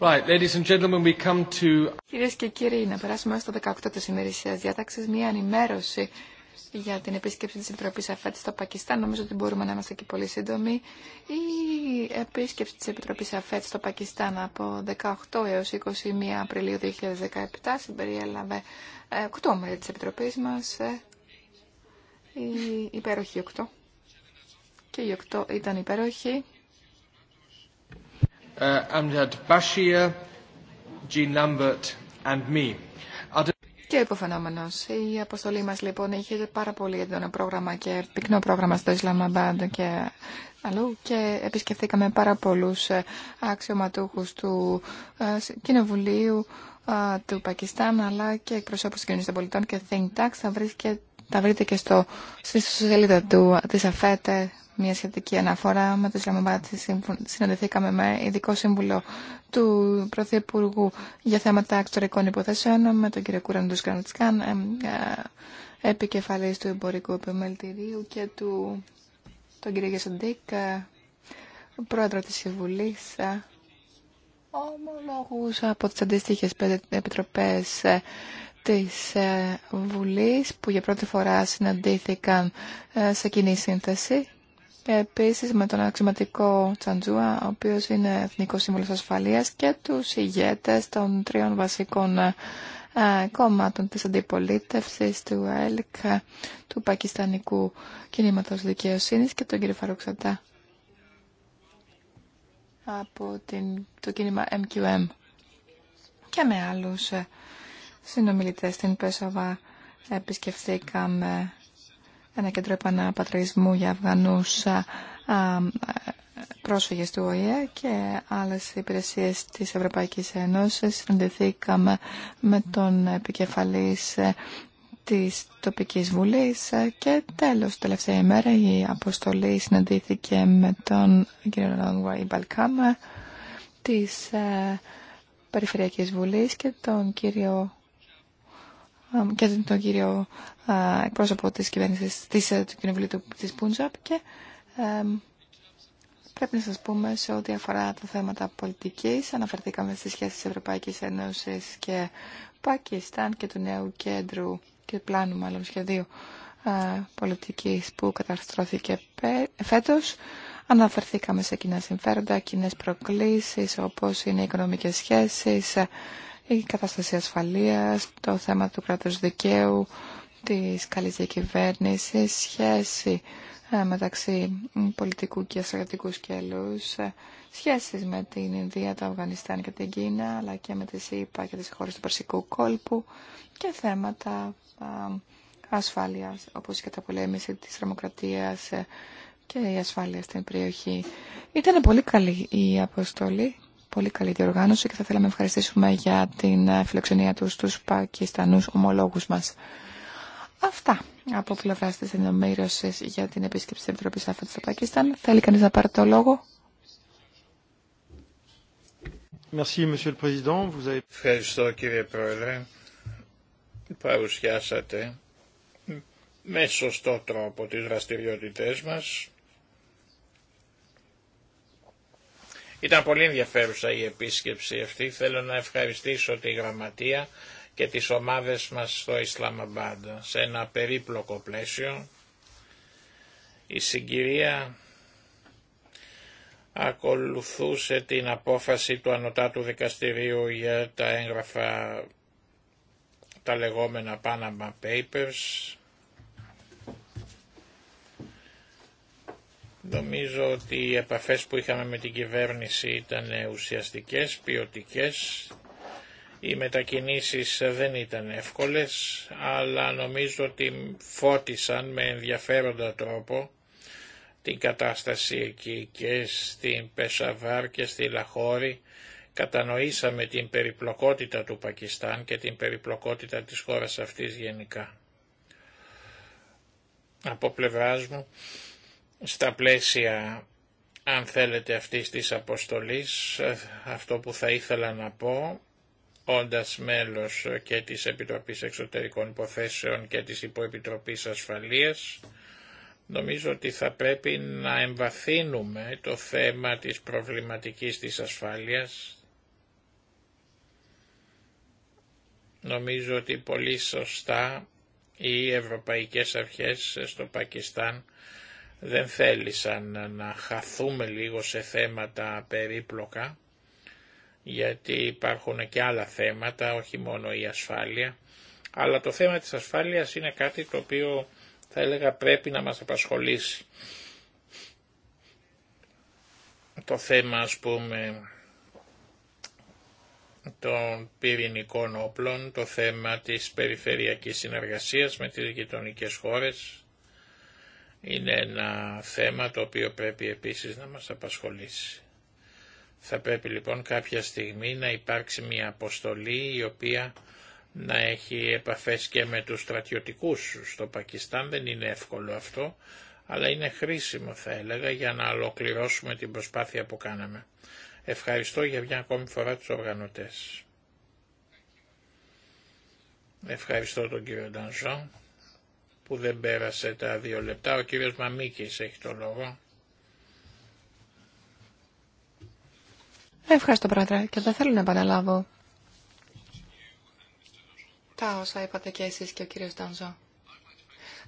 Right, to... Κυρίες και κύριοι, να περάσουμε στο 18 ο της ημερησίας διάταξης, μια ενημέρωση για την επίσκεψη της Επιτροπής ΑΦΕΤ στο Πακιστάν. Νομίζω ότι μπορούμε να είμαστε και πολύ σύντομοι. Η επίσκεψη της Επιτροπής ΑΦΕΤ στο Πακιστάν από 18 έως 21 Απριλίου 2017 συμπεριέλαβε 8 μέλη της Επιτροπής μας, ε, η υπέροχη 8. Και οι 8 ήταν υπέροχοι. Uh, Bashir, Jean Lambert and me και υποφαινόμενο. Η αποστολή μα λοιπόν είχε πάρα πολύ έντονο πρόγραμμα και πυκνό πρόγραμμα στο Ισλαμαμπάντ και αλλού και επισκεφθήκαμε πάρα πολλού ε, αξιωματούχου του ε, Κοινοβουλίου ε, του Πακιστάν αλλά και εκπροσώπου τη κοινωνία των πολιτών και Think Tanks. Θα, βρείτε και στο, στη σελίδα του τη ΑΦΕΤΕ μια σχετική αναφορά με το Ισλαμαμπάτ. Συναντηθήκαμε με ειδικό σύμβουλο του Πρωθυπουργού για θέματα εξωτερικών υποθέσεων, με τον κύριο Κουραντούς Σκραντσκάν, ε, επικεφαλής του Εμπορικού Επιμελητηρίου και του, τον κύριο Γεσοντίκ, ε, πρόεδρο τη συμβουλή, ε, ομολόγου από τι αντίστοιχε πέντε επιτροπές της Βουλής που για πρώτη φορά συναντήθηκαν σε κοινή σύνθεση Επίσης με τον αξιωματικό Τσαντζούα, ο οποίος είναι Εθνικός Σύμβουλος Ασφαλείας και τους ηγέτες των τριών βασικών ε, κόμματων της αντιπολίτευσης του ΕΛΚ, του Πακιστανικού Κινήματος Δικαιοσύνης και τον κύριο Φαρουξαντά από την, το κίνημα MQM και με άλλους ε, συνομιλητές στην Πέσοβα επισκεφθήκαμε ένα κέντρο επαναπατρισμού για Αφγανούς πρόσφυγες του ΟΗΕ και άλλες υπηρεσίες της Ευρωπαϊκής Ένωσης. Συνδεθήκαμε με τον επικεφαλής ε, της τοπικής βουλής ε, και τέλος τελευταία ημέρα η αποστολή συναντήθηκε με τον κύριο Λόγουα Μπαλκάμα ε, της Περιφερειακής Βουλής και τον κύριο και τον κύριο εκπρόσωπο της κυβέρνησης της, ε, του Κοινοβουλίου της Πούντζαπ και ε, πρέπει να σας πούμε σε ό,τι αφορά τα θέματα πολιτικής αναφερθήκαμε στις σχέσεις Ευρωπαϊκής Ένωσης και Πακιστάν και του νέου κέντρου και πλάνου μάλλον σχεδίου πολιτικής που καταστρώθηκε φέτος. Αναφερθήκαμε σε κοινά συμφέροντα, κοινέ προκλήσεις όπως είναι οι οικονομικές σχέσεις, η κατάσταση ασφαλείας, το θέμα του κράτους δικαίου, της καλής διακυβέρνησης, σχέση ε, μεταξύ πολιτικού και ασιατικού σκέλους, ε, σχέσεις με την Ινδία, το Αφγανιστάν και την Κίνα, αλλά και με τις ΣΥΠΑ και τις χώρες του Περσικού κόλπου και θέματα ε, ασφάλειας, όπως η καταπολέμηση της ε, και η ασφάλεια στην περιοχή. Ήταν πολύ καλή η αποστολή πολύ καλή διοργάνωση και θα θέλαμε να ευχαριστήσουμε για την ε, φιλοξενία του στου Πακιστανου ομολόγου μα. Αυτά από πλευρά τη ενημέρωση για την επίσκεψη τη Επιτροπή ΑΦΑΤ στο Πακιστάν. Θέλει κανεί να πάρει το λόγο. Ευχαριστώ κύριε Πρόεδρε. Παρουσιάσατε με σωστό τρόπο τις δραστηριότητές μας Ήταν πολύ ενδιαφέρουσα η επίσκεψη αυτή. Θέλω να ευχαριστήσω τη Γραμματεία και τις ομάδες μας στο Μπάντα. σε ένα περίπλοκο πλαίσιο. Η συγκυρία ακολουθούσε την απόφαση του Ανωτάτου Δικαστηρίου για τα έγγραφα τα λεγόμενα Panama Papers Νομίζω ότι οι επαφές που είχαμε με την κυβέρνηση ήταν ουσιαστικές, ποιοτικέ. Οι μετακινήσεις δεν ήταν εύκολες, αλλά νομίζω ότι φώτισαν με ενδιαφέροντα τρόπο την κατάσταση εκεί και στην Πεσαβάρ και στη Λαχώρη. Κατανοήσαμε την περιπλοκότητα του Πακιστάν και την περιπλοκότητα της χώρας αυτής γενικά. Από πλευράς μου, στα πλαίσια αν θέλετε αυτής της αποστολής αυτό που θα ήθελα να πω όντας μέλος και της Επιτροπής Εξωτερικών Υποθέσεων και της Υποεπιτροπής Ασφαλείας νομίζω ότι θα πρέπει να εμβαθύνουμε το θέμα της προβληματικής της ασφάλειας νομίζω ότι πολύ σωστά οι ευρωπαϊκές αρχές στο Πακιστάν δεν θέλησαν να χαθούμε λίγο σε θέματα περίπλοκα, γιατί υπάρχουν και άλλα θέματα, όχι μόνο η ασφάλεια, αλλά το θέμα της ασφάλειας είναι κάτι το οποίο θα έλεγα πρέπει να μας απασχολήσει. Το θέμα ας πούμε των πυρηνικών όπλων, το θέμα της περιφερειακής συνεργασίας με τις γειτονικές χώρες, είναι ένα θέμα το οποίο πρέπει επίσης να μας απασχολήσει. Θα πρέπει λοιπόν κάποια στιγμή να υπάρξει μια αποστολή η οποία να έχει επαφές και με τους στρατιωτικούς στο Πακιστάν. Δεν είναι εύκολο αυτό, αλλά είναι χρήσιμο θα έλεγα για να ολοκληρώσουμε την προσπάθεια που κάναμε. Ευχαριστώ για μια ακόμη φορά τους οργανωτές. Ευχαριστώ τον κύριο Ντανζόν που δεν πέρασε τα δύο λεπτά. Ο κύριος Μαμίκης έχει το λόγο. Ευχαριστώ πρόεδρε και δεν θέλω να επαναλάβω τα όσα είπατε και εσείς και ο κύριος Ντανζό.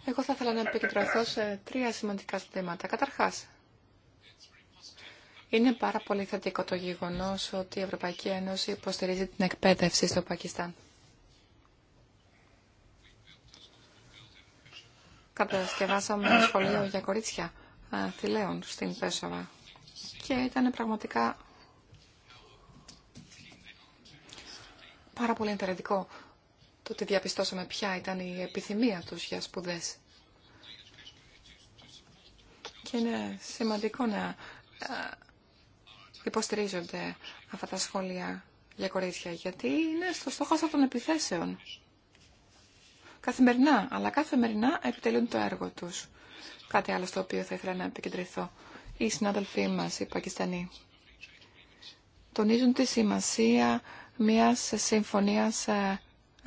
Εγώ θα ήθελα να επικεντρωθώ σε τρία σημαντικά θέματα. Καταρχάς, είναι πάρα πολύ θετικό το γεγονός ότι η Ευρωπαϊκή Ένωση υποστηρίζει την εκπαίδευση στο Πακιστάν. κατασκευάσαμε ένα σχολείο για κορίτσια ε, θηλαίων στην Πέσοβα. Και ήταν πραγματικά πάρα πολύ ενθαρρυντικό το ότι διαπιστώσαμε ποια ήταν η επιθυμία τους για σπουδές. Και είναι σημαντικό να ε, υποστηρίζονται αυτά τα σχόλια για κορίτσια, γιατί είναι στο στόχο των επιθέσεων καθημερινά, αλλά καθημερινά επιτελούν το έργο τους. Κάτι άλλο στο οποίο θα ήθελα να επικεντρωθώ. Οι συνάδελφοί μα, οι Πακιστανοί, τονίζουν τη σημασία μιας συμφωνία ε,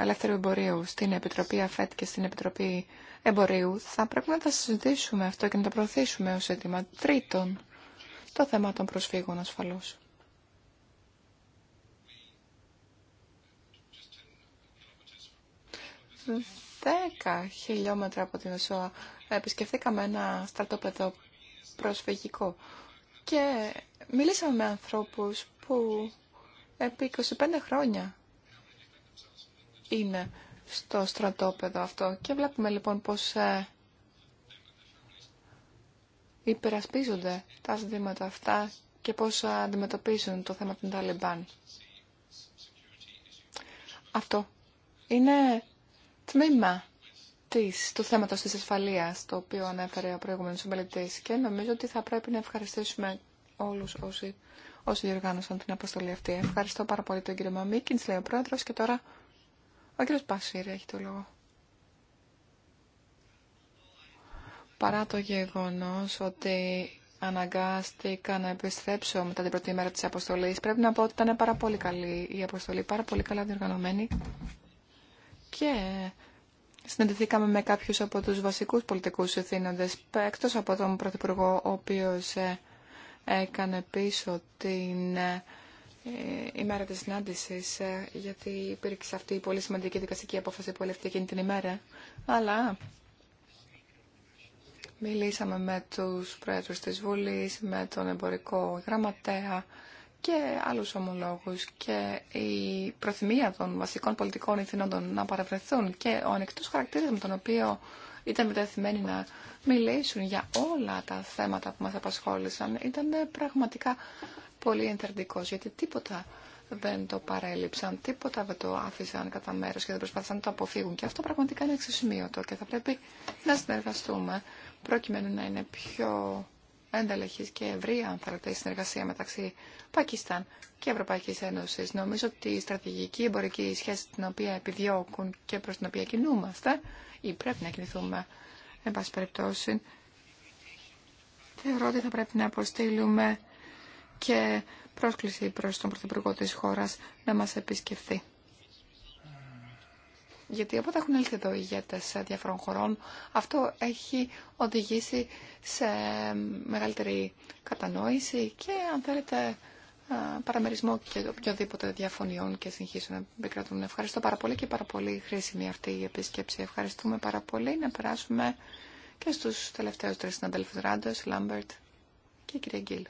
ελεύθερου εμπορίου στην Επιτροπή ΑΦΕΤ και στην Επιτροπή Εμπορίου. Θα πρέπει να τα συζητήσουμε αυτό και να το προωθήσουμε ως αίτημα. Τρίτον, το θέμα των προσφύγων ασφαλώς. 10 χιλιόμετρα από την Οσόα επισκεφθήκαμε ένα στρατόπεδο προσφυγικό και μιλήσαμε με ανθρώπους που επί 25 χρόνια είναι στο στρατόπεδο αυτό και βλέπουμε λοιπόν πως ε, υπερασπίζονται τα ζητήματα αυτά και πώς αντιμετωπίζουν το θέμα των Ταλιμπάν. Αυτό είναι τμήμα της, του θέματος της ασφαλείας, το οποίο ανέφερε ο προηγούμενος συμπελετής και νομίζω ότι θα πρέπει να ευχαριστήσουμε όλους όσοι, όσοι διοργάνωσαν την αποστολή αυτή. Ευχαριστώ πάρα πολύ τον κύριο Μαμίκινς, λέει ο πρόεδρος, και τώρα ο κύριος Πασίρη έχει το λόγο. Παρά το γεγονός ότι αναγκάστηκα να επιστρέψω μετά την πρώτη μέρα της αποστολής, πρέπει να πω ότι ήταν πάρα πολύ καλή η αποστολή, πάρα πολύ καλά διοργανωμένη και συναντηθήκαμε με κάποιους από τους βασικούς πολιτικούς ευθύνοντες, εκτός από τον Πρωθυπουργό, ο οποίος ε, έκανε πίσω την ε, ημέρα της συνάντησης, ε, γιατί υπήρξε αυτή η πολύ σημαντική δικαστική απόφαση που έλεγε εκείνη την ημέρα. Αλλά μιλήσαμε με τους πρόεδρους της Βουλής, με τον εμπορικό γραμματέα, και άλλους ομολόγους και η προθυμία των βασικών πολιτικών ηθινόντων να παραβρεθούν και ο ανοιχτός χαρακτήρα με τον οποίο ήταν μεταθυμένοι να μιλήσουν για όλα τα θέματα που μας απασχόλησαν ήταν πραγματικά πολύ ενθαρρυντικός γιατί τίποτα δεν το παρέλειψαν, τίποτα δεν το άφησαν κατά μέρος και δεν προσπάθησαν να το αποφύγουν και αυτό πραγματικά είναι εξωσημείωτο και θα πρέπει να συνεργαστούμε προκειμένου να είναι πιο εντελεχής και ευρία αν θέλετε, συνεργασία μεταξύ Πακιστάν και Ευρωπαϊκής Ένωσης. Νομίζω ότι η στρατηγική εμπορική σχέση την οποία επιδιώκουν και προς την οποία κινούμαστε ή πρέπει να κινηθούμε, εν πάση περιπτώσει, θεωρώ ότι θα πρέπει να αποστείλουμε και πρόσκληση προς τον Πρωθυπουργό της χώρας να μας επισκεφθεί. Γιατί όποτε έχουν έλθει εδώ οι ηγέτες διαφορών χωρών, αυτό έχει οδηγήσει σε μεγαλύτερη κατανόηση και, αν θέλετε, ε, παραμερισμό και οποιοδήποτε διαφωνιών και συγχύσεων επικρατούν. Ευχαριστώ πάρα πολύ και πάρα πολύ χρήσιμη αυτή η επίσκεψη. Ευχαριστούμε πάρα πολύ. Να περάσουμε και στους τελευταίους τρεις συναδέλφους Ράντος, Λάμπερτ και η κυρία Γκίλ.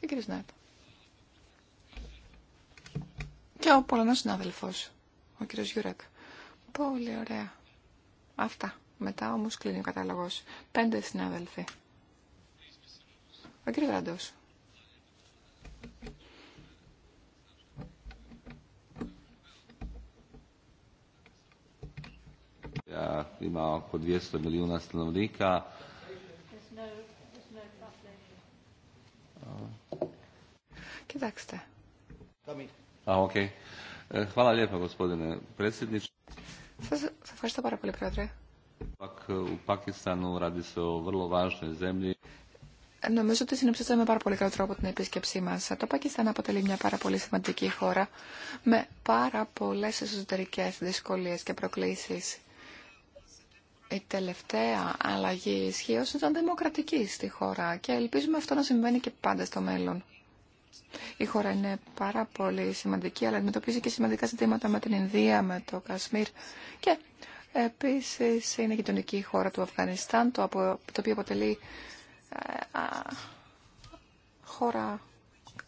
Και ο κύριος Και ο πολλανός συνάδελφος ο κύριος Γιουρέκ. Πολύ ωραία. Αυτά. Μετά όμως κλείνει ο κατάλογος. Πέντε συνάδελφοι. Ο κύριος Ραντός. ima oko 200 milijuna stanovnika. Κοιτάξτε. Α, οκ. Okay. Ε, ευχαριστώ πάρα πολύ, Πρόεδρε. Ε, Νομίζω ότι με πάρα πολύ καλό τρόπο την επίσκεψή μα. Το Πακιστάν αποτελεί μια πάρα πολύ σημαντική χώρα με πάρα πολλές εσωτερικέ δυσκολίε και προκλήσει. Η τελευταία αλλαγή ισχύω ήταν δημοκρατική στη χώρα και ελπίζουμε αυτό να συμβαίνει και πάντα στο μέλλον. Η χώρα είναι πάρα πολύ σημαντική, αλλά αντιμετωπίζει και σημαντικά ζητήματα με την Ινδία, με το Κασμίρ και επίσης είναι γειτονική χώρα του Αφγανιστάν, το, το οποίο αποτελεί ε, α, χώρα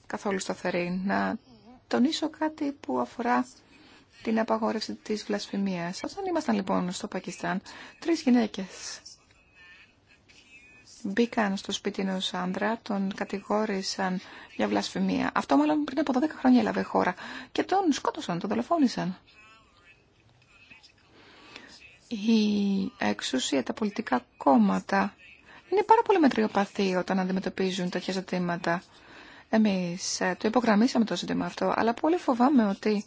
καθόλου σταθερή. Να τονίσω κάτι που αφορά την απαγόρευση της βλασφημίας. Όταν ήμασταν λοιπόν στο Πακιστάν, τρεις γυναίκες μπήκαν στο σπίτι ενό άντρα, τον κατηγόρησαν για βλασφημία. Αυτό μάλλον πριν από 12 χρόνια έλαβε χώρα. Και τον σκότωσαν, τον δολοφόνησαν. Η εξουσία, τα πολιτικά κόμματα είναι πάρα πολύ μετριοπαθή όταν αντιμετωπίζουν τέτοια ζητήματα. Εμείς ε, το υπογραμμίσαμε το ζήτημα αυτό, αλλά πολύ φοβάμαι ότι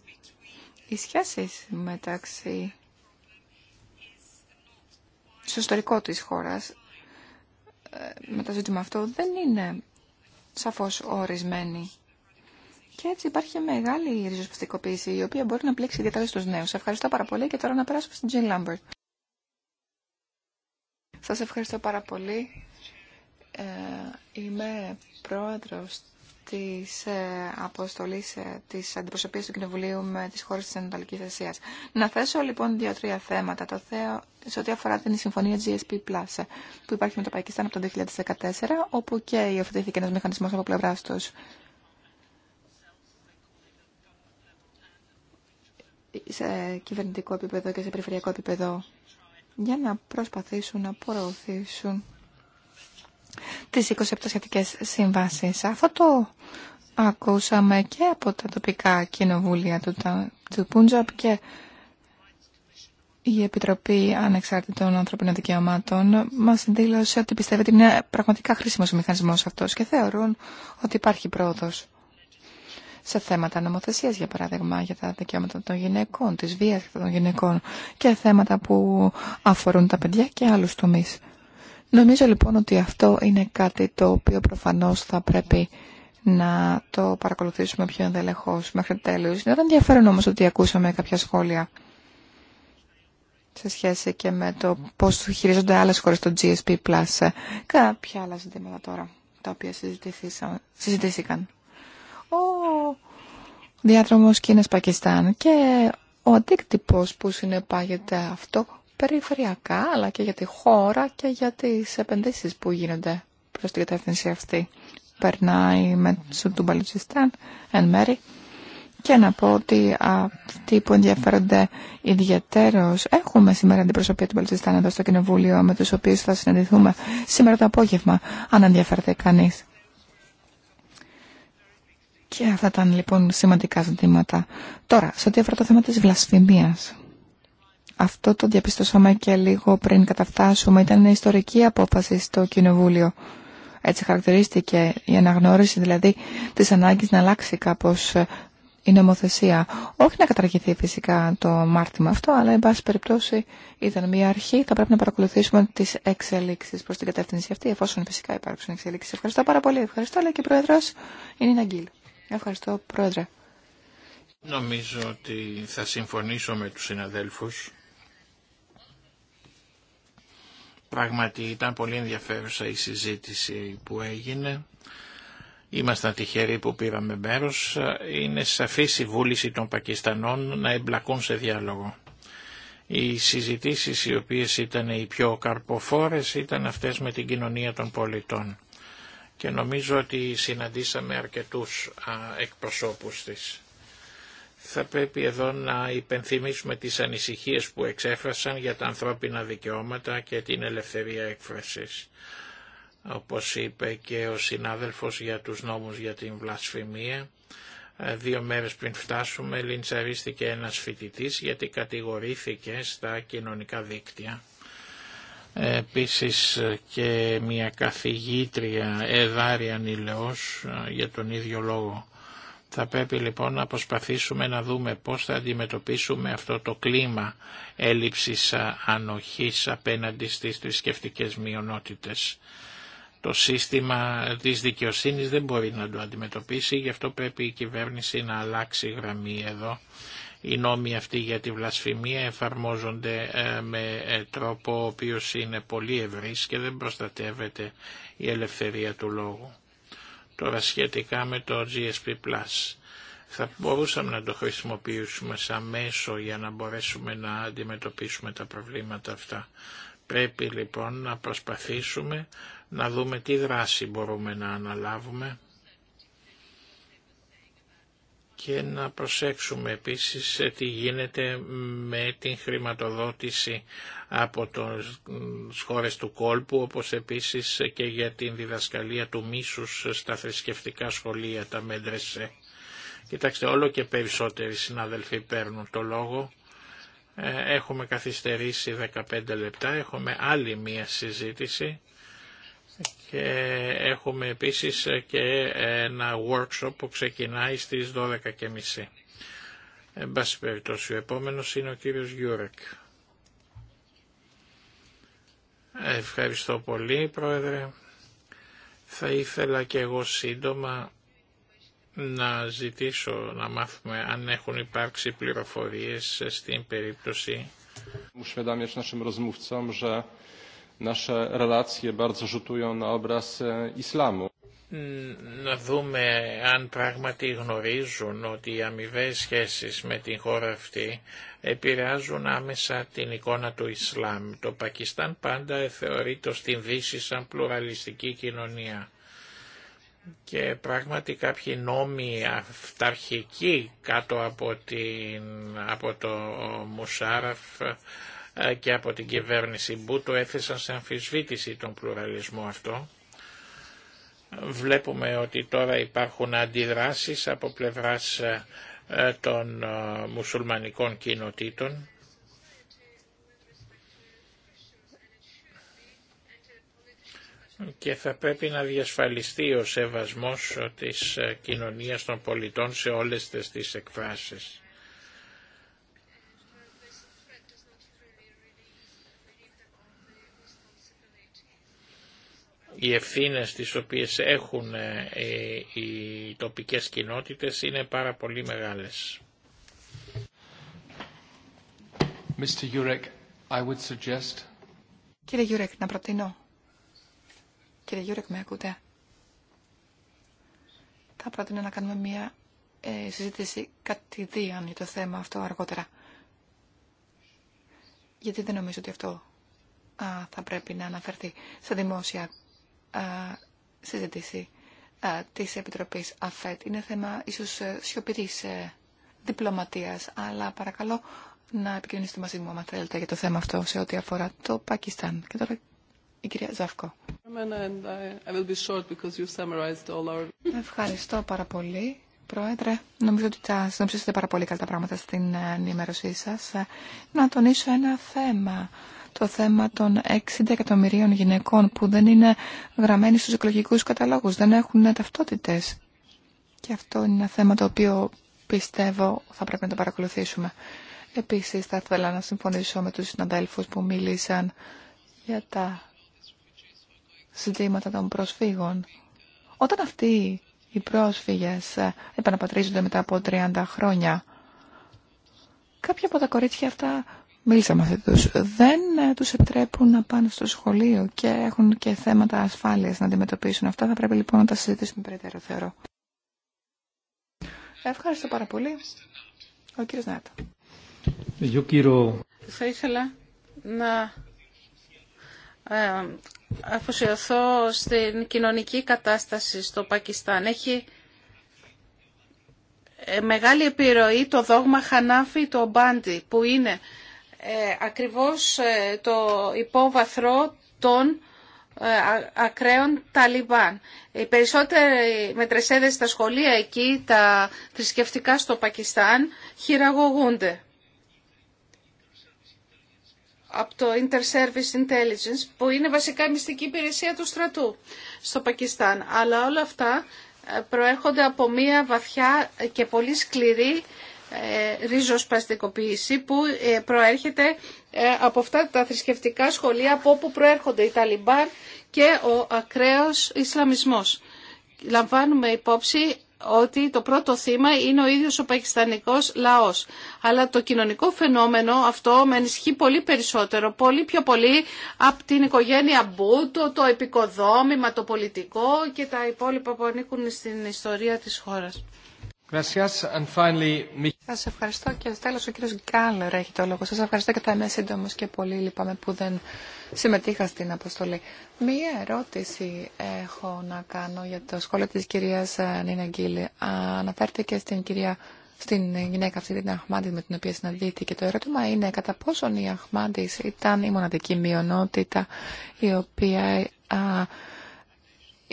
οι σχέσεις μεταξύ στο ιστορικό της χώρας με το ζήτημα αυτό δεν είναι σαφώς ορισμένη. Και έτσι υπάρχει μεγάλη ριζοσπαστικοποίηση, η οποία μπορεί να πλήξει ιδιαίτερα στους νέους. Ευχαριστώ πάρα πολύ και τώρα να περάσω στην Τζιν Λάμπερτ. Σας ευχαριστώ πάρα πολύ. Ε, είμαι πρόεδρος της ε, αποστολής ε, της αντιπροσωπείας του Κοινοβουλίου με τις χώρες της Ανατολικής Ασίας. Να θέσω λοιπόν δύο-τρία θέματα. Το θέω σε ό,τι αφορά την συμφωνία GSP ε, που υπάρχει με το Πακιστάν από το 2014, όπου και υιοθετήθηκε ένας μηχανισμός από πλευρά του. σε κυβερνητικό επίπεδο και σε περιφερειακό επίπεδο για να προσπαθήσουν να προωθήσουν τις 27 σχετικές συμβάσεις. Αυτό το ακούσαμε και από τα τοπικά κοινοβούλια του, του και η Επιτροπή Ανεξάρτητων Ανθρωπίνων Δικαιωμάτων μας δήλωσε ότι πιστεύει ότι είναι πραγματικά χρήσιμος ο μηχανισμός αυτός και θεωρούν ότι υπάρχει πρόοδος σε θέματα νομοθεσίας, για παράδειγμα, για τα δικαιώματα των γυναικών, της βίας των γυναικών και θέματα που αφορούν τα παιδιά και άλλους τομείς. Νομίζω λοιπόν ότι αυτό είναι κάτι το οποίο προφανώς θα πρέπει να το παρακολουθήσουμε πιο ενδελεχώς μέχρι τέλους. Είναι ενδιαφέρον όμως ότι ακούσαμε κάποια σχόλια σε σχέση και με το πώς χειρίζονται άλλες χώρες το GSP+. Κάποια άλλα ζητήματα τώρα, τα οποία συζητήθηκαν. Ο διάδρομος Κίνας-Πακιστάν και ο αντίκτυπος που συνεπάγεται αυτό περιφερειακά αλλά και για τη χώρα και για τις επενδύσεις που γίνονται προς την κατεύθυνση αυτή. Περνάει με του Μπαλουτσιστάν εν μέρη και να πω ότι αυτοί που ενδιαφέρονται ιδιαίτερως έχουμε σήμερα την αντιπροσωπεία του Μπαλουτσιστάν εδώ στο Κοινοβούλιο με τους οποίους θα συναντηθούμε σήμερα το απόγευμα αν ενδιαφέρεται κανείς. Και αυτά ήταν λοιπόν σημαντικά ζητήματα. Τώρα, σε ό,τι αφορά το θέμα της βλασφημίας. Αυτό το διαπιστώσαμε και λίγο πριν καταφτάσουμε. Ήταν ιστορική απόφαση στο Κοινοβούλιο. Έτσι χαρακτηρίστηκε η αναγνώριση δηλαδή της ανάγκης να αλλάξει κάπως ε, η νομοθεσία. Όχι να καταργηθεί φυσικά το μάρτυμα αυτό, αλλά εν πάση περιπτώσει ήταν μια αρχή. Θα πρέπει να παρακολουθήσουμε τις εξελίξεις προς την κατεύθυνση αυτή, εφόσον φυσικά υπάρξουν εξελίξεις. Ευχαριστώ πάρα πολύ. Ευχαριστώ, αλλά και η Πρόεδρος είναι η Ναγκίλ. Ευχαριστώ, Πρόεδρε. Νομίζω ότι θα συμφωνήσω με τους συναδέλφους Πράγματι ήταν πολύ ενδιαφέρουσα η συζήτηση που έγινε. Ήμασταν τυχεροί που πήραμε μέρος. Είναι σαφής η βούληση των Πακιστανών να εμπλακούν σε διάλογο. Οι συζητήσεις οι οποίες ήταν οι πιο καρποφόρες ήταν αυτές με την κοινωνία των πολιτών. Και νομίζω ότι συναντήσαμε αρκετούς εκπροσώπους της θα πρέπει εδώ να υπενθυμίσουμε τις ανησυχίες που εξέφρασαν για τα ανθρώπινα δικαιώματα και την ελευθερία έκφρασης. Όπως είπε και ο συνάδελφος για τους νόμους για την βλασφημία, ε, δύο μέρες πριν φτάσουμε λιντσαρίστηκε ένας φοιτητής γιατί κατηγορήθηκε στα κοινωνικά δίκτυα. Ε, επίσης και μια καθηγήτρια εδάρια Νηλεός ε, για τον ίδιο λόγο. Θα πρέπει λοιπόν να προσπαθήσουμε να δούμε πώς θα αντιμετωπίσουμε αυτό το κλίμα έλλειψης ανοχής απέναντι στις θρησκευτικέ μειονότητες. Το σύστημα της δικαιοσύνης δεν μπορεί να το αντιμετωπίσει, γι' αυτό πρέπει η κυβέρνηση να αλλάξει γραμμή εδώ. Οι νόμοι αυτοί για τη βλασφημία εφαρμόζονται ε, με ε, τρόπο ο οποίος είναι πολύ ευρύς και δεν προστατεύεται η ελευθερία του λόγου. Τώρα σχετικά με το GSP+. Θα μπορούσαμε να το χρησιμοποιήσουμε σαν μέσο για να μπορέσουμε να αντιμετωπίσουμε τα προβλήματα αυτά. Πρέπει λοιπόν να προσπαθήσουμε να δούμε τι δράση μπορούμε να αναλάβουμε και να προσέξουμε επίσης τι γίνεται με την χρηματοδότηση από τις χώρες του κόλπου, όπως επίσης και για την διδασκαλία του μίσους στα θρησκευτικά σχολεία, τα μέντρεσε. Κοιτάξτε, όλο και περισσότεροι συνάδελφοι παίρνουν το λόγο. Ε, έχουμε καθυστερήσει 15 λεπτά, έχουμε άλλη μία συζήτηση και έχουμε επίσης και ένα workshop που ξεκινάει στις 12.30. Εν πάση περιπτώσει, ο επόμενος είναι ο κύριος Γιούρεκ. Ευχαριστώ πολύ, Πρόεδρε. Θα ήθελα και εγώ σύντομα να ζητήσω να μάθουμε αν έχουν υπάρξει πληροφορίες στην περίπτωση nasze relacje Να δούμε αν πράγματι γνωρίζουν ότι οι αμοιβέ σχέσει με την χώρα αυτή επηρεάζουν άμεσα την εικόνα του Ισλάμ. Το Πακιστάν πάντα θεωρεί το στην Δύση σαν πλουραλιστική κοινωνία. Και πράγματι κάποιοι νόμοι αυταρχικοί κάτω από, από το Μουσάραφ ε, και από την κυβέρνηση Μπούτο έθεσαν σε αμφισβήτηση τον πλουραλισμό αυτό. Βλέπουμε ότι τώρα υπάρχουν αντιδράσεις από πλευράς ε, ε, των μουσουλμανικών κοινοτήτων. και θα πρέπει να διασφαλιστεί ο σεβασμός της κοινωνίας των πολιτών σε όλες τις εκφράσεις. οι ευθύνες τις οποίες έχουν ε, ε, οι τοπικές κοινότητες είναι πάρα πολύ μεγάλες. Mr. Κύριε Γιουρέκ, να προτείνω. Κύριε Γιουρέκ, με ακούτε. Θα προτείνω να κάνουμε μια ε, συζήτηση κατηδίαν για το θέμα αυτό αργότερα. Γιατί δεν νομίζω ότι αυτό α, θα πρέπει να αναφερθεί σε δημόσια συζήτηση της Επιτροπής ΑΦΕΤ. Είναι θέμα ίσως ε, σιωπηρή ε, διπλωματίας, αλλά παρακαλώ να επικοινωνήσετε μαζί μου, αν θέλετε, για το θέμα αυτό σε ό,τι αφορά το Πακιστάν. Και τώρα η κυρία Ζαύκο. Ευχαριστώ πάρα πολύ. Πρόεδρε, νομίζω ότι τα συνοψίσατε πάρα πολύ καλά τα πράγματα στην ε, ενημέρωσή σας. Να τονίσω ένα θέμα το θέμα των 60 εκατομμυρίων γυναικών που δεν είναι γραμμένοι στους εκλογικούς καταλόγους, δεν έχουν ταυτότητες. Και αυτό είναι ένα θέμα το οποίο πιστεύω θα πρέπει να το παρακολουθήσουμε. Επίσης θα ήθελα να συμφωνήσω με τους συναδέλφους που μίλησαν για τα ζητήματα των προσφύγων. Όταν αυτοί οι πρόσφυγες επαναπατρίζονται μετά από 30 χρόνια, κάποια από τα κορίτσια αυτά Μίλησα μαζί Δεν ε, τους επιτρέπουν να πάνε στο σχολείο και έχουν και θέματα ασφάλειας να αντιμετωπίσουν. Αυτά θα πρέπει λοιπόν να τα συζητήσουμε περαιτέρω, θεωρώ. Ευχαριστώ πάρα πολύ. Ο κύριος Νάτο. Θα ήθελα να ε, αφοσιωθώ στην κοινωνική κατάσταση στο Πακιστάν. Έχει ε, μεγάλη επιρροή το δόγμα Χανάφη το Μπάντι που είναι ε, ακριβώς ε, το υπόβαθρο των ε, ακραίων Ταλιμπάν. Οι περισσότεροι μετρεσέδες στα σχολεία εκεί, τα θρησκευτικά στο Πακιστάν, χειραγωγούνται από το Inter-Service Intelligence, που είναι βασικά η μυστική υπηρεσία του στρατού στο Πακιστάν. Αλλά όλα αυτά προέρχονται από μια βαθιά και πολύ σκληρή ε, ριζοσπαστικοποίηση που ε, προέρχεται ε, από αυτά τα θρησκευτικά σχολεία από όπου προέρχονται οι Ταλιμπάν και ο ακραίος Ισλαμισμός. Λαμβάνουμε υπόψη ότι το πρώτο θύμα είναι ο ίδιος ο πακιστανικός λαός. Αλλά το κοινωνικό φαινόμενο αυτό με ενισχύει πολύ περισσότερο, πολύ πιο πολύ από την οικογένεια Μπούτο, το επικοδόμημα, το πολιτικό και τα υπόλοιπα που ανήκουν στην ιστορία της χώρας. Σα ευχαριστώ και τέλος ο κύριος Γκάλερ έχει το λόγο. Σα ευχαριστώ και θα είμαι σύντομο και πολύ λυπάμαι που δεν συμμετείχα στην αποστολή. Μία ερώτηση έχω να κάνω για το σχόλιο της κυρίας ε, Νίνα Γκίλη. Αναφέρθηκε στην κυρία στην γυναίκα αυτή την Αχμάντη με την οποία συναντήθηκε. Το ερώτημα είναι κατά πόσον η Αχμάντη ήταν η μοναδική μειονότητα η οποία α,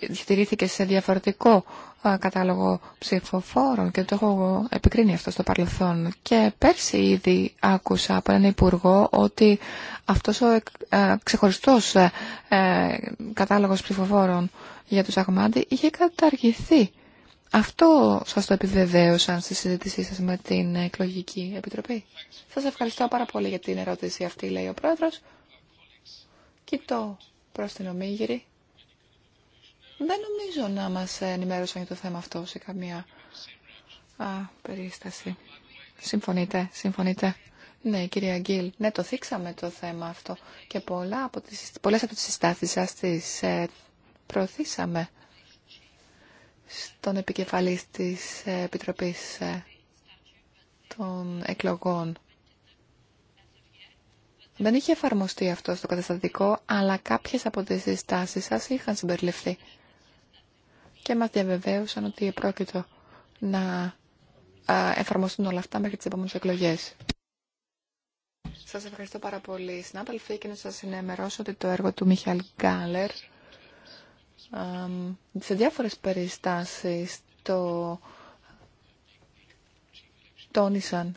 διατηρήθηκε σε διαφορετικό ε, κατάλογο ψηφοφόρων και το έχω επικρίνει αυτό στο παρελθόν. Και πέρσι ήδη άκουσα από έναν υπουργό ότι αυτός ο ε, ε, ξεχωριστός κατάλογος ψηφοφόρων για τους Αγμάντι είχε καταργηθεί. Αυτό σας το επιβεβαίωσαν στη συζήτησή σας με την εκλογική επιτροπή. Σας ευχαριστώ πάρα πολύ για την ερώτηση αυτή, λέει ο πρόεδρος. Κοιτώ προς την ομίγυρη. Δεν νομίζω να μας ενημέρωσαν για το θέμα αυτό σε καμία περίσταση. Συμφωνείτε, συμφωνείτε. Ναι, κυρία Γκίλ, ναι, το θίξαμε το θέμα αυτό και πολλά από τις, πολλές από τις συστάσεις σας τις ε, προωθήσαμε στον επικεφαλής της ε, Επιτροπής ε, των Εκλογών. Δεν είχε εφαρμοστεί αυτό στο καταστατικό, αλλά κάποιες από τις συστάσεις σας είχαν συμπεριληφθεί και μας διαβεβαίωσαν ότι επρόκειτο να εφαρμοστούν όλα αυτά μέχρι τις επόμενες εκλογές. Σας ευχαριστώ πάρα πολύ, συνάδελφοι, και να σας ενημερώσω ότι το έργο του Μιχαήλ Γκάλερ σε διάφορες περιστάσεις το τόνισαν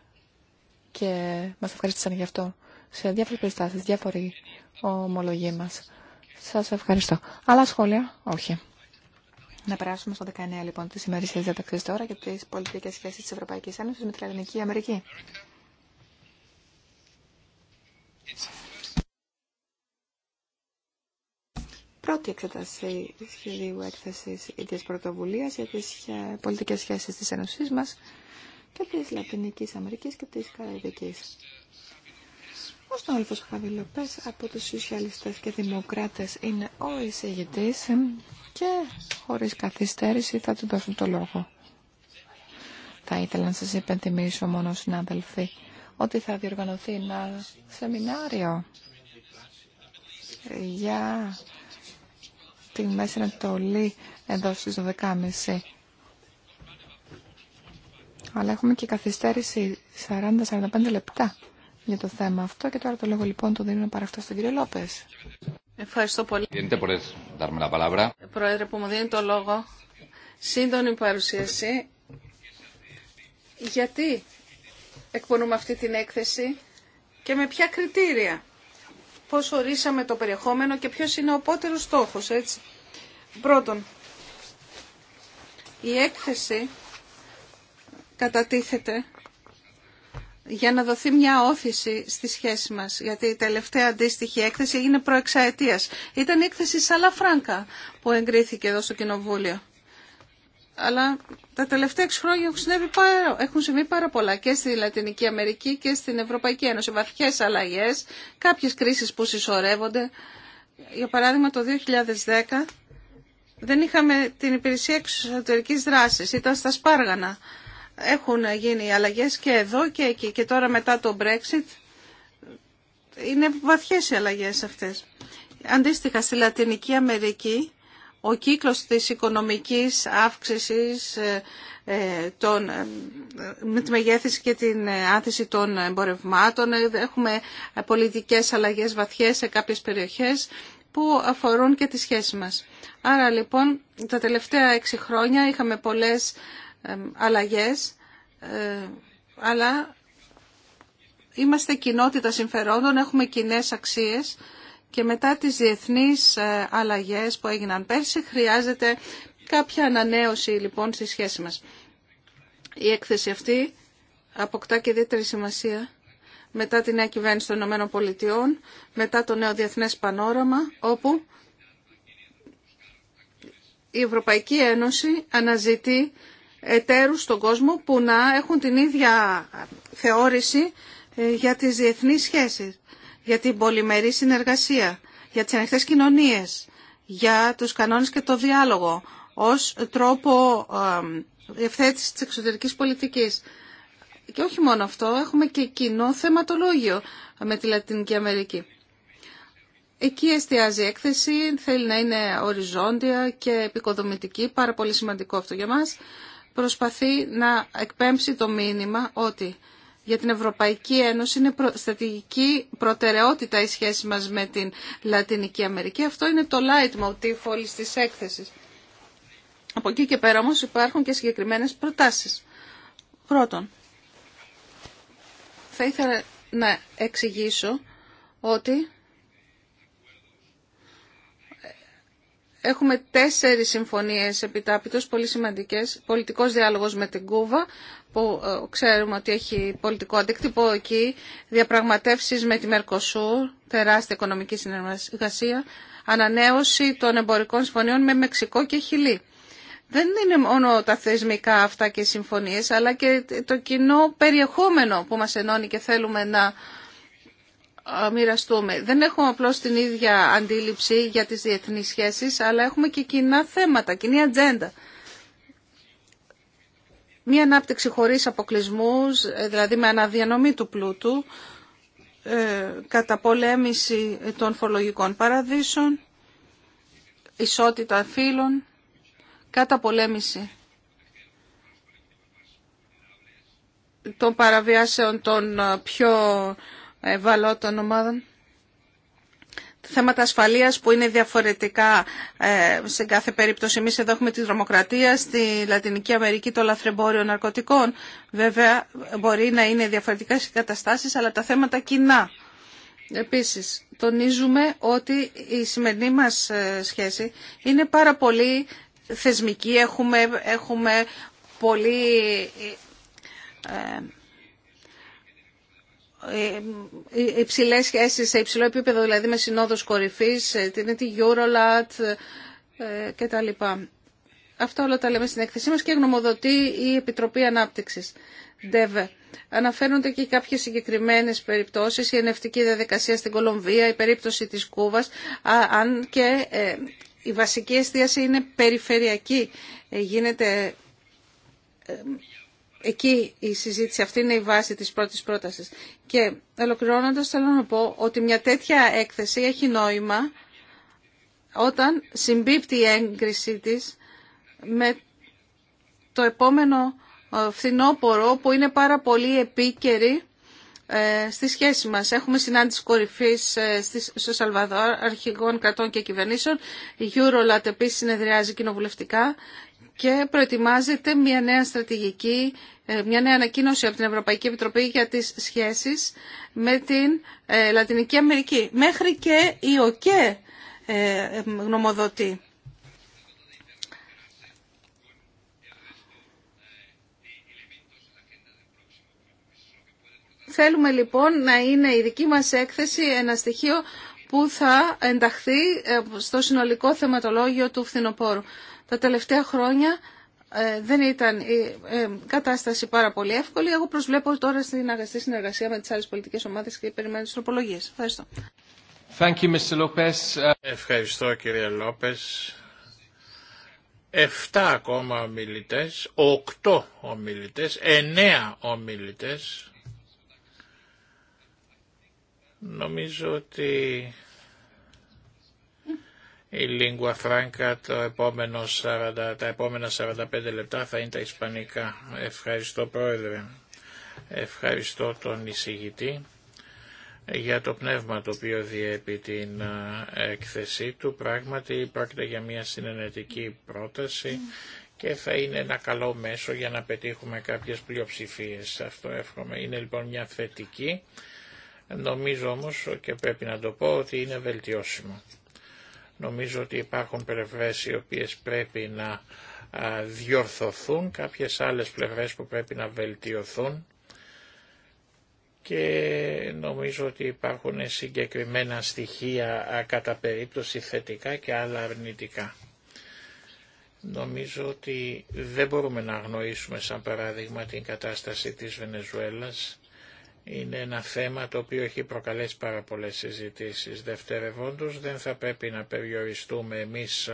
και μας ευχαριστήσαν γι' αυτό. Σε διάφορες περιστάσεις, διάφοροι ομολογοί μας. Σας ευχαριστώ. Άλλα σχόλια, όχι. Να περάσουμε στο 19 λοιπόν τη ημερήσια διαταξή τώρα για τι πολιτικέ σχέσει τη Ευρωπαϊκή Ένωση με την Λατινική Αμερική. Πρώτη εξετασή σχεδίου έκθεση ίδια πρωτοβουλία για τι πολιτικέ σχέσει τη Ένωση μα και τη Λατινική Αμερική και τη Καραϊβική. Ο Στόλφος Χαβιλοπές από τους Σοσιαλιστές και Δημοκράτες είναι ο εισηγητής και χωρίς καθυστέρηση θα του δώσουν το λόγο. Θα ήθελα να σας υπενθυμίσω μόνο συνάδελφοι ότι θα διοργανωθεί ένα σεμινάριο για τη Μέση Ανατολή εδώ στις 12.30. Αλλά έχουμε και καθυστέρηση 40-45 λεπτά για το θέμα αυτό και τώρα το λόγο λοιπόν το δίνω παρά στον κύριο Λόπες. Ευχαριστώ πολύ. Πρόεδρε που μου δίνει το λόγο. Σύντονη παρουσίαση. Γιατί εκπονούμε αυτή την έκθεση και με ποια κριτήρια. Πώς ορίσαμε το περιεχόμενο και ποιος είναι ο πότερος στόχος, έτσι. Πρώτον, η έκθεση κατατίθεται για να δοθεί μια όθηση στη σχέση μας, γιατί η τελευταία αντίστοιχη έκθεση έγινε προεξαετίας. Ήταν η έκθεση Σαλαφράνκα που εγκρίθηκε εδώ στο Κοινοβούλιο. Αλλά τα τελευταία 6 χρόνια έχουν, συνέβη πάρα, έχουν συμβεί πάρα πολλά και στη Λατινική Αμερική και στην Ευρωπαϊκή Ένωση. Βαθιές αλλαγές, κάποιες κρίσεις που συσσωρεύονται. Για παράδειγμα το 2010 δεν είχαμε την υπηρεσία εξωτερικής δράσης, ήταν στα Σπάργανα έχουν γίνει αλλαγές και εδώ και εκεί και τώρα μετά το Brexit είναι βαθιές οι αλλαγές αυτές. Αντίστοιχα στη Λατινική Αμερική ο κύκλος της οικονομικής αύξησης ε, ε, ε, με τη μεγέθυνση και την άνθηση των εμπορευμάτων. Έχουμε πολιτικές αλλαγές βαθιές σε κάποιες περιοχές που αφορούν και τη σχέση μας. Άρα λοιπόν τα τελευταία έξι χρόνια είχαμε πολλές αλλαγές, ε, αλλά είμαστε κοινότητα συμφερόντων, έχουμε κοινέ αξίες και μετά τις διεθνείς ε, αλλαγές που έγιναν πέρσι χρειάζεται κάποια ανανέωση λοιπόν στη σχέση μας. Η έκθεση αυτή αποκτά και ιδιαίτερη σημασία μετά την νέα κυβέρνηση των Ηνωμένων μετά το νέο διεθνές πανόραμα, όπου η Ευρωπαϊκή Ένωση αναζητεί εταίρους στον κόσμο που να έχουν την ίδια θεώρηση ε, για τις διεθνείς σχέσεις, για την πολυμερή συνεργασία, για τις ανοιχτές κοινωνίες, για τους κανόνες και το διάλογο ως τρόπο ευθέτησης της εξωτερικής πολιτικής. Και όχι μόνο αυτό, έχουμε και κοινό θεματολόγιο με τη Λατινική Αμερική. Εκεί εστιάζει η έκθεση, θέλει να είναι οριζόντια και επικοδομητική, πάρα πολύ σημαντικό αυτό για μας προσπαθεί να εκπέμψει το μήνυμα ότι για την Ευρωπαϊκή Ένωση είναι στρατηγική προτεραιότητα η σχέση μας με την Λατινική Αμερική. Αυτό είναι το light motif όλης της έκθεσης. Από εκεί και πέρα όμως υπάρχουν και συγκεκριμένες προτάσεις. Πρώτον, θα ήθελα να εξηγήσω ότι Έχουμε τέσσερις συμφωνίες επιτάπητος, πολύ σημαντικές. Πολιτικός διάλογος με την Κούβα, που ε, ξέρουμε ότι έχει πολιτικό αντίκτυπο εκεί. Διαπραγματεύσεις με τη Μερκοσούρ, τεράστια οικονομική συνεργασία. Ανανέωση των εμπορικών συμφωνιών με Μεξικό και Χιλή. Δεν είναι μόνο τα θεσμικά αυτά και οι συμφωνίες, αλλά και το κοινό περιεχόμενο που μας ενώνει και θέλουμε να μοιραστούμε. Δεν έχουμε απλώς την ίδια αντίληψη για τις διεθνείς σχέσεις, αλλά έχουμε και κοινά θέματα, κοινή ατζέντα. Μία ανάπτυξη χωρίς αποκλεισμούς, ε, δηλαδή με αναδιανομή του πλούτου, ε, καταπολέμηση των φορολογικών παραδείσων, ισότητα φύλων, καταπολέμηση των παραβιάσεων των ε, πιο ευαλώτων ομάδων. Θέματα ασφαλείας που είναι διαφορετικά ε, σε κάθε περίπτωση. Εμείς εδώ έχουμε τη δρομοκρατία, στη Λατινική Αμερική το λαθρεμπόριο ναρκωτικών. Βέβαια μπορεί να είναι διαφορετικά στις καταστάσεις, αλλά τα θέματα κοινά. Επίσης, τονίζουμε ότι η σημερινή μας ε, σχέση είναι πάρα πολύ θεσμική. έχουμε πολύ ε, ε, ε, υψηλέ σχέσει σε υψηλό επίπεδο, δηλαδή με συνόδους κορυφής, ε, την και Eurolat κτλ. Αυτό όλα τα λέμε στην έκθεσή μας και γνωμοδοτεί η Επιτροπή Ανάπτυξης. ΔΕΒΕ. Αναφέρονται και κάποιες συγκεκριμένες περιπτώσεις, η ενευτική διαδικασία στην Κολομβία, η περίπτωση της Κούβας, αν και η βασική εστίαση είναι περιφερειακή. Γίνεται Εκεί η συζήτηση αυτή είναι η βάση της πρώτης πρότασης. Και ολοκληρώνοντας θέλω να πω ότι μια τέτοια έκθεση έχει νόημα όταν συμπίπτει η έγκρισή της με το επόμενο ε, φθινόπορο που είναι πάρα πολύ επίκαιρη ε, στη σχέση μας. Έχουμε συνάντηση κορυφής ε, στο Σαλβαδόρ αρχηγών κρατών και κυβερνήσεων. Η Eurolat επίσης συνεδριάζει κοινοβουλευτικά και προετοιμάζεται μια νέα στρατηγική, ε, μια νέα ανακοίνωση από την Ευρωπαϊκή Επιτροπή για τις σχέσεις με την ε, Λατινική Αμερική. Μέχρι και η ΟΚΕ ε, γνωμοδοτεί. Θέλουμε λοιπόν να είναι η δική μας έκθεση ένα στοιχείο που θα ενταχθεί στο συνολικό θεματολόγιο του φθινοπόρου. Τα τελευταία χρόνια ε, δεν ήταν η ε, κατάσταση πάρα πολύ εύκολη. Εγώ προσβλέπω τώρα στην αγαστή συνεργασία με τις άλλες πολιτικές ομάδες και περιμένω τις τροπολογίες. Ευχαριστώ. Thank you, Mr. Lopez. Ευχαριστώ κύριε Λόπες. Εφτά ακόμα ομιλητές, οκτώ ομιλητές, εννέα ομιλητές. Νομίζω ότι η Λίγκουα Φράγκα το τα επόμενα 45 λεπτά θα είναι τα ισπανικά. Ευχαριστώ πρόεδρε. Ευχαριστώ τον εισηγητή για το πνεύμα το οποίο διέπει την έκθεσή του. Πράγματι πρόκειται για μια συνενετική πρόταση και θα είναι ένα καλό μέσο για να πετύχουμε κάποιες πλειοψηφίες. Αυτό εύχομαι. Είναι λοιπόν μια θετική. Νομίζω όμως και πρέπει να το πω ότι είναι βελτιώσιμο. Νομίζω ότι υπάρχουν πλευρές οι οποίες πρέπει να διορθωθούν, κάποιες άλλες πλευρές που πρέπει να βελτιωθούν και νομίζω ότι υπάρχουν συγκεκριμένα στοιχεία κατά περίπτωση θετικά και άλλα αρνητικά. Νομίζω ότι δεν μπορούμε να αγνοήσουμε σαν παράδειγμα την κατάσταση της Βενεζουέλας είναι ένα θέμα το οποίο έχει προκαλέσει πάρα πολλές συζητήσεις. Δευτερευόντως δεν θα πρέπει να περιοριστούμε εμείς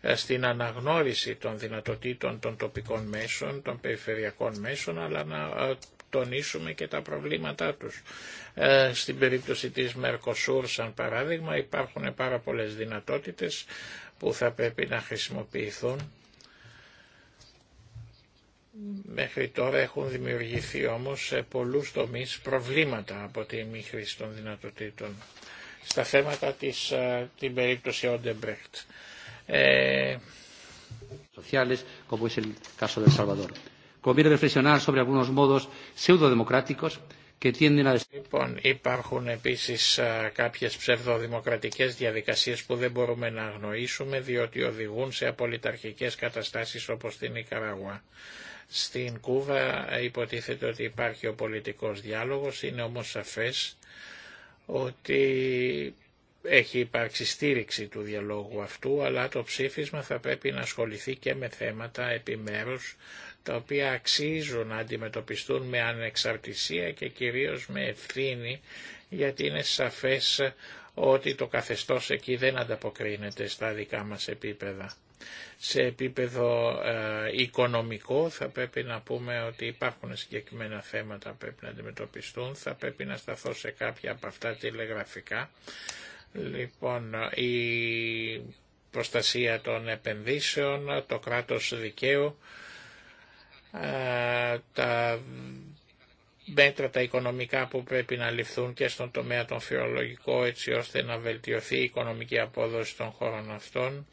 ε, στην αναγνώριση των δυνατοτήτων των τοπικών μέσων, των περιφερειακών μέσων, αλλά να ε, τονίσουμε και τα προβλήματά τους. Ε, στην περίπτωση της Μερκοσούρ, σαν παράδειγμα, υπάρχουν πάρα πολλές δυνατότητες που θα πρέπει να χρησιμοποιηθούν Μέχρι τώρα έχουν δημιουργηθεί όμως σε πολλούς τομείς προβλήματα από τη μη χρήση των δυνατοτήτων. Στα θέματα της, ε, την περίπτωση Όντεμπρεχτ. Ε, λοιπόν, υπάρχουν επίσης ε, κάποιες ψευδοδημοκρατικές διαδικασίες που δεν μπορούμε να αγνοήσουμε διότι οδηγούν σε απολυταρχικές καταστάσεις όπως την Ικαραγουά. Στην Κούβα υποτίθεται ότι υπάρχει ο πολιτικός διάλογος, είναι όμως σαφές ότι έχει υπάρξει στήριξη του διαλόγου αυτού, αλλά το ψήφισμα θα πρέπει να ασχοληθεί και με θέματα επιμέρους, τα οποία αξίζουν να αντιμετωπιστούν με ανεξαρτησία και κυρίως με ευθύνη, γιατί είναι σαφές ότι το καθεστώς εκεί δεν ανταποκρίνεται στα δικά μας επίπεδα. Σε επίπεδο ε, οικονομικό θα πρέπει να πούμε ότι υπάρχουν συγκεκριμένα θέματα που πρέπει να αντιμετωπιστούν, θα πρέπει να σταθώ σε κάποια από αυτά τηλεγραφικά. Λοιπόν, η προστασία των επενδύσεων, το κράτος δικαίου, ε, τα μέτρα τα οικονομικά που πρέπει να ληφθούν και στον τομέα των φιλολογικών έτσι ώστε να βελτιωθεί η οικονομική απόδοση των χώρων αυτών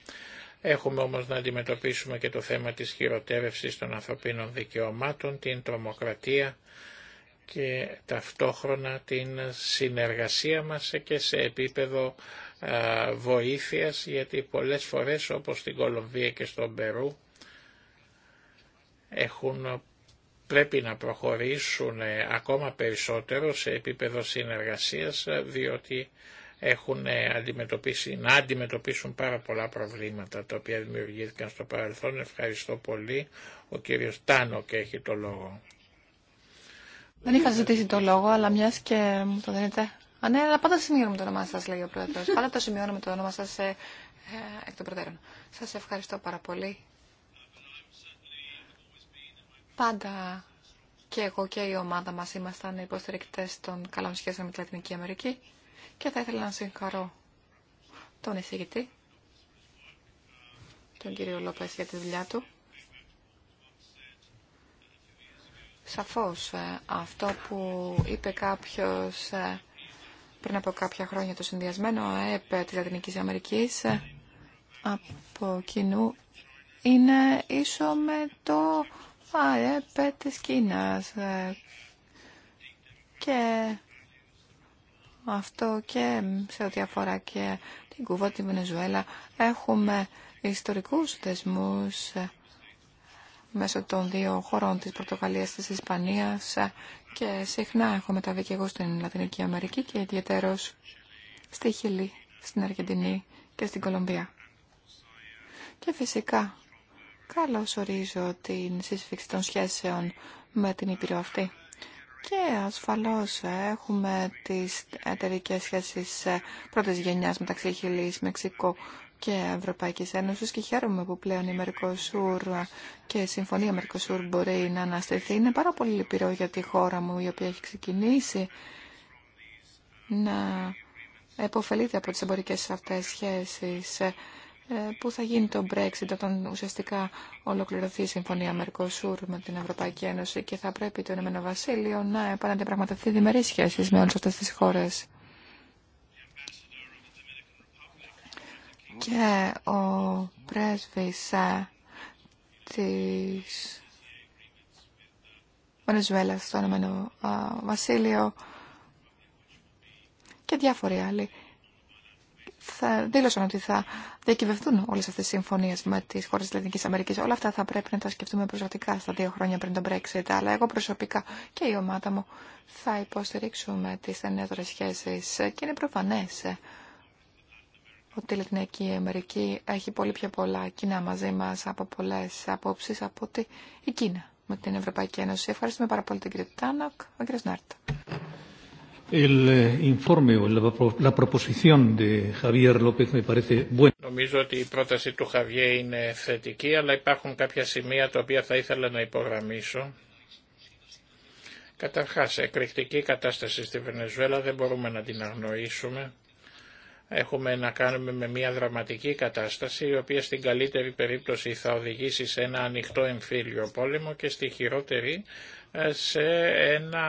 Έχουμε όμως να αντιμετωπίσουμε και το θέμα της χειροτέρευσης των ανθρωπίνων δικαιωμάτων, την τρομοκρατία και ταυτόχρονα την συνεργασία μας και σε επίπεδο βοήθειας, γιατί πολλές φορές όπως στην Κολομβία και στον Περού έχουν πρέπει να προχωρήσουν ακόμα περισσότερο σε επίπεδο συνεργασίας, διότι έχουν ε, αντιμετωπίσει, να αντιμετωπίσουν πάρα πολλά προβλήματα τα οποία δημιουργήθηκαν στο παρελθόν. Ευχαριστώ πολύ. Ο κύριος Τάνο και έχει το λόγο. Δεν είχα ζητήσει το λόγο, αλλά μια και μου το δίνετε. Α, ναι, αλλά πάντα σημειώνουμε το όνομά σα, λέει ο πρόεδρο. Πάντα το σημειώνουμε το όνομά σα ε, ε, εκ των προτέρων. Σα ευχαριστώ πάρα πολύ. Πάντα και εγώ και η ομάδα μα ήμασταν υποστηρικτέ των καλών σχέσεων με τη Λατινική Αμερική και θα ήθελα να συγχαρώ τον εισηγητή, τον κύριο Λόπες για τη δουλειά του. Σαφώς ε, αυτό που είπε κάποιος ε, πριν από κάποια χρόνια το συνδυασμένο ΑΕΠ ε, της Λατινικής Αμερικής από κοινού είναι ίσο με το ΑΕΠ της Κίνας και αυτό και σε ό,τι αφορά και την Κουβά, τη Βενεζουέλα. Έχουμε ιστορικούς δεσμούς μέσω των δύο χωρών της Πορτογαλίας της Ισπανίας και συχνά έχω μεταβεί και εγώ στην Λατινική Αμερική και ιδιαίτερο στη Χιλή, στην Αργεντινή και στην Κολομπία Και φυσικά, καλώς ορίζω την σύσφυξη των σχέσεων με την Ήπειρο και ασφαλώς ε, έχουμε τις εταιρικέ σχέσεις ε, πρώτης γενιάς μεταξύ Χιλής, Μεξικό και Ευρωπαϊκής Ένωσης και χαίρομαι που πλέον η Μερκοσούρ ε, και η Συμφωνία Μερκοσούρ μπορεί να αναστηθεί. Είναι πάρα πολύ λυπηρό για τη χώρα μου η οποία έχει ξεκινήσει να επωφελείται από τις εμπορικές αυτές σχέσεις ε, που θα γίνει το Brexit όταν ουσιαστικά ολοκληρωθεί η συμφωνία Mercosur με την Ευρωπαϊκή Ένωση και θα πρέπει το Ηνωμένο Βασίλειο να επαναδιαπραγματευτεί διμερείς σχέσεις με όλες αυτές τις χώρες. Και ο πρέσβης ε, της Βενεζουέλα στο Ηνωμένο ε, Βασίλειο και διάφοροι άλλοι θα δήλωσαν ότι θα διακυβευτούν όλες αυτές οι συμφωνίες με τις χώρες της Λατινικής Αμερικής. Όλα αυτά θα πρέπει να τα σκεφτούμε προσεκτικά στα δύο χρόνια πριν τον Brexit, αλλά εγώ προσωπικά και η ομάδα μου θα υποστηρίξουμε τις ενέδωρες σχέσεις και είναι προφανές ότι η Λατινική Αμερική έχει πολύ πιο πολλά κοινά μαζί μας από πολλές απόψεις από ότι η Κίνα με την Ευρωπαϊκή Ένωση. Ευχαριστούμε πάρα πολύ την κυρία Τάνοκ, ο Νομίζω ότι η πρόταση του Χαβιέ είναι θετική, αλλά υπάρχουν κάποια σημεία τα οποία θα ήθελα να υπογραμμίσω. Καταρχάς, εκρηκτική κατάσταση στη Βενεζουέλα δεν μπορούμε να την αγνοήσουμε. Έχουμε να κάνουμε με μια δραματική κατάσταση, η οποία στην καλύτερη περίπτωση θα οδηγήσει σε ένα ανοιχτό εμφύλιο πόλεμο και στη χειρότερη ε, σε ένα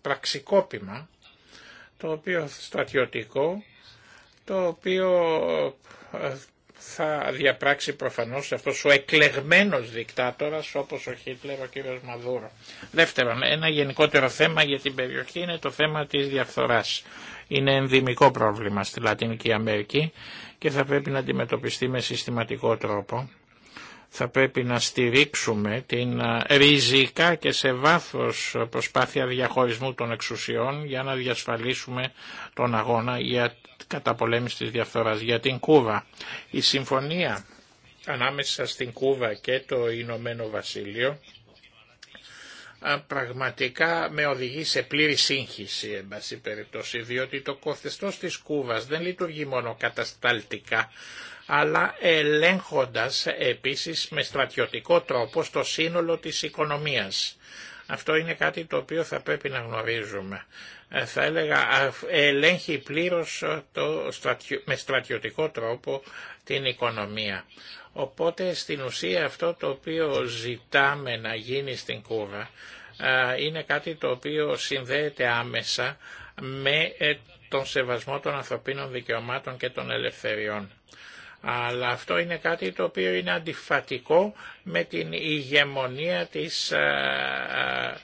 πραξικόπημα, το οποίο στρατιωτικό, το οποίο ε, θα διαπράξει προφανώς αυτός ο εκλεγμένος δικτάτορας όπως ο Χίτλερ, ο κύριος Μαδούρο. Δεύτερον, ένα γενικότερο θέμα για την περιοχή είναι το θέμα της διαφθοράς. Είναι ενδημικό πρόβλημα στη Λατινική Αμερική και θα πρέπει να αντιμετωπιστεί με συστηματικό τρόπο θα πρέπει να στηρίξουμε την ριζικά και σε βάθος προσπάθεια διαχωρισμού των εξουσιών για να διασφαλίσουμε τον αγώνα για καταπολέμηση της διαφθοράς για την Κούβα. Η συμφωνία ανάμεσα στην Κούβα και το Ηνωμένο Βασίλειο πραγματικά με οδηγεί σε πλήρη σύγχυση, εν πάση περιπτώσει, διότι το κοθεστός της Κούβας δεν λειτουργεί μόνο κατασταλτικά, αλλά ελέγχοντας επίσης με στρατιωτικό τρόπο στο σύνολο της οικονομίας. Αυτό είναι κάτι το οποίο θα πρέπει να γνωρίζουμε. Ε, θα έλεγα ελέγχει πλήρως ε, το, με στρατιωτικό τρόπο την οικονομία. Οπότε στην ουσία αυτό το οποίο ζητάμε να γίνει στην Κούβα ε, είναι κάτι το οποίο συνδέεται άμεσα με τον σεβασμό των ανθρωπίνων δικαιωμάτων και των ελευθεριών. Αλλά αυτό είναι κάτι το οποίο είναι αντιφατικό με την ηγεμονία της ε, ε,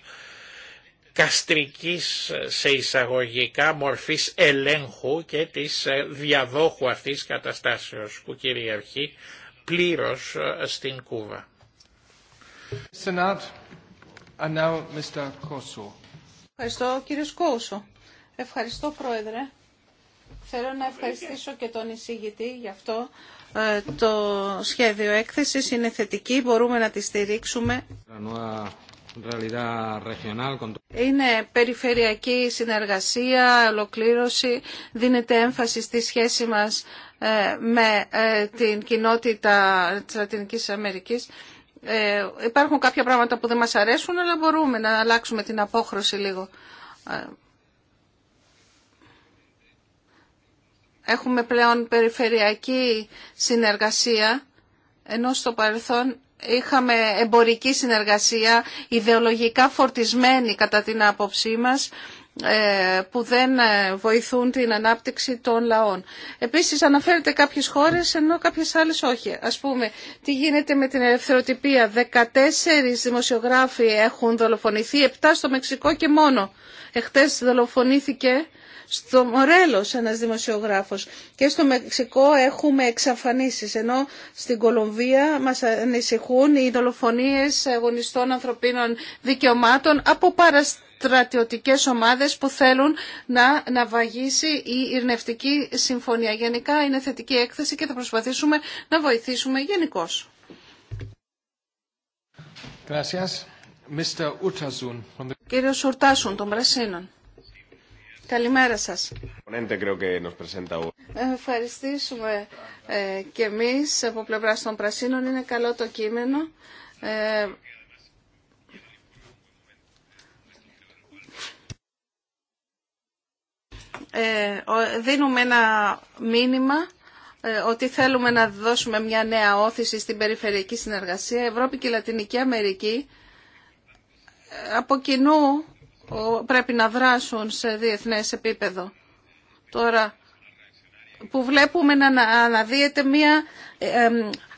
καστρικής σε εισαγωγικά μορφής ελέγχου και της ε, διαδόχου αυτής καταστάσεως που κυριαρχεί πλήρως στην Κούβα. Ευχαριστώ κύριε Σκόουσο. Ευχαριστώ πρόεδρε. Θέλω να ευχαριστήσω και τον εισηγητή για αυτό. Ε, το σχέδιο έκθεσης είναι θετική, μπορούμε να τη στηρίξουμε. Είναι περιφερειακή συνεργασία, ολοκλήρωση, δίνεται έμφαση στη σχέση μας ε, με ε, την κοινότητα της Λατινικής Αμερικής. Υπάρχουν κάποια πράγματα που δεν μας αρέσουν, αλλά μπορούμε να αλλάξουμε την απόχρωση λίγο. Έχουμε πλέον περιφερειακή συνεργασία, ενώ στο παρελθόν είχαμε εμπορική συνεργασία, ιδεολογικά φορτισμένη κατά την άποψή μας, ε, που δεν ε, βοηθούν την ανάπτυξη των λαών. Επίσης αναφέρεται κάποιες χώρες ενώ κάποιες άλλες όχι. Ας πούμε, τι γίνεται με την ελευθεροτυπία. 14 δημοσιογράφοι έχουν δολοφονηθεί, 7 στο Μεξικό και μόνο. Εχθές δολοφονήθηκε στο Μορέλος ένας δημοσιογράφος και στο Μεξικό έχουμε εξαφανίσει ενώ στην Κολομβία μας ανησυχούν οι δολοφονίες αγωνιστών ανθρωπίνων δικαιωμάτων από παραστρατιωτικές ομάδες που θέλουν να, να βαγίσει η ειρνευτική συμφωνία. Γενικά είναι θετική έκθεση και θα προσπαθήσουμε να βοηθήσουμε γενικώ. Κύριος Ουρτάσουν των Πρασίνων. Καλημέρα σας. Ευχαριστήσουμε ε, και εμείς από πλευρά των Πρασίνων. Είναι καλό το κείμενο. Ε, ε, δίνουμε ένα μήνυμα ότι θέλουμε να δώσουμε μια νέα όθηση στην περιφερειακή συνεργασία. Ευρώπη και Λατινική Αμερική από κοινού πρέπει να δράσουν σε διεθνές επίπεδο. Τώρα που βλέπουμε να αναδύεται μια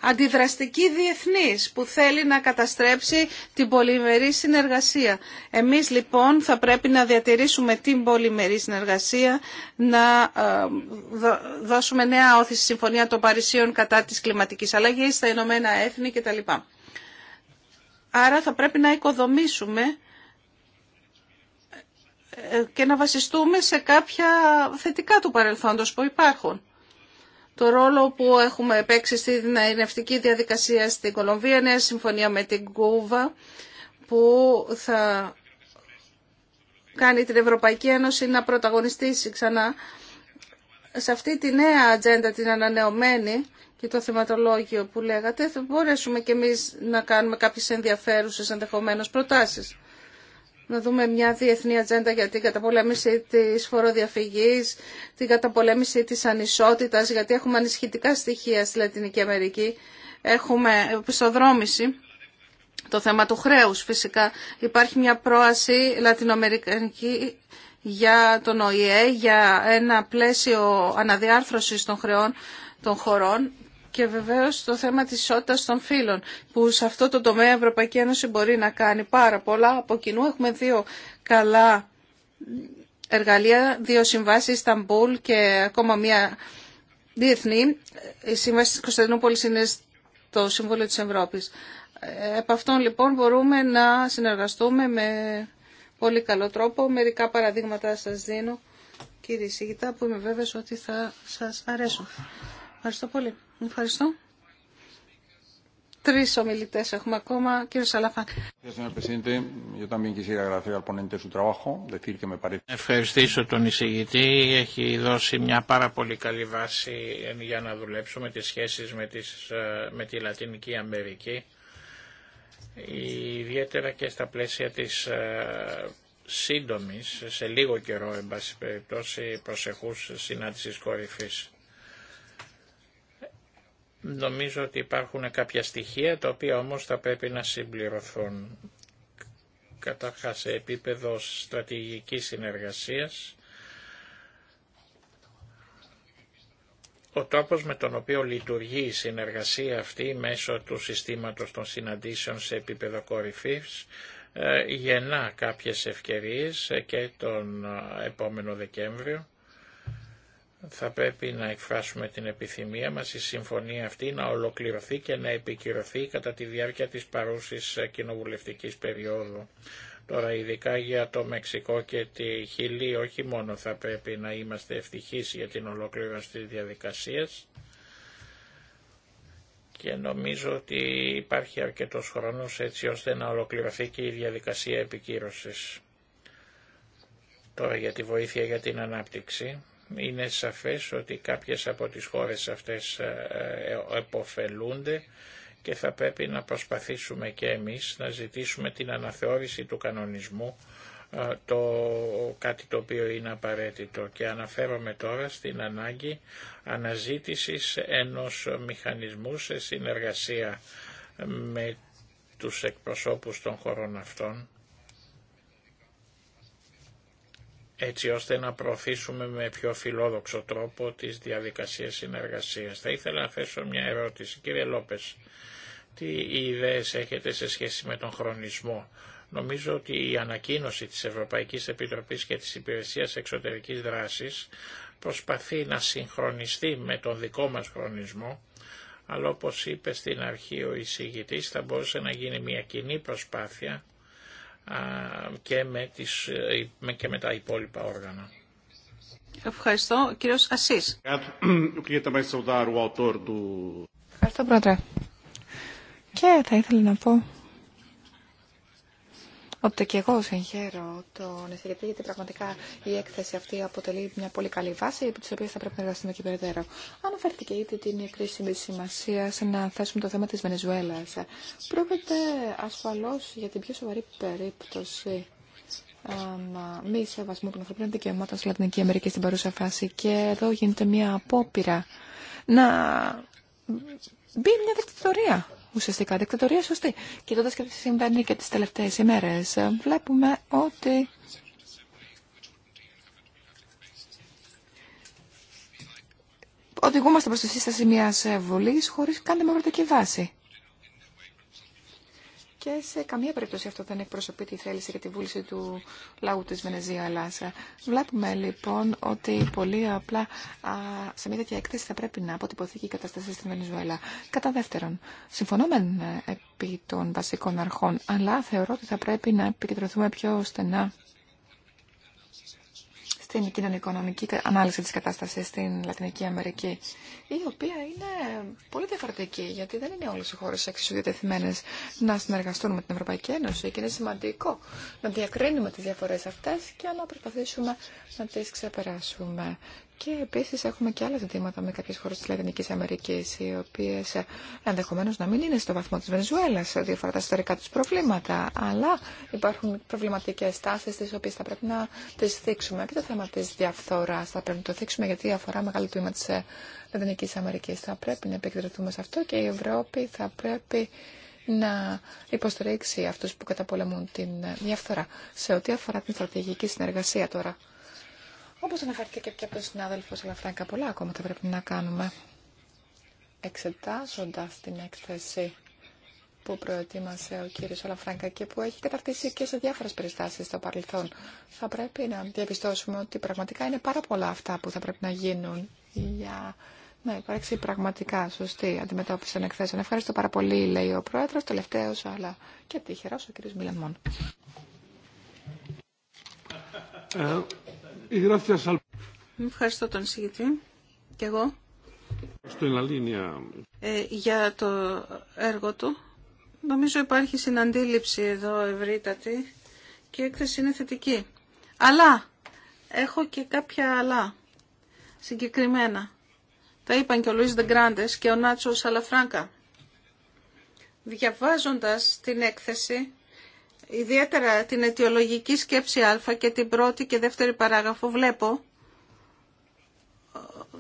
αντιδραστική διεθνής που θέλει να καταστρέψει την πολυμερή συνεργασία. Εμείς λοιπόν θα πρέπει να διατηρήσουμε την πολυμερή συνεργασία, να δώσουμε νέα όθηση συμφωνία των Παρισίων κατά της κλιματικής αλλαγής στα Ηνωμένα Έθνη κτλ. Άρα θα πρέπει να οικοδομήσουμε ε, και να βασιστούμε σε κάποια θετικά του παρελθόντος που υπάρχουν. Το ρόλο που έχουμε παίξει στην ειρηνευτική διαδικασία στην Κολομβία, νέα συμφωνία με την Κούβα, που θα κάνει την Ευρωπαϊκή Ένωση να πρωταγωνιστήσει ξανά σε αυτή τη νέα ατζέντα, την ανανεωμένη και το θεματολόγιο που λέγατε, θα μπορέσουμε και εμείς να κάνουμε κάποιες ενδιαφέρουσες ενδεχομένως προτάσεις να δούμε μια διεθνή ατζέντα για την καταπολέμηση της φοροδιαφυγής, την καταπολέμηση της ανισότητας, γιατί έχουμε ανισχυτικά στοιχεία στη Λατινική Αμερική. Έχουμε επιστοδρόμηση, το θέμα του χρέους φυσικά. Υπάρχει μια πρόαση λατινοαμερικανική για τον ΟΗΕ, για ένα πλαίσιο αναδιάρθρωσης των χρεών των χωρών και βεβαίως το θέμα της ισότητας των φύλων που σε αυτό το τομέα η Ευρωπαϊκή Ένωση μπορεί να κάνει πάρα πολλά. Από κοινού έχουμε δύο καλά εργαλεία, δύο συμβάσεις Ισταμπούλ και ακόμα μία διεθνή. Η σύμβαση της Κωνσταντινούπολης είναι στο σύμβολο της Ευρώπης. Ε, επ' αυτόν λοιπόν μπορούμε να συνεργαστούμε με πολύ καλό τρόπο. Μερικά παραδείγματα σας δίνω κύριε Σιγητά που είμαι βέβαιος ότι θα σας αρέσουν. Ευχαριστώ πολύ. Ευχαριστώ. Τρεις ομιλητές έχουμε ακόμα. Κύριε Σαλαφά. Ευχαριστήσω τον εισηγητή. Έχει δώσει μια πάρα πολύ καλή βάση για να δουλέψουμε τις σχέσεις με, ε, με τη Λατινική Αμερική. Ιδιαίτερα και στα πλαίσια της ε, σύντομης, σε λίγο καιρό, εν πάση περιπτώσει, προσεχούς συνάντησης κορυφής. Νομίζω ότι υπάρχουν κάποια στοιχεία τα οποία όμως θα πρέπει να συμπληρωθούν. Καταρχά σε επίπεδο στρατηγικής συνεργασίας, ο τρόπος με τον οποίο λειτουργεί η συνεργασία αυτή μέσω του συστήματος των συναντήσεων σε επίπεδο κορυφής ε, γεννά κάποιες ευκαιρίες ε, και τον ε, επόμενο Δεκέμβριο θα πρέπει να εκφράσουμε την επιθυμία μας η συμφωνία αυτή να ολοκληρωθεί και να επικυρωθεί κατά τη διάρκεια της παρούσης κοινοβουλευτικής περίοδου. Τώρα ειδικά για το Μεξικό και τη Χιλή όχι μόνο θα πρέπει να είμαστε ευτυχείς για την ολοκλήρωση της διαδικασίας και νομίζω ότι υπάρχει αρκετός χρόνος έτσι ώστε να ολοκληρωθεί και η διαδικασία επικύρωσης. Τώρα για τη βοήθεια για την ανάπτυξη είναι σαφές ότι κάποιες από τις χώρες αυτές ε, ε, εποφελούνται και θα πρέπει να προσπαθήσουμε και εμείς να ζητήσουμε την αναθεώρηση του κανονισμού ε, το κάτι το οποίο είναι απαραίτητο και αναφέρομαι τώρα στην ανάγκη αναζήτησης ενός μηχανισμού σε συνεργασία με τους εκπροσώπους των χωρών αυτών έτσι ώστε να προωθήσουμε με πιο φιλόδοξο τρόπο τις διαδικασίες συνεργασίας. Θα ήθελα να θέσω μια ερώτηση. Κύριε Λόπες, τι ιδέες έχετε σε σχέση με τον χρονισμό. Νομίζω ότι η ανακοίνωση της Ευρωπαϊκής Επιτροπής και της Υπηρεσίας Εξωτερικής Δράσης προσπαθεί να συγχρονιστεί με τον δικό μας χρονισμό, αλλά όπως είπε στην αρχή ο εισηγητής θα μπορούσε να γίνει μια κοινή προσπάθεια και με, τις, ε, και με τα υπόλοιπα όργανα. Ευχαριστώ. Κύριος Ασής. Ευχαριστώ, Πρόεδρε. Και θα ήθελα να πω ότι και εγώ συγχαίρω τον εισηγητή, γιατί πραγματικά η έκθεση αυτή αποτελεί μια πολύ καλή βάση, επί τη οποία θα πρέπει να εργαστούμε και περαιτέρω. Αναφέρθηκε ήδη την κρίσιμη σημασία σε να θέσουμε το θέμα τη Βενεζουέλα. Πρόκειται ασφαλώ για την πιο σοβαρή περίπτωση μη σεβασμού των ανθρωπίνων δικαιωμάτων στη Λατινική Αμερική στην παρούσα φάση. Και εδώ γίνεται μια απόπειρα να μπει μια δικτατορία ουσιαστικά δικτατορία σωστή. Κοιτώντας και τι συμβαίνει και τις τελευταίες ημέρες, βλέπουμε ότι οδηγούμαστε προς τη σύσταση μια βολής χωρίς καν δημοκρατική βάση και σε καμία περίπτωση αυτό δεν εκπροσωπεί τη θέληση και τη βούληση του λαού της Βενεζίας. Βλέπουμε λοιπόν ότι πολύ απλά σε μια τέτοια έκθεση θα πρέπει να αποτυπωθεί και η κατάσταση στην Βενεζουέλα. Κατά δεύτερον, συμφωνώ ε, επί των βασικών αρχών, αλλά θεωρώ ότι θα πρέπει να επικεντρωθούμε πιο στενά στην κοινωνικονομική ανάλυση της κατάστασης στην Λατινική Αμερική, η οποία είναι πολύ διαφορετική, γιατί δεν είναι όλες οι χώρες διατεθειμένες να συνεργαστούν με την Ευρωπαϊκή Ένωση και είναι σημαντικό να διακρίνουμε τις διαφορές αυτές και να προσπαθήσουμε να τις ξεπεράσουμε. Και επίση έχουμε και άλλα ζητήματα με κάποιε χώρε τη Λατινική Αμερική, οι οποίε ενδεχομένω να μην είναι στο βαθμό της σε ό,τι αφορά τα ιστορικά του προβλήματα, αλλά υπάρχουν προβληματικέ τάσει τι οποίε θα πρέπει να τι δείξουμε. Και το θέμα τη διαφθορά, θα πρέπει να το δείξουμε, γιατί αφορά μεγάλο τμήμα τη ε, Λατινική Αμερική. Θα πρέπει να επικεντρωθούμε σε αυτό και η Ευρώπη θα πρέπει να υποστηρίξει αυτούς που καταπολεμούν την ε, διαφθορά. Σε ό,τι αφορά την στρατηγική συνεργασία τώρα, Όπω αναφέρθηκε και από τον συνάδελφο Σαλαφράγκα, πολλά ακόμα θα πρέπει να κάνουμε. εξετάζοντα την έκθεση που προετοίμασε ο κύριο Σαλαφράγκα και που έχει καταρτήσει και σε διάφορε περιστάσει στο παρελθόν. Θα πρέπει να διαπιστώσουμε ότι πραγματικά είναι πάρα πολλά αυτά που θα πρέπει να γίνουν για να υπάρξει πραγματικά σωστή αντιμετώπιση των εκθέσεων. Ευχαριστώ πάρα πολύ, λέει ο πρόεδρο, τελευταίο αλλά και τυχερό ο κύριο Μιλανμόν. Ε, Ευχαριστώ τον εισηγητή και εγώ ε, για το έργο του. Νομίζω υπάρχει συναντήληψη εδώ ευρύτατη και η έκθεση είναι θετική. Αλλά έχω και κάποια αλλά συγκεκριμένα. Τα είπαν και ο Λουίς Δεγκράντες και ο Νάτσο Σαλαφράνκα. Διαβάζοντας την έκθεση ιδιαίτερα την αιτιολογική σκέψη α και την πρώτη και δεύτερη παράγραφο βλέπω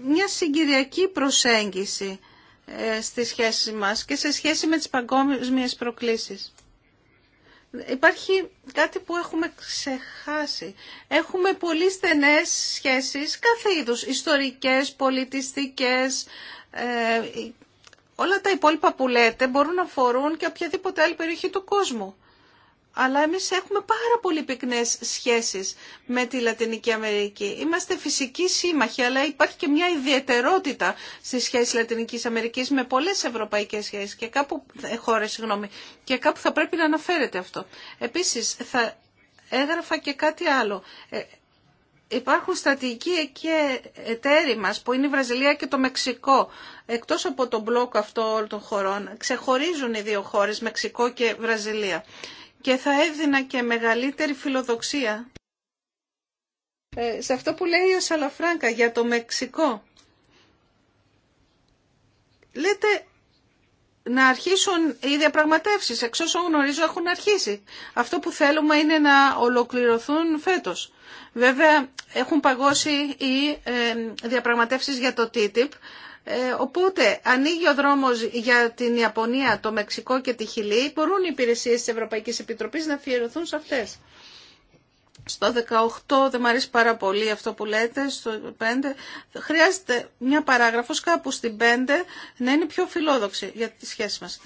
μια συγκυριακή προσέγγιση ε, στη σχέση μας και σε σχέση με τις παγκόσμιες προκλήσεις. Υπάρχει κάτι που έχουμε ξεχάσει. Έχουμε πολύ στενές σχέσεις κάθε είδους, ιστορικές, πολιτιστικές, ε, όλα τα υπόλοιπα που λέτε μπορούν να αφορούν και οποιαδήποτε άλλη περιοχή του κόσμου αλλά εμείς έχουμε πάρα πολύ πυκνές σχέσεις με τη Λατινική Αμερική. Είμαστε φυσικοί σύμμαχοι, αλλά υπάρχει και μια ιδιαιτερότητα στις σχέσεις Λατινικής Αμερικής με πολλές ευρωπαϊκές σχέσεις και κάπου, ε, χώρες, συγγνώμη, και κάπου θα πρέπει να αναφέρεται αυτό. Επίσης, θα έγραφα και κάτι άλλο. Ε, υπάρχουν στρατηγικοί και εταίροι μας που είναι η Βραζιλία και το Μεξικό. Εκτός από τον μπλοκ αυτό όλων των χωρών, ξεχωρίζουν οι δύο χώρες, Μεξικό και Βραζιλία και θα έδινα και μεγαλύτερη φιλοδοξία ε, σε αυτό που λέει ο Σαλαφράγκα για το Μεξικό. Λέτε να αρχίσουν οι διαπραγματεύσεις. Εξ όσων γνωρίζω έχουν αρχίσει. Αυτό που θέλουμε είναι να ολοκληρωθούν φέτος. Βέβαια έχουν παγώσει οι ε, διαπραγματεύσεις για το TTIP, ε, οπότε ανοίγει ο δρόμος για την Ιαπωνία, το Μεξικό και τη Χιλή. Μπορούν οι υπηρεσίες της Ευρωπαϊκής Επιτροπής να αφιερωθούν σε αυτές. Στο 18 δεν μου αρέσει πάρα πολύ αυτό που λέτε, στο 5 χρειάζεται μια παράγραφος κάπου στην 5 να είναι πιο φιλόδοξη για τη σχέση μας.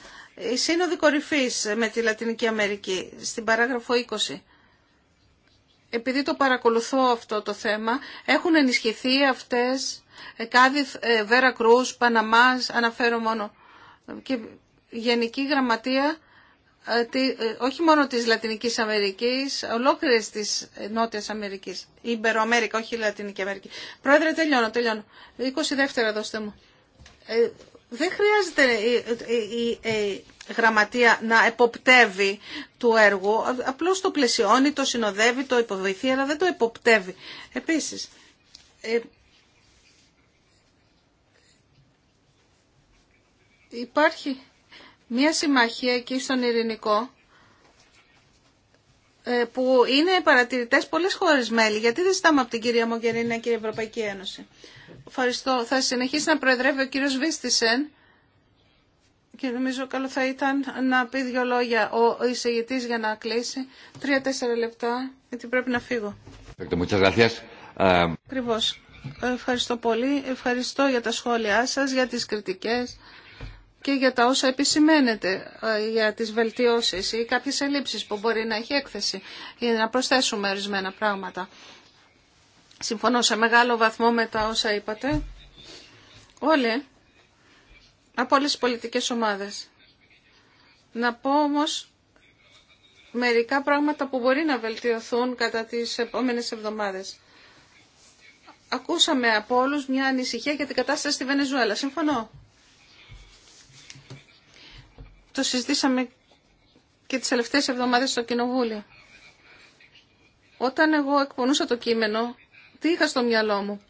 Η Σύνοδη Κορυφής με τη Λατινική Αμερική, στην παράγραφο 20 επειδή το παρακολουθώ αυτό το θέμα, έχουν ενισχυθεί αυτές, ε, Κάδι, ε, Βέρα Κρούς, Παναμάς, αναφέρω μόνο, και Γενική Γραμματεία, ε, όχι μόνο της Λατινικής Αμερικής, ολόκληρες της Νότιας Αμερικής, Ιμπεροαμέρικα, όχι η Λατινική Αμερική. Πρόεδρε, τελειώνω, τελειώνω. 22 δώστε μου. δεν χρειάζεται η, γραμματεία να εποπτεύει του έργου. Απλώς το πλαισιώνει, το συνοδεύει, το υποβοηθεί, αλλά δεν το εποπτεύει. Επίσης, ε, υπάρχει μια συμμαχία εκεί στον Ειρηνικό ε, που είναι παρατηρητές πολλές χώρες μέλη. Γιατί δεν ζητάμε από την κυρία Μογκερίνη και η Ευρωπαϊκή Ένωση. Ευχαριστώ. Θα συνεχίσει να προεδρεύει ο κύριος Βίστησεν και νομίζω καλό θα ήταν να πει δύο λόγια ο εισηγητή για να κλείσει. Τρία-τέσσερα λεπτά, γιατί πρέπει να φύγω. Ε, Ευχαριστώ πολύ. Ευχαριστώ για τα σχόλιά σας, για τις κριτικές και για τα όσα επισημαίνετε ε, για τις βελτιώσεις ή κάποιες ελλείψεις που μπορεί να έχει έκθεση για να προσθέσουμε ορισμένα πράγματα. Συμφωνώ σε μεγάλο βαθμό με τα όσα είπατε. Όλοι από όλες τις πολιτικές ομάδες. Να πω όμως μερικά πράγματα που μπορεί να βελτιωθούν κατά τις επόμενες εβδομάδες. Ακούσαμε από όλους μια ανησυχία για την κατάσταση στη Βενεζουέλα. Συμφωνώ. Το συζητήσαμε και τις τελευταίες εβδομάδες στο Κοινοβούλιο. Όταν εγώ εκπονούσα το κείμενο, τι είχα στο μυαλό μου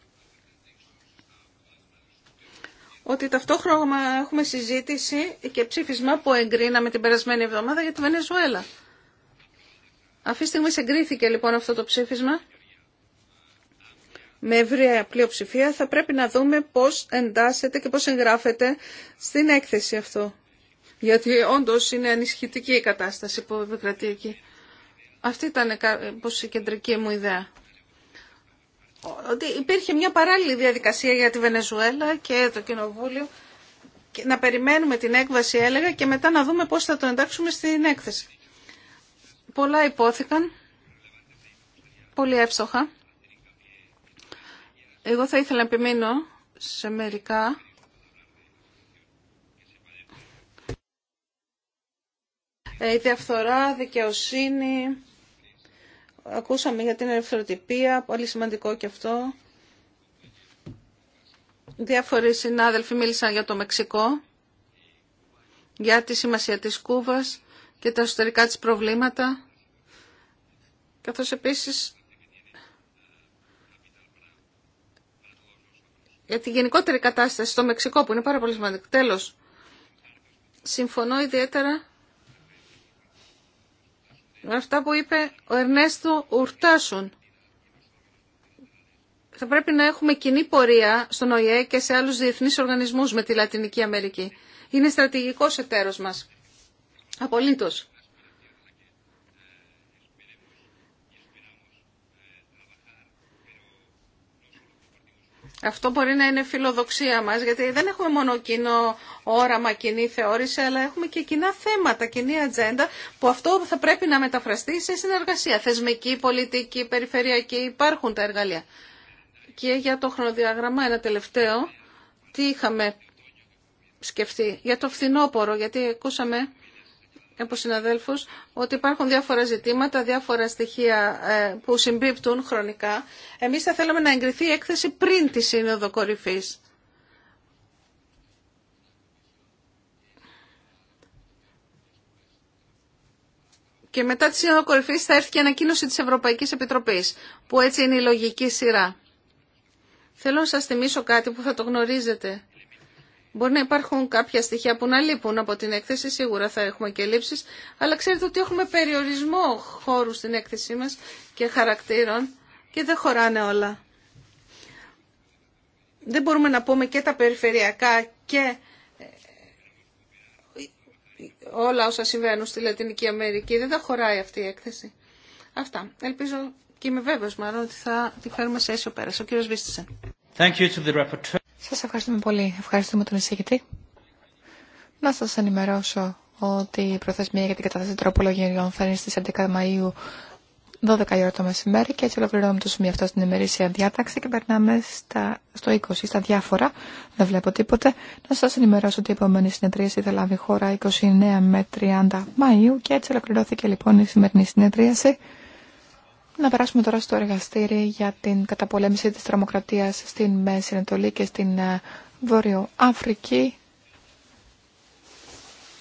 ότι ταυτόχρονα έχουμε συζήτηση και ψήφισμα που εγκρίναμε την περασμένη εβδομάδα για τη Βενεζουέλα. Αυτή τη στιγμή εγκρίθηκε λοιπόν αυτό το ψήφισμα με ευρεία πλειοψηφία. Θα πρέπει να δούμε πώς εντάσσεται και πώς εγγράφεται στην έκθεση αυτό. Γιατί όντως είναι ανισχυτική η κατάσταση που επικρατεί εκεί. Αυτή ήταν ε, ε, η κεντρική μου ιδέα ότι υπήρχε μια παράλληλη διαδικασία για τη Βενεζουέλα και το Κοινοβούλιο και να περιμένουμε την έκβαση έλεγα και μετά να δούμε πώς θα το εντάξουμε στην έκθεση. Πολλά υπόθηκαν, πολύ εύστοχα. Εγώ θα ήθελα να επιμείνω σε μερικά. Ε, η διαφθορά, δικαιοσύνη, Ακούσαμε για την ελευθεροτυπία, πολύ σημαντικό και αυτό. Διάφοροι συνάδελφοι μίλησαν για το Μεξικό, για τη σημασία της Κούβας και τα εσωτερικά της προβλήματα, καθώς επίσης για τη γενικότερη κατάσταση στο Μεξικό που είναι πάρα πολύ σημαντικό. Τέλος, συμφωνώ ιδιαίτερα αυτά που είπε ο Ερνέστο Ουρτάσουν. Θα πρέπει να έχουμε κοινή πορεία στον ΟΗΕ και σε άλλους διεθνείς οργανισμούς με τη Λατινική Αμερική. Είναι στρατηγικός εταίρος μας. Απολύτως. Αυτό μπορεί να είναι φιλοδοξία μας, γιατί δεν έχουμε μόνο κοινό όραμα, κοινή θεώρηση, αλλά έχουμε και κοινά θέματα, κοινή ατζέντα, που αυτό θα πρέπει να μεταφραστεί σε συνεργασία. Θεσμική, πολιτική, περιφερειακή, υπάρχουν τα εργαλεία. Και για το χρονοδιάγραμμα, ένα τελευταίο, τι είχαμε σκεφτεί για το φθινόπωρο, γιατί ακούσαμε από συναδέλφους ότι υπάρχουν διάφορα ζητήματα, διάφορα στοιχεία ε, που συμπίπτουν χρονικά. Εμείς θα θέλαμε να εγκριθεί η έκθεση πριν τη Σύνοδο Κορυφής. Και μετά τη Σύνοδο Κορυφής θα έρθει και η ανακοίνωση της Ευρωπαϊκής Επιτροπής, που έτσι είναι η λογική σειρά. Θέλω να σας θυμίσω κάτι που θα το γνωρίζετε. Μπορεί να υπάρχουν κάποια στοιχεία που να λείπουν από την έκθεση, σίγουρα θα έχουμε και λήψεις, αλλά ξέρετε ότι έχουμε περιορισμό χώρου στην έκθεσή μας και χαρακτήρων και δεν χωράνε όλα. Δεν μπορούμε να πούμε και τα περιφερειακά και ε, όλα όσα συμβαίνουν στη Λατινική Αμερική. Δεν θα χωράει αυτή η έκθεση. Αυτά. Ελπίζω και είμαι βέβαιος μάλλον ότι θα τη φέρουμε σε αίσιο πέρας. Ο κύριος Βίστησεν. Thank you to the Σας ευχαριστούμε πολύ. Ευχαριστούμε τον εισηγητή. Να σας ενημερώσω ότι η προθεσμία για την Κατάσταση τροπολογιών θα είναι στις 11 Μαΐου 12 η ώρα το μεσημέρι και έτσι ολοκληρώνουμε το σημείο αυτό στην ημερήσια διάταξη και περνάμε στα, στο 20, στα διάφορα. Δεν βλέπω τίποτε. Να σα ενημερώσω ότι η επόμενη συνεδρίαση θα λάβει χώρα 29 με 30 Μαΐου και έτσι ολοκληρώθηκε λοιπόν η σημερινή συνεδρίαση. Να περάσουμε τώρα στο εργαστήρι για την καταπολέμηση της τρομοκρατίας στην Μέση Ανατολή και στην ε, Βόρειο Αφρική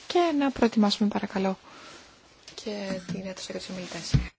και να προετοιμάσουμε παρακαλώ και την ένταση για